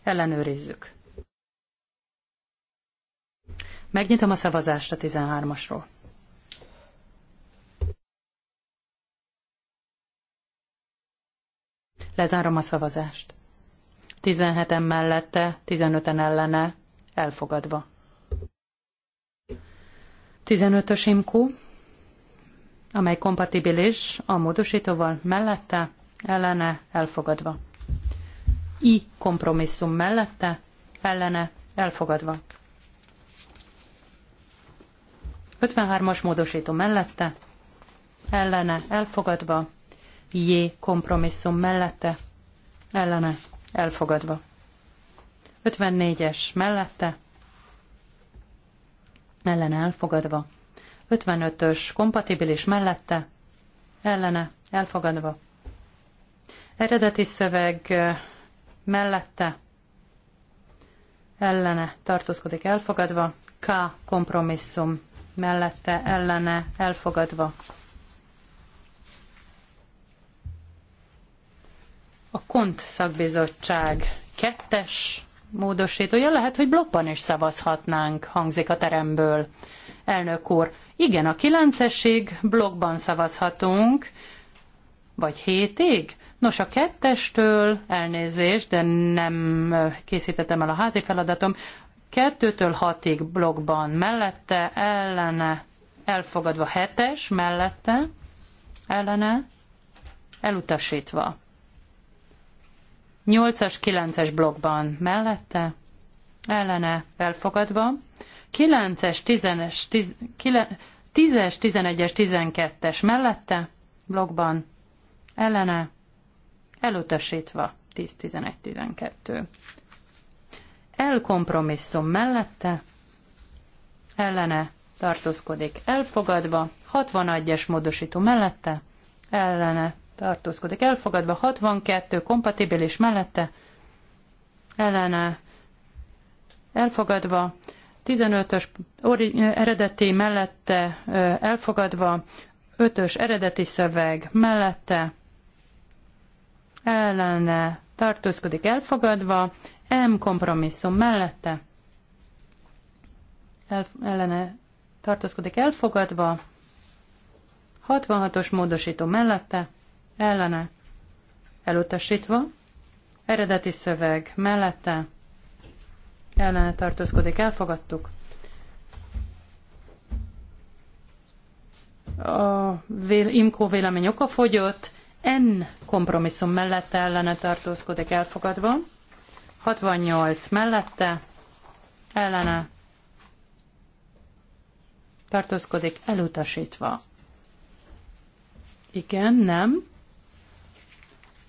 Ellenőrizzük. Megnyitom a szavazást a 13-asról. Lezárom a szavazást. 17 mellette, 15-en ellene, elfogadva. 15-ös imkú, amely kompatibilis a módosítóval mellette, ellene, elfogadva. I kompromisszum mellette, ellene, elfogadva. 53-as módosító mellette, ellene, elfogadva. J kompromisszum mellette, ellene, elfogadva. 54-es mellette, ellene elfogadva. 55-ös kompatibilis mellette, ellene elfogadva. Eredeti szöveg mellette, ellene tartózkodik elfogadva, K kompromisszum mellette, ellene elfogadva. a KONT szakbizottság kettes módosítója, lehet, hogy blokkban is szavazhatnánk, hangzik a teremből. Elnök úr, igen, a kilencesig blokkban szavazhatunk, vagy hétig? Nos, a kettestől elnézést, de nem készítettem el a házi feladatom, kettőtől hatig blokkban mellette, ellene, elfogadva hetes, mellette, ellene, elutasítva. 8-as, 9-es blokkban mellette, ellene elfogadva, 9-es, 10-es, 10-es, 11-es, 12-es mellette, blokkban, ellene, elutasítva, 10-11-12. Elkompromisszum mellette, ellene, tartózkodik elfogadva, 61-es módosító mellette, ellene tartózkodik elfogadva, 62 kompatibilis mellette ellene elfogadva, 15-ös eredeti mellette elfogadva, 5-ös eredeti szöveg mellette ellene tartózkodik elfogadva, M kompromisszum mellette el, ellene tartózkodik elfogadva, 66-os módosító mellette ellene, elutasítva, eredeti szöveg mellette, ellene tartózkodik, elfogadtuk. A vél, IMKO vélemény okafogyott, N kompromisszum mellette ellene tartózkodik, elfogadva, 68 mellette, ellene tartózkodik, elutasítva. Igen, nem.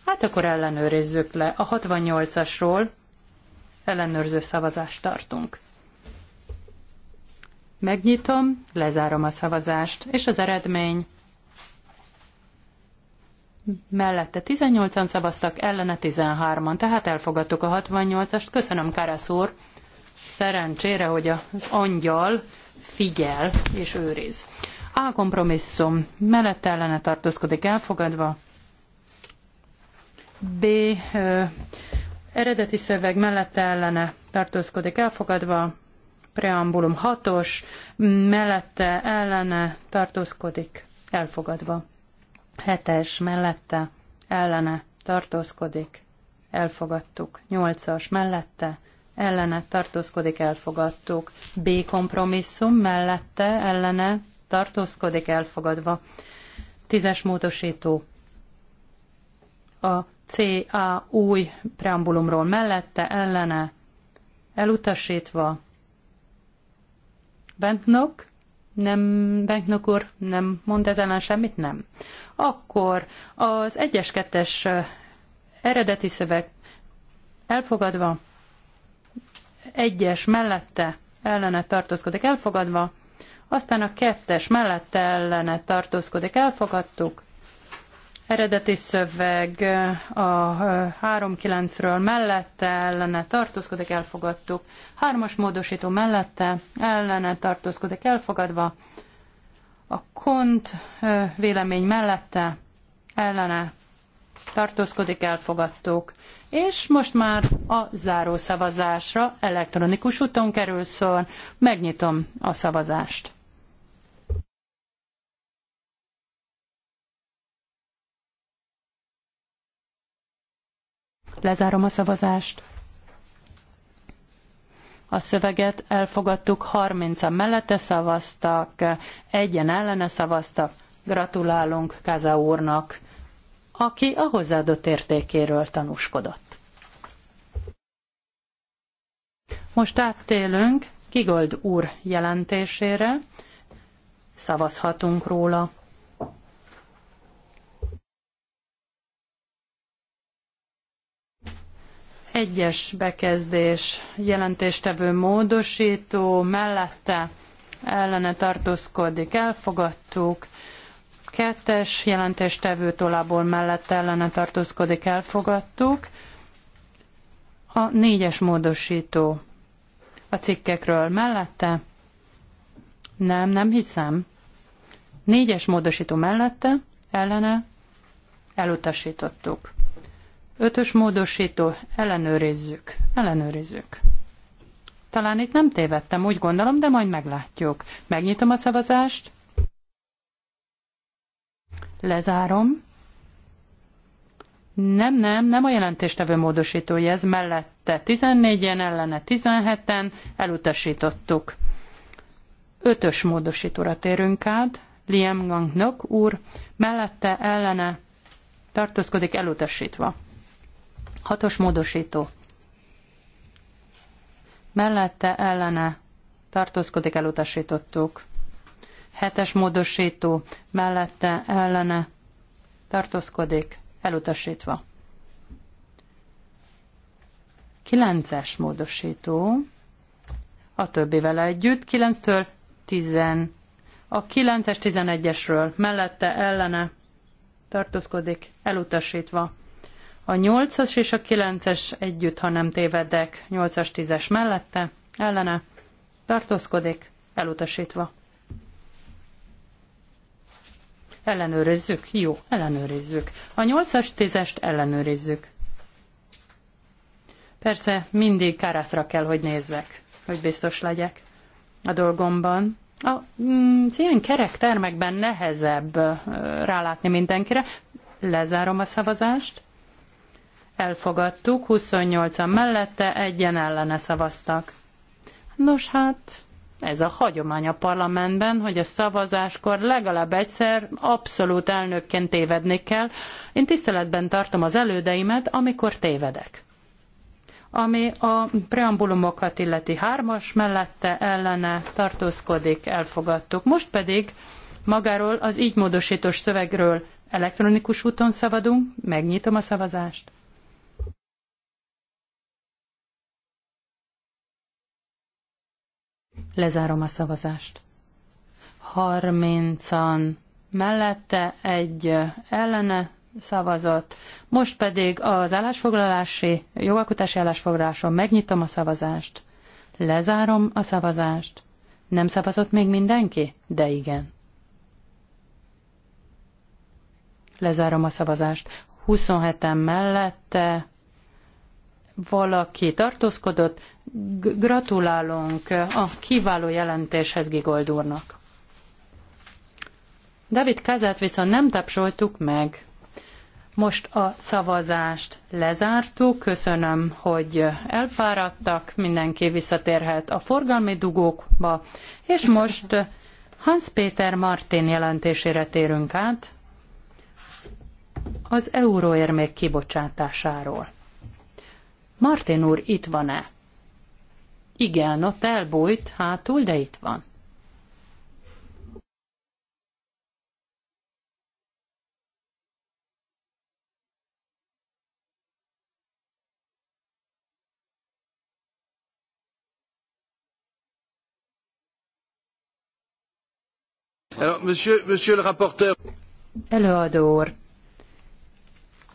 Hát akkor ellenőrizzük le. A 68-asról ellenőrző szavazást tartunk. Megnyitom, lezárom a szavazást, és az eredmény mellette 18-an szavaztak, ellene 13-an, tehát elfogadtuk a 68-ast. Köszönöm, Karasz úr. Szerencsére, hogy az angyal figyel és őriz. A kompromisszum mellette ellene tartózkodik elfogadva, B eredeti szöveg mellette ellene tartózkodik elfogadva, preambulum 6-os, mellette ellene tartózkodik elfogadva. 7-es mellette ellene tartózkodik, elfogadtuk. 8-as mellette ellene tartózkodik, elfogadtuk. B kompromisszum mellette ellene tartózkodik, elfogadva. 10-es módosító. A a. új preambulumról mellette, ellene, elutasítva. Bentnok? Nem, Bentnok úr, nem mond ez ellen semmit? Nem. Akkor az egyes kettes eredeti szöveg elfogadva, egyes mellette ellene tartózkodik elfogadva, aztán a kettes mellette ellene tartózkodik elfogadtuk, Eredeti szöveg a 3.9-ről mellette ellene tartózkodik, elfogadtuk. Hármas módosító mellette ellene tartózkodik, elfogadva. A kont vélemény mellette ellene tartózkodik, elfogadtuk. És most már a záró szavazásra elektronikus úton kerül szor. Megnyitom a szavazást. Lezárom a szavazást. A szöveget elfogadtuk, 30 a mellette szavaztak, egyen ellene szavaztak. Gratulálunk Kaza úrnak, aki a hozzáadott értékéről tanúskodott. Most áttélünk Kigold úr jelentésére, szavazhatunk róla. Egyes bekezdés, jelentéstevő módosító, mellette ellene tartózkodik, elfogadtuk. Kettes jelentéstevő tolából mellette ellene tartózkodik, elfogadtuk. A négyes módosító a cikkekről mellette. Nem, nem hiszem. Négyes módosító mellette, ellene elutasítottuk. Ötös módosító, ellenőrizzük, ellenőrizzük. Talán itt nem tévedtem, úgy gondolom, de majd meglátjuk. Megnyitom a szavazást. Lezárom. Nem, nem, nem a jelentéstevő módosítója, ez mellette 14-en, ellene 17-en, elutasítottuk. Ötös módosítóra térünk át, Liam Gangnok úr, mellette ellene tartózkodik elutasítva. Hatos módosító. Mellette ellene tartózkodik, elutasítottuk. Hetes módosító. Mellette ellene tartózkodik, elutasítva. Kilences módosító. A többivel együtt, 9-től 10. A 9-es 11-esről mellette ellene tartózkodik, elutasítva. A 8-as és a 9-es együtt, ha nem tévedek, 8-as, 10-es mellette, ellene, tartózkodik, elutasítva. Ellenőrizzük? Jó, ellenőrizzük. A 8-as, 10-est ellenőrizzük. Persze mindig kárászra kell, hogy nézzek, hogy biztos legyek a dolgomban. A mm, ilyen kerek termekben nehezebb rálátni mindenkire. Lezárom a szavazást. Elfogadtuk, 28-an mellette, egyen ellene szavaztak. Nos hát, ez a hagyomány a parlamentben, hogy a szavazáskor legalább egyszer abszolút elnökként tévedni kell. Én tiszteletben tartom az elődeimet, amikor tévedek. Ami a preambulumokat illeti hármas mellette ellene tartózkodik, elfogadtuk. Most pedig magáról az így módosítós szövegről elektronikus úton szavadunk, megnyitom a szavazást. Lezárom a szavazást. Harmincan mellette egy ellene szavazott. Most pedig az állásfoglalási, jogalkotási állásfoglaláson megnyitom a szavazást. Lezárom a szavazást. Nem szavazott még mindenki? De igen. Lezárom a szavazást. 27-en mellette valaki tartózkodott, Gratulálunk a kiváló jelentéshez Gigold úrnak. David Kazát viszont nem tapsoltuk meg. Most a szavazást lezártuk. Köszönöm, hogy elfáradtak. Mindenki visszatérhet a forgalmi dugókba. És most Hans Péter Martin jelentésére térünk át az euróérmék kibocsátásáról. Martin úr itt van-e? Igen, ott elbújt hátul, de itt van. Alors, monsieur, monsieur le rapporteur. Hello, Adore.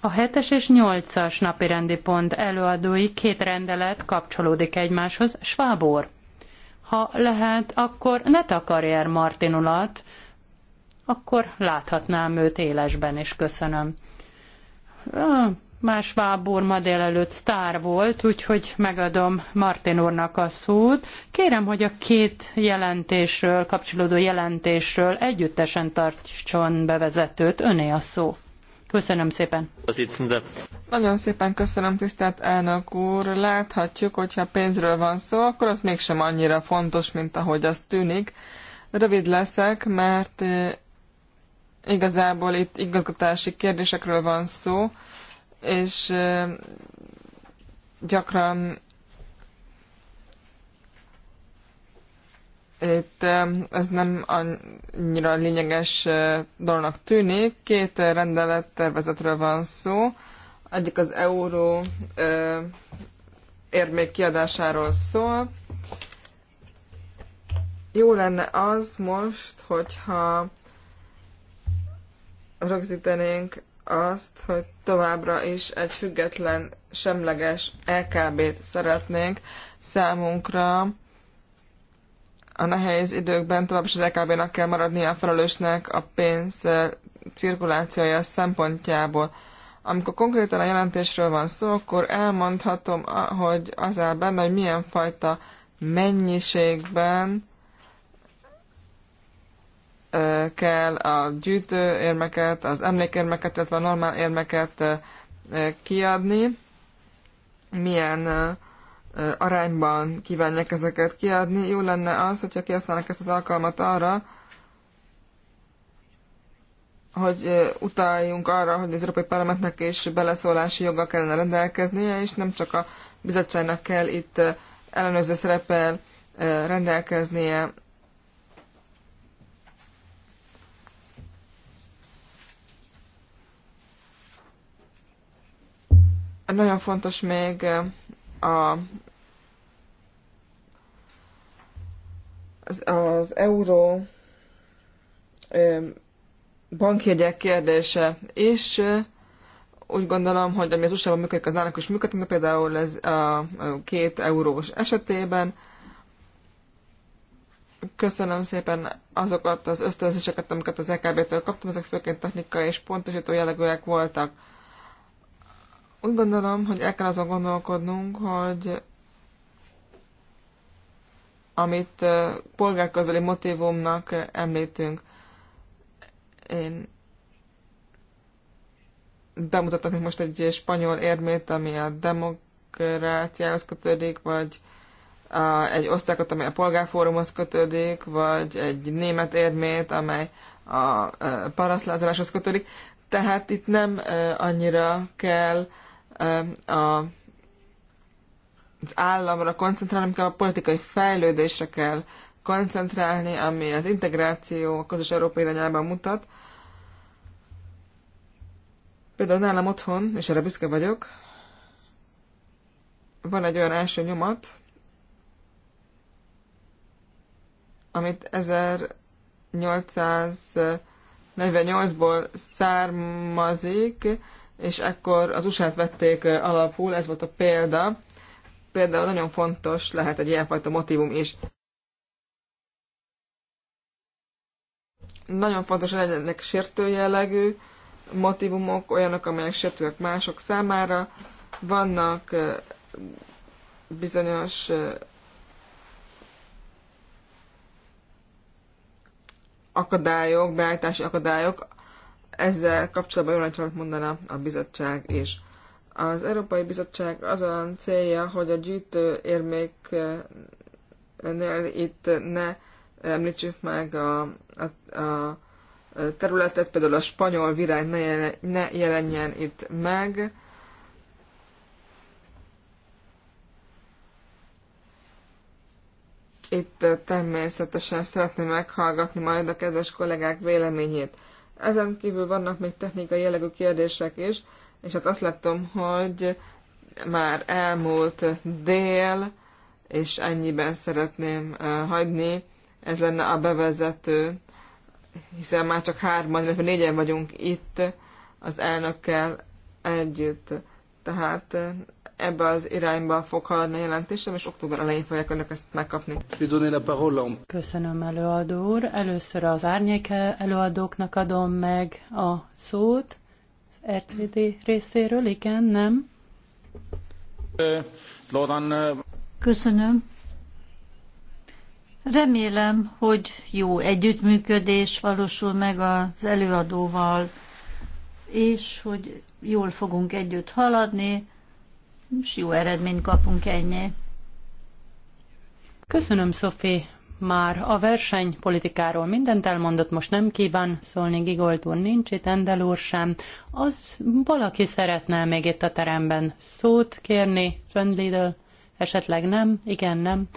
A hetes és nyolcas napi napirendi pont előadói két rendelet kapcsolódik egymáshoz. Svábor, ha lehet, akkor ne takarj el Martinulat, akkor láthatnám őt élesben is, köszönöm. Más Vábor ma délelőtt sztár volt, úgyhogy megadom Martin úrnak a szót. Kérem, hogy a két jelentésről, kapcsolódó jelentésről együttesen tartson bevezetőt, öné a szó. Köszönöm szépen. Nagyon szépen köszönöm, tisztelt elnök úr. Láthatjuk, hogyha pénzről van szó, akkor az mégsem annyira fontos, mint ahogy az tűnik. Rövid leszek, mert eh, igazából itt igazgatási kérdésekről van szó, és eh, gyakran itt ez nem annyira lényeges eh, dolognak tűnik. Két eh, rendelettervezetről van szó. Egyik az euró eh, érmék kiadásáról szól. Jó lenne az most, hogyha rögzítenénk azt, hogy továbbra is egy független, semleges LKB-t szeretnénk számunkra a nehéz időkben továbbis is az EKB-nak kell maradnia a felelősnek a pénz cirkulációja szempontjából. Amikor konkrétan a jelentésről van szó, akkor elmondhatom, hogy az áll benne, hogy milyen fajta mennyiségben kell a érmeket, az emlékérmeket, illetve a normál érmeket kiadni, milyen arányban kívánják ezeket kiadni. Jó lenne az, hogyha kihasználnak ezt az alkalmat arra, hogy utáljunk arra, hogy az Európai Parlamentnek is beleszólási joga kellene rendelkeznie, és nem csak a bizottságnak kell itt ellenőrző szerepel rendelkeznie. Nagyon fontos még a az, az euró bankjegyek kérdése és Úgy gondolom, hogy ami az usa működik, az nálunk is működik, például ez a két eurós esetében. Köszönöm szépen azokat az ösztönzéseket, amiket az EKB-től kaptam, ezek főként technikai és pontosító jellegűek voltak. Úgy gondolom, hogy el kell azon gondolkodnunk, hogy amit polgárközeli motivumnak említünk. Én bemutatok itt most egy spanyol érmét, ami a demokráciához kötődik, vagy a, egy osztrákot, amely a polgárfórumhoz kötődik, vagy egy német érmét, amely a, a parasztlázáláshoz kötődik. Tehát itt nem annyira kell a az államra koncentrálni, amikor a politikai fejlődésre kell koncentrálni, ami az integráció a közös európai irányában mutat. Például nálam otthon, és erre büszke vagyok, van egy olyan első nyomat, amit 1848-ból származik, és ekkor az usa vették alapul, ez volt a példa. Például nagyon fontos lehet egy ilyenfajta motivum is. Nagyon fontos, hogy legyenek sértő jellegű motivumok, olyanok, amelyek sértőek mások számára. Vannak bizonyos akadályok, beállítási akadályok, ezzel kapcsolatban jól lehet mondana a bizottság is. Az Európai Bizottság az a célja, hogy a gyűjtő érméknél itt ne említsük meg a, a, a területet, például a spanyol virág ne, jelen, ne jelenjen itt meg. Itt természetesen szeretném meghallgatni majd a kedves kollégák véleményét. Ezen kívül vannak még technikai jellegű kérdések is, és hát azt láttam, hogy már elmúlt dél, és ennyiben szeretném hagyni. Ez lenne a bevezető, hiszen már csak hárman, illetve négyen vagyunk itt az elnökkel együtt. Tehát ebbe az irányba fog haladni a jelentésem, és október elején fogják önök ezt megkapni. Köszönöm, előadó úr. Először az árnyék előadóknak adom meg a szót. Az RTD részéről, igen, nem? Köszönöm. Remélem, hogy jó együttműködés valósul meg az előadóval, és hogy jól fogunk együtt haladni és jó eredményt kapunk ennyi. Köszönöm, Szofi. Már a verseny politikáról mindent elmondott, most nem kíván szólni, Gigolt úr nincs itt, Endel úr sem. Az valaki szeretne még itt a teremben szót kérni, Röndlidl, esetleg nem, igen, nem.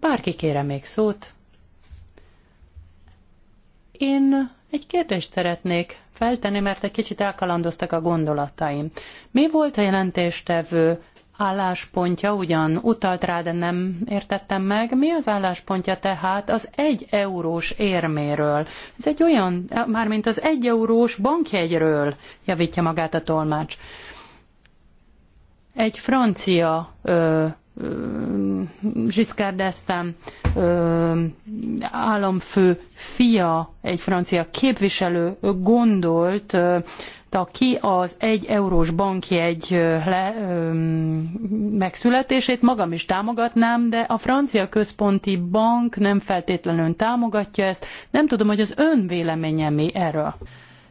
Bárki kére még szót. Én egy kérdést szeretnék feltenni, mert egy kicsit elkalandoztak a gondolataim. Mi volt a jelentéstevő álláspontja, ugyan utalt rá, de nem értettem meg. Mi az álláspontja tehát az egy eurós érméről? Ez egy olyan, mármint az egy eurós bankjegyről javítja magát a tolmács. Egy francia ö, Giscard d'Estaing államfő fia, egy francia képviselő gondolt, ki az egy eurós bankjegy le, megszületését magam is támogatnám, de a francia központi bank nem feltétlenül támogatja ezt. Nem tudom, hogy az ön véleménye mi erről.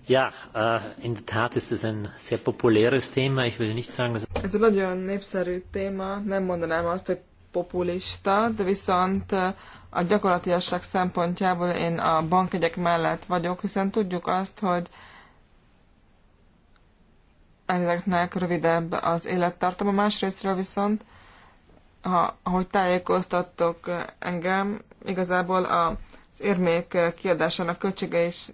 Ja, äh, in der Tat ist es ein sehr populäres Thema. Ich will nicht sagen, dass... Ez egy nagyon népszerű téma, nem mondanám azt, hogy populista, de viszont äh, a gyakorlatiasság szempontjából én a bankjegyek mellett vagyok, hiszen tudjuk azt, hogy ezeknek rövidebb az élettartama. Másrésztről viszont, ha, ahogy tájékoztattok engem, igazából az érmék kiadásának költsége is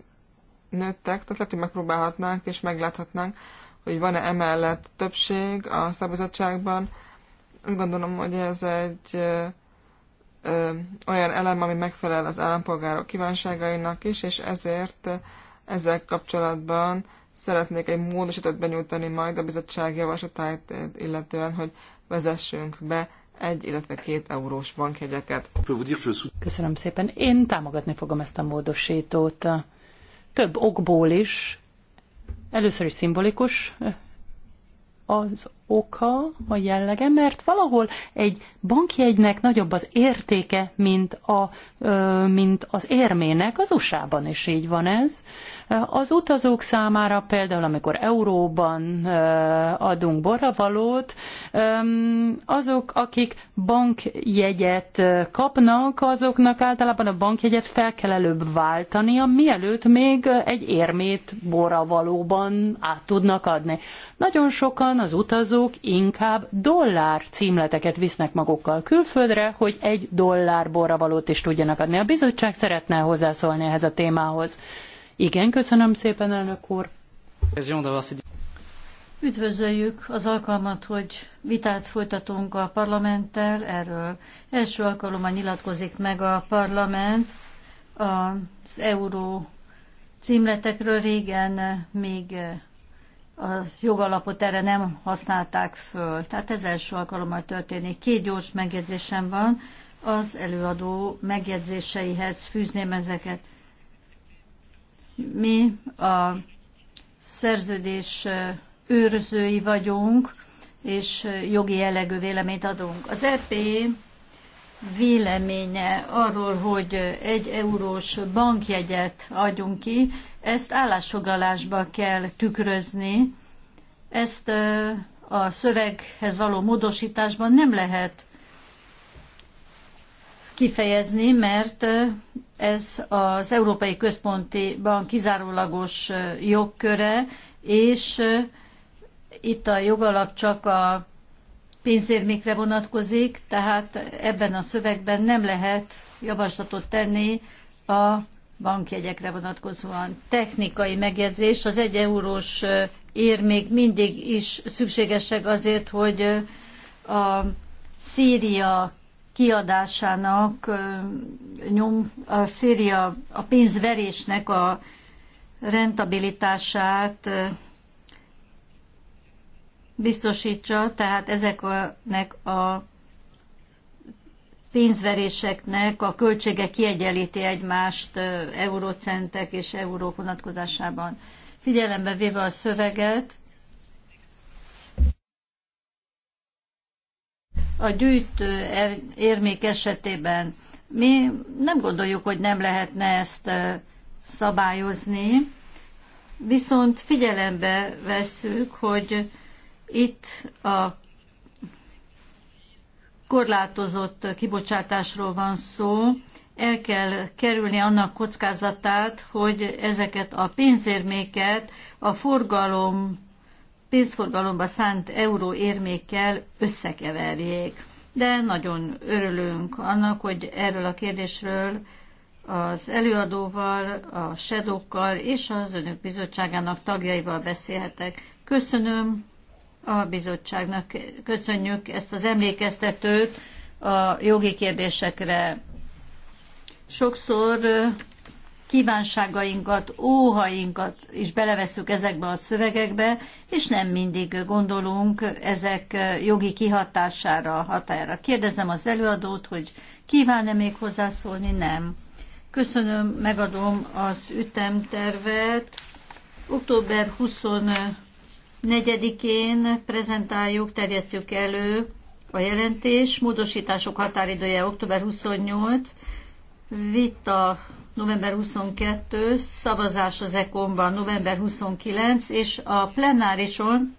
nőttek, tehát lehet, hogy megpróbálhatnánk és megláthatnánk, hogy van-e emellett többség a szabadságban. Úgy gondolom, hogy ez egy ö, ö, olyan elem, ami megfelel az állampolgárok kívánságainak is, és ezért ezzel kapcsolatban szeretnék egy módosítót benyújtani majd a bizottság javaslatát, illetően, hogy vezessünk be egy, illetve két eurós bankjegyeket. Köszönöm szépen. Én támogatni fogom ezt a módosítót több okból is, először is szimbolikus az oka, a jellege, mert valahol egy bankjegynek nagyobb az értéke, mint, a, mint az érmének, az USA-ban is így van ez. Az utazók számára például, amikor euróban adunk borravalót, azok, akik bankjegyet kapnak, azoknak általában a bankjegyet fel kell előbb váltania, mielőtt még egy érmét borravalóban át tudnak adni. Nagyon sokan az utazók dolgozók inkább dollár címleteket visznek magukkal külföldre, hogy egy dollár borravalót is tudjanak adni. A bizottság szeretne hozzászólni ehhez a témához. Igen, köszönöm szépen, elnök úr. Üdvözöljük az alkalmat, hogy vitát folytatunk a parlamenttel erről. Első alkalommal nyilatkozik meg a parlament az euró címletekről régen még a jogalapot erre nem használták föl. Tehát ez első alkalommal történik. Két gyors megjegyzésem van. Az előadó megjegyzéseihez fűzném ezeket. Mi a szerződés őrzői vagyunk, és jogi jellegű véleményt adunk. Az EP véleménye arról, hogy egy eurós bankjegyet adjunk ki, ezt állásfoglalásba kell tükrözni, ezt a szöveghez való módosításban nem lehet kifejezni, mert ez az Európai Központi Bank kizárólagos jogköre, és itt a jogalap csak a pénzérmékre vonatkozik, tehát ebben a szövegben nem lehet javaslatot tenni a bankjegyekre vonatkozóan. Technikai megjegyzés, az egy eurós ér még mindig is szükségesek azért, hogy a Szíria kiadásának, nyom, a Szíria a pénzverésnek a rentabilitását biztosítsa, tehát ezeknek a pénzveréseknek a költsége kiegyenlíti egymást eurocentek és euró vonatkozásában. Figyelembe véve a szöveget, a gyűjtő er-, érmék esetében mi nem gondoljuk, hogy nem lehetne ezt szabályozni, viszont figyelembe vesszük, hogy itt a korlátozott kibocsátásról van szó, el kell kerülni annak kockázatát, hogy ezeket a pénzérméket a forgalom, pénzforgalomba szánt euróérmékkel összekeverjék. De nagyon örülünk annak, hogy erről a kérdésről az előadóval, a sedokkal és az önök bizottságának tagjaival beszélhetek. Köszönöm a bizottságnak. Köszönjük ezt az emlékeztetőt a jogi kérdésekre. Sokszor kívánságainkat, óhainkat is beleveszünk ezekbe a szövegekbe, és nem mindig gondolunk ezek jogi kihatására, hatájára. Kérdezem az előadót, hogy kíván-e még hozzászólni? Nem. Köszönöm, megadom az ütemtervet. Október 20 4-én prezentáljuk, terjesztjük elő a jelentés. Módosítások határidője október 28, vita november 22, szavazás az ecom november 29, és a plenárison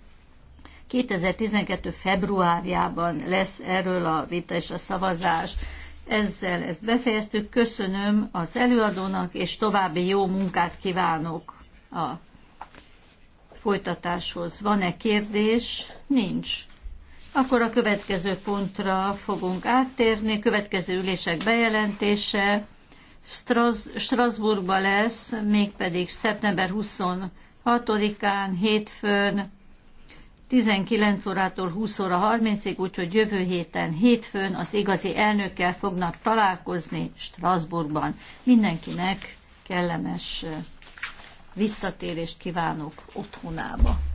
2012. februárjában lesz erről a vita és a szavazás. Ezzel ezt befejeztük. Köszönöm az előadónak, és további jó munkát kívánok a folytatáshoz. Van-e kérdés? Nincs. Akkor a következő pontra fogunk áttérni. Következő ülések bejelentése Strasbourgba lesz, mégpedig szeptember 26-án, hétfőn, 19 órától 20 óra 30-ig, úgyhogy jövő héten, hétfőn az igazi elnökkel fognak találkozni Strasbourgban. Mindenkinek kellemes visszatérést kívánok otthonába.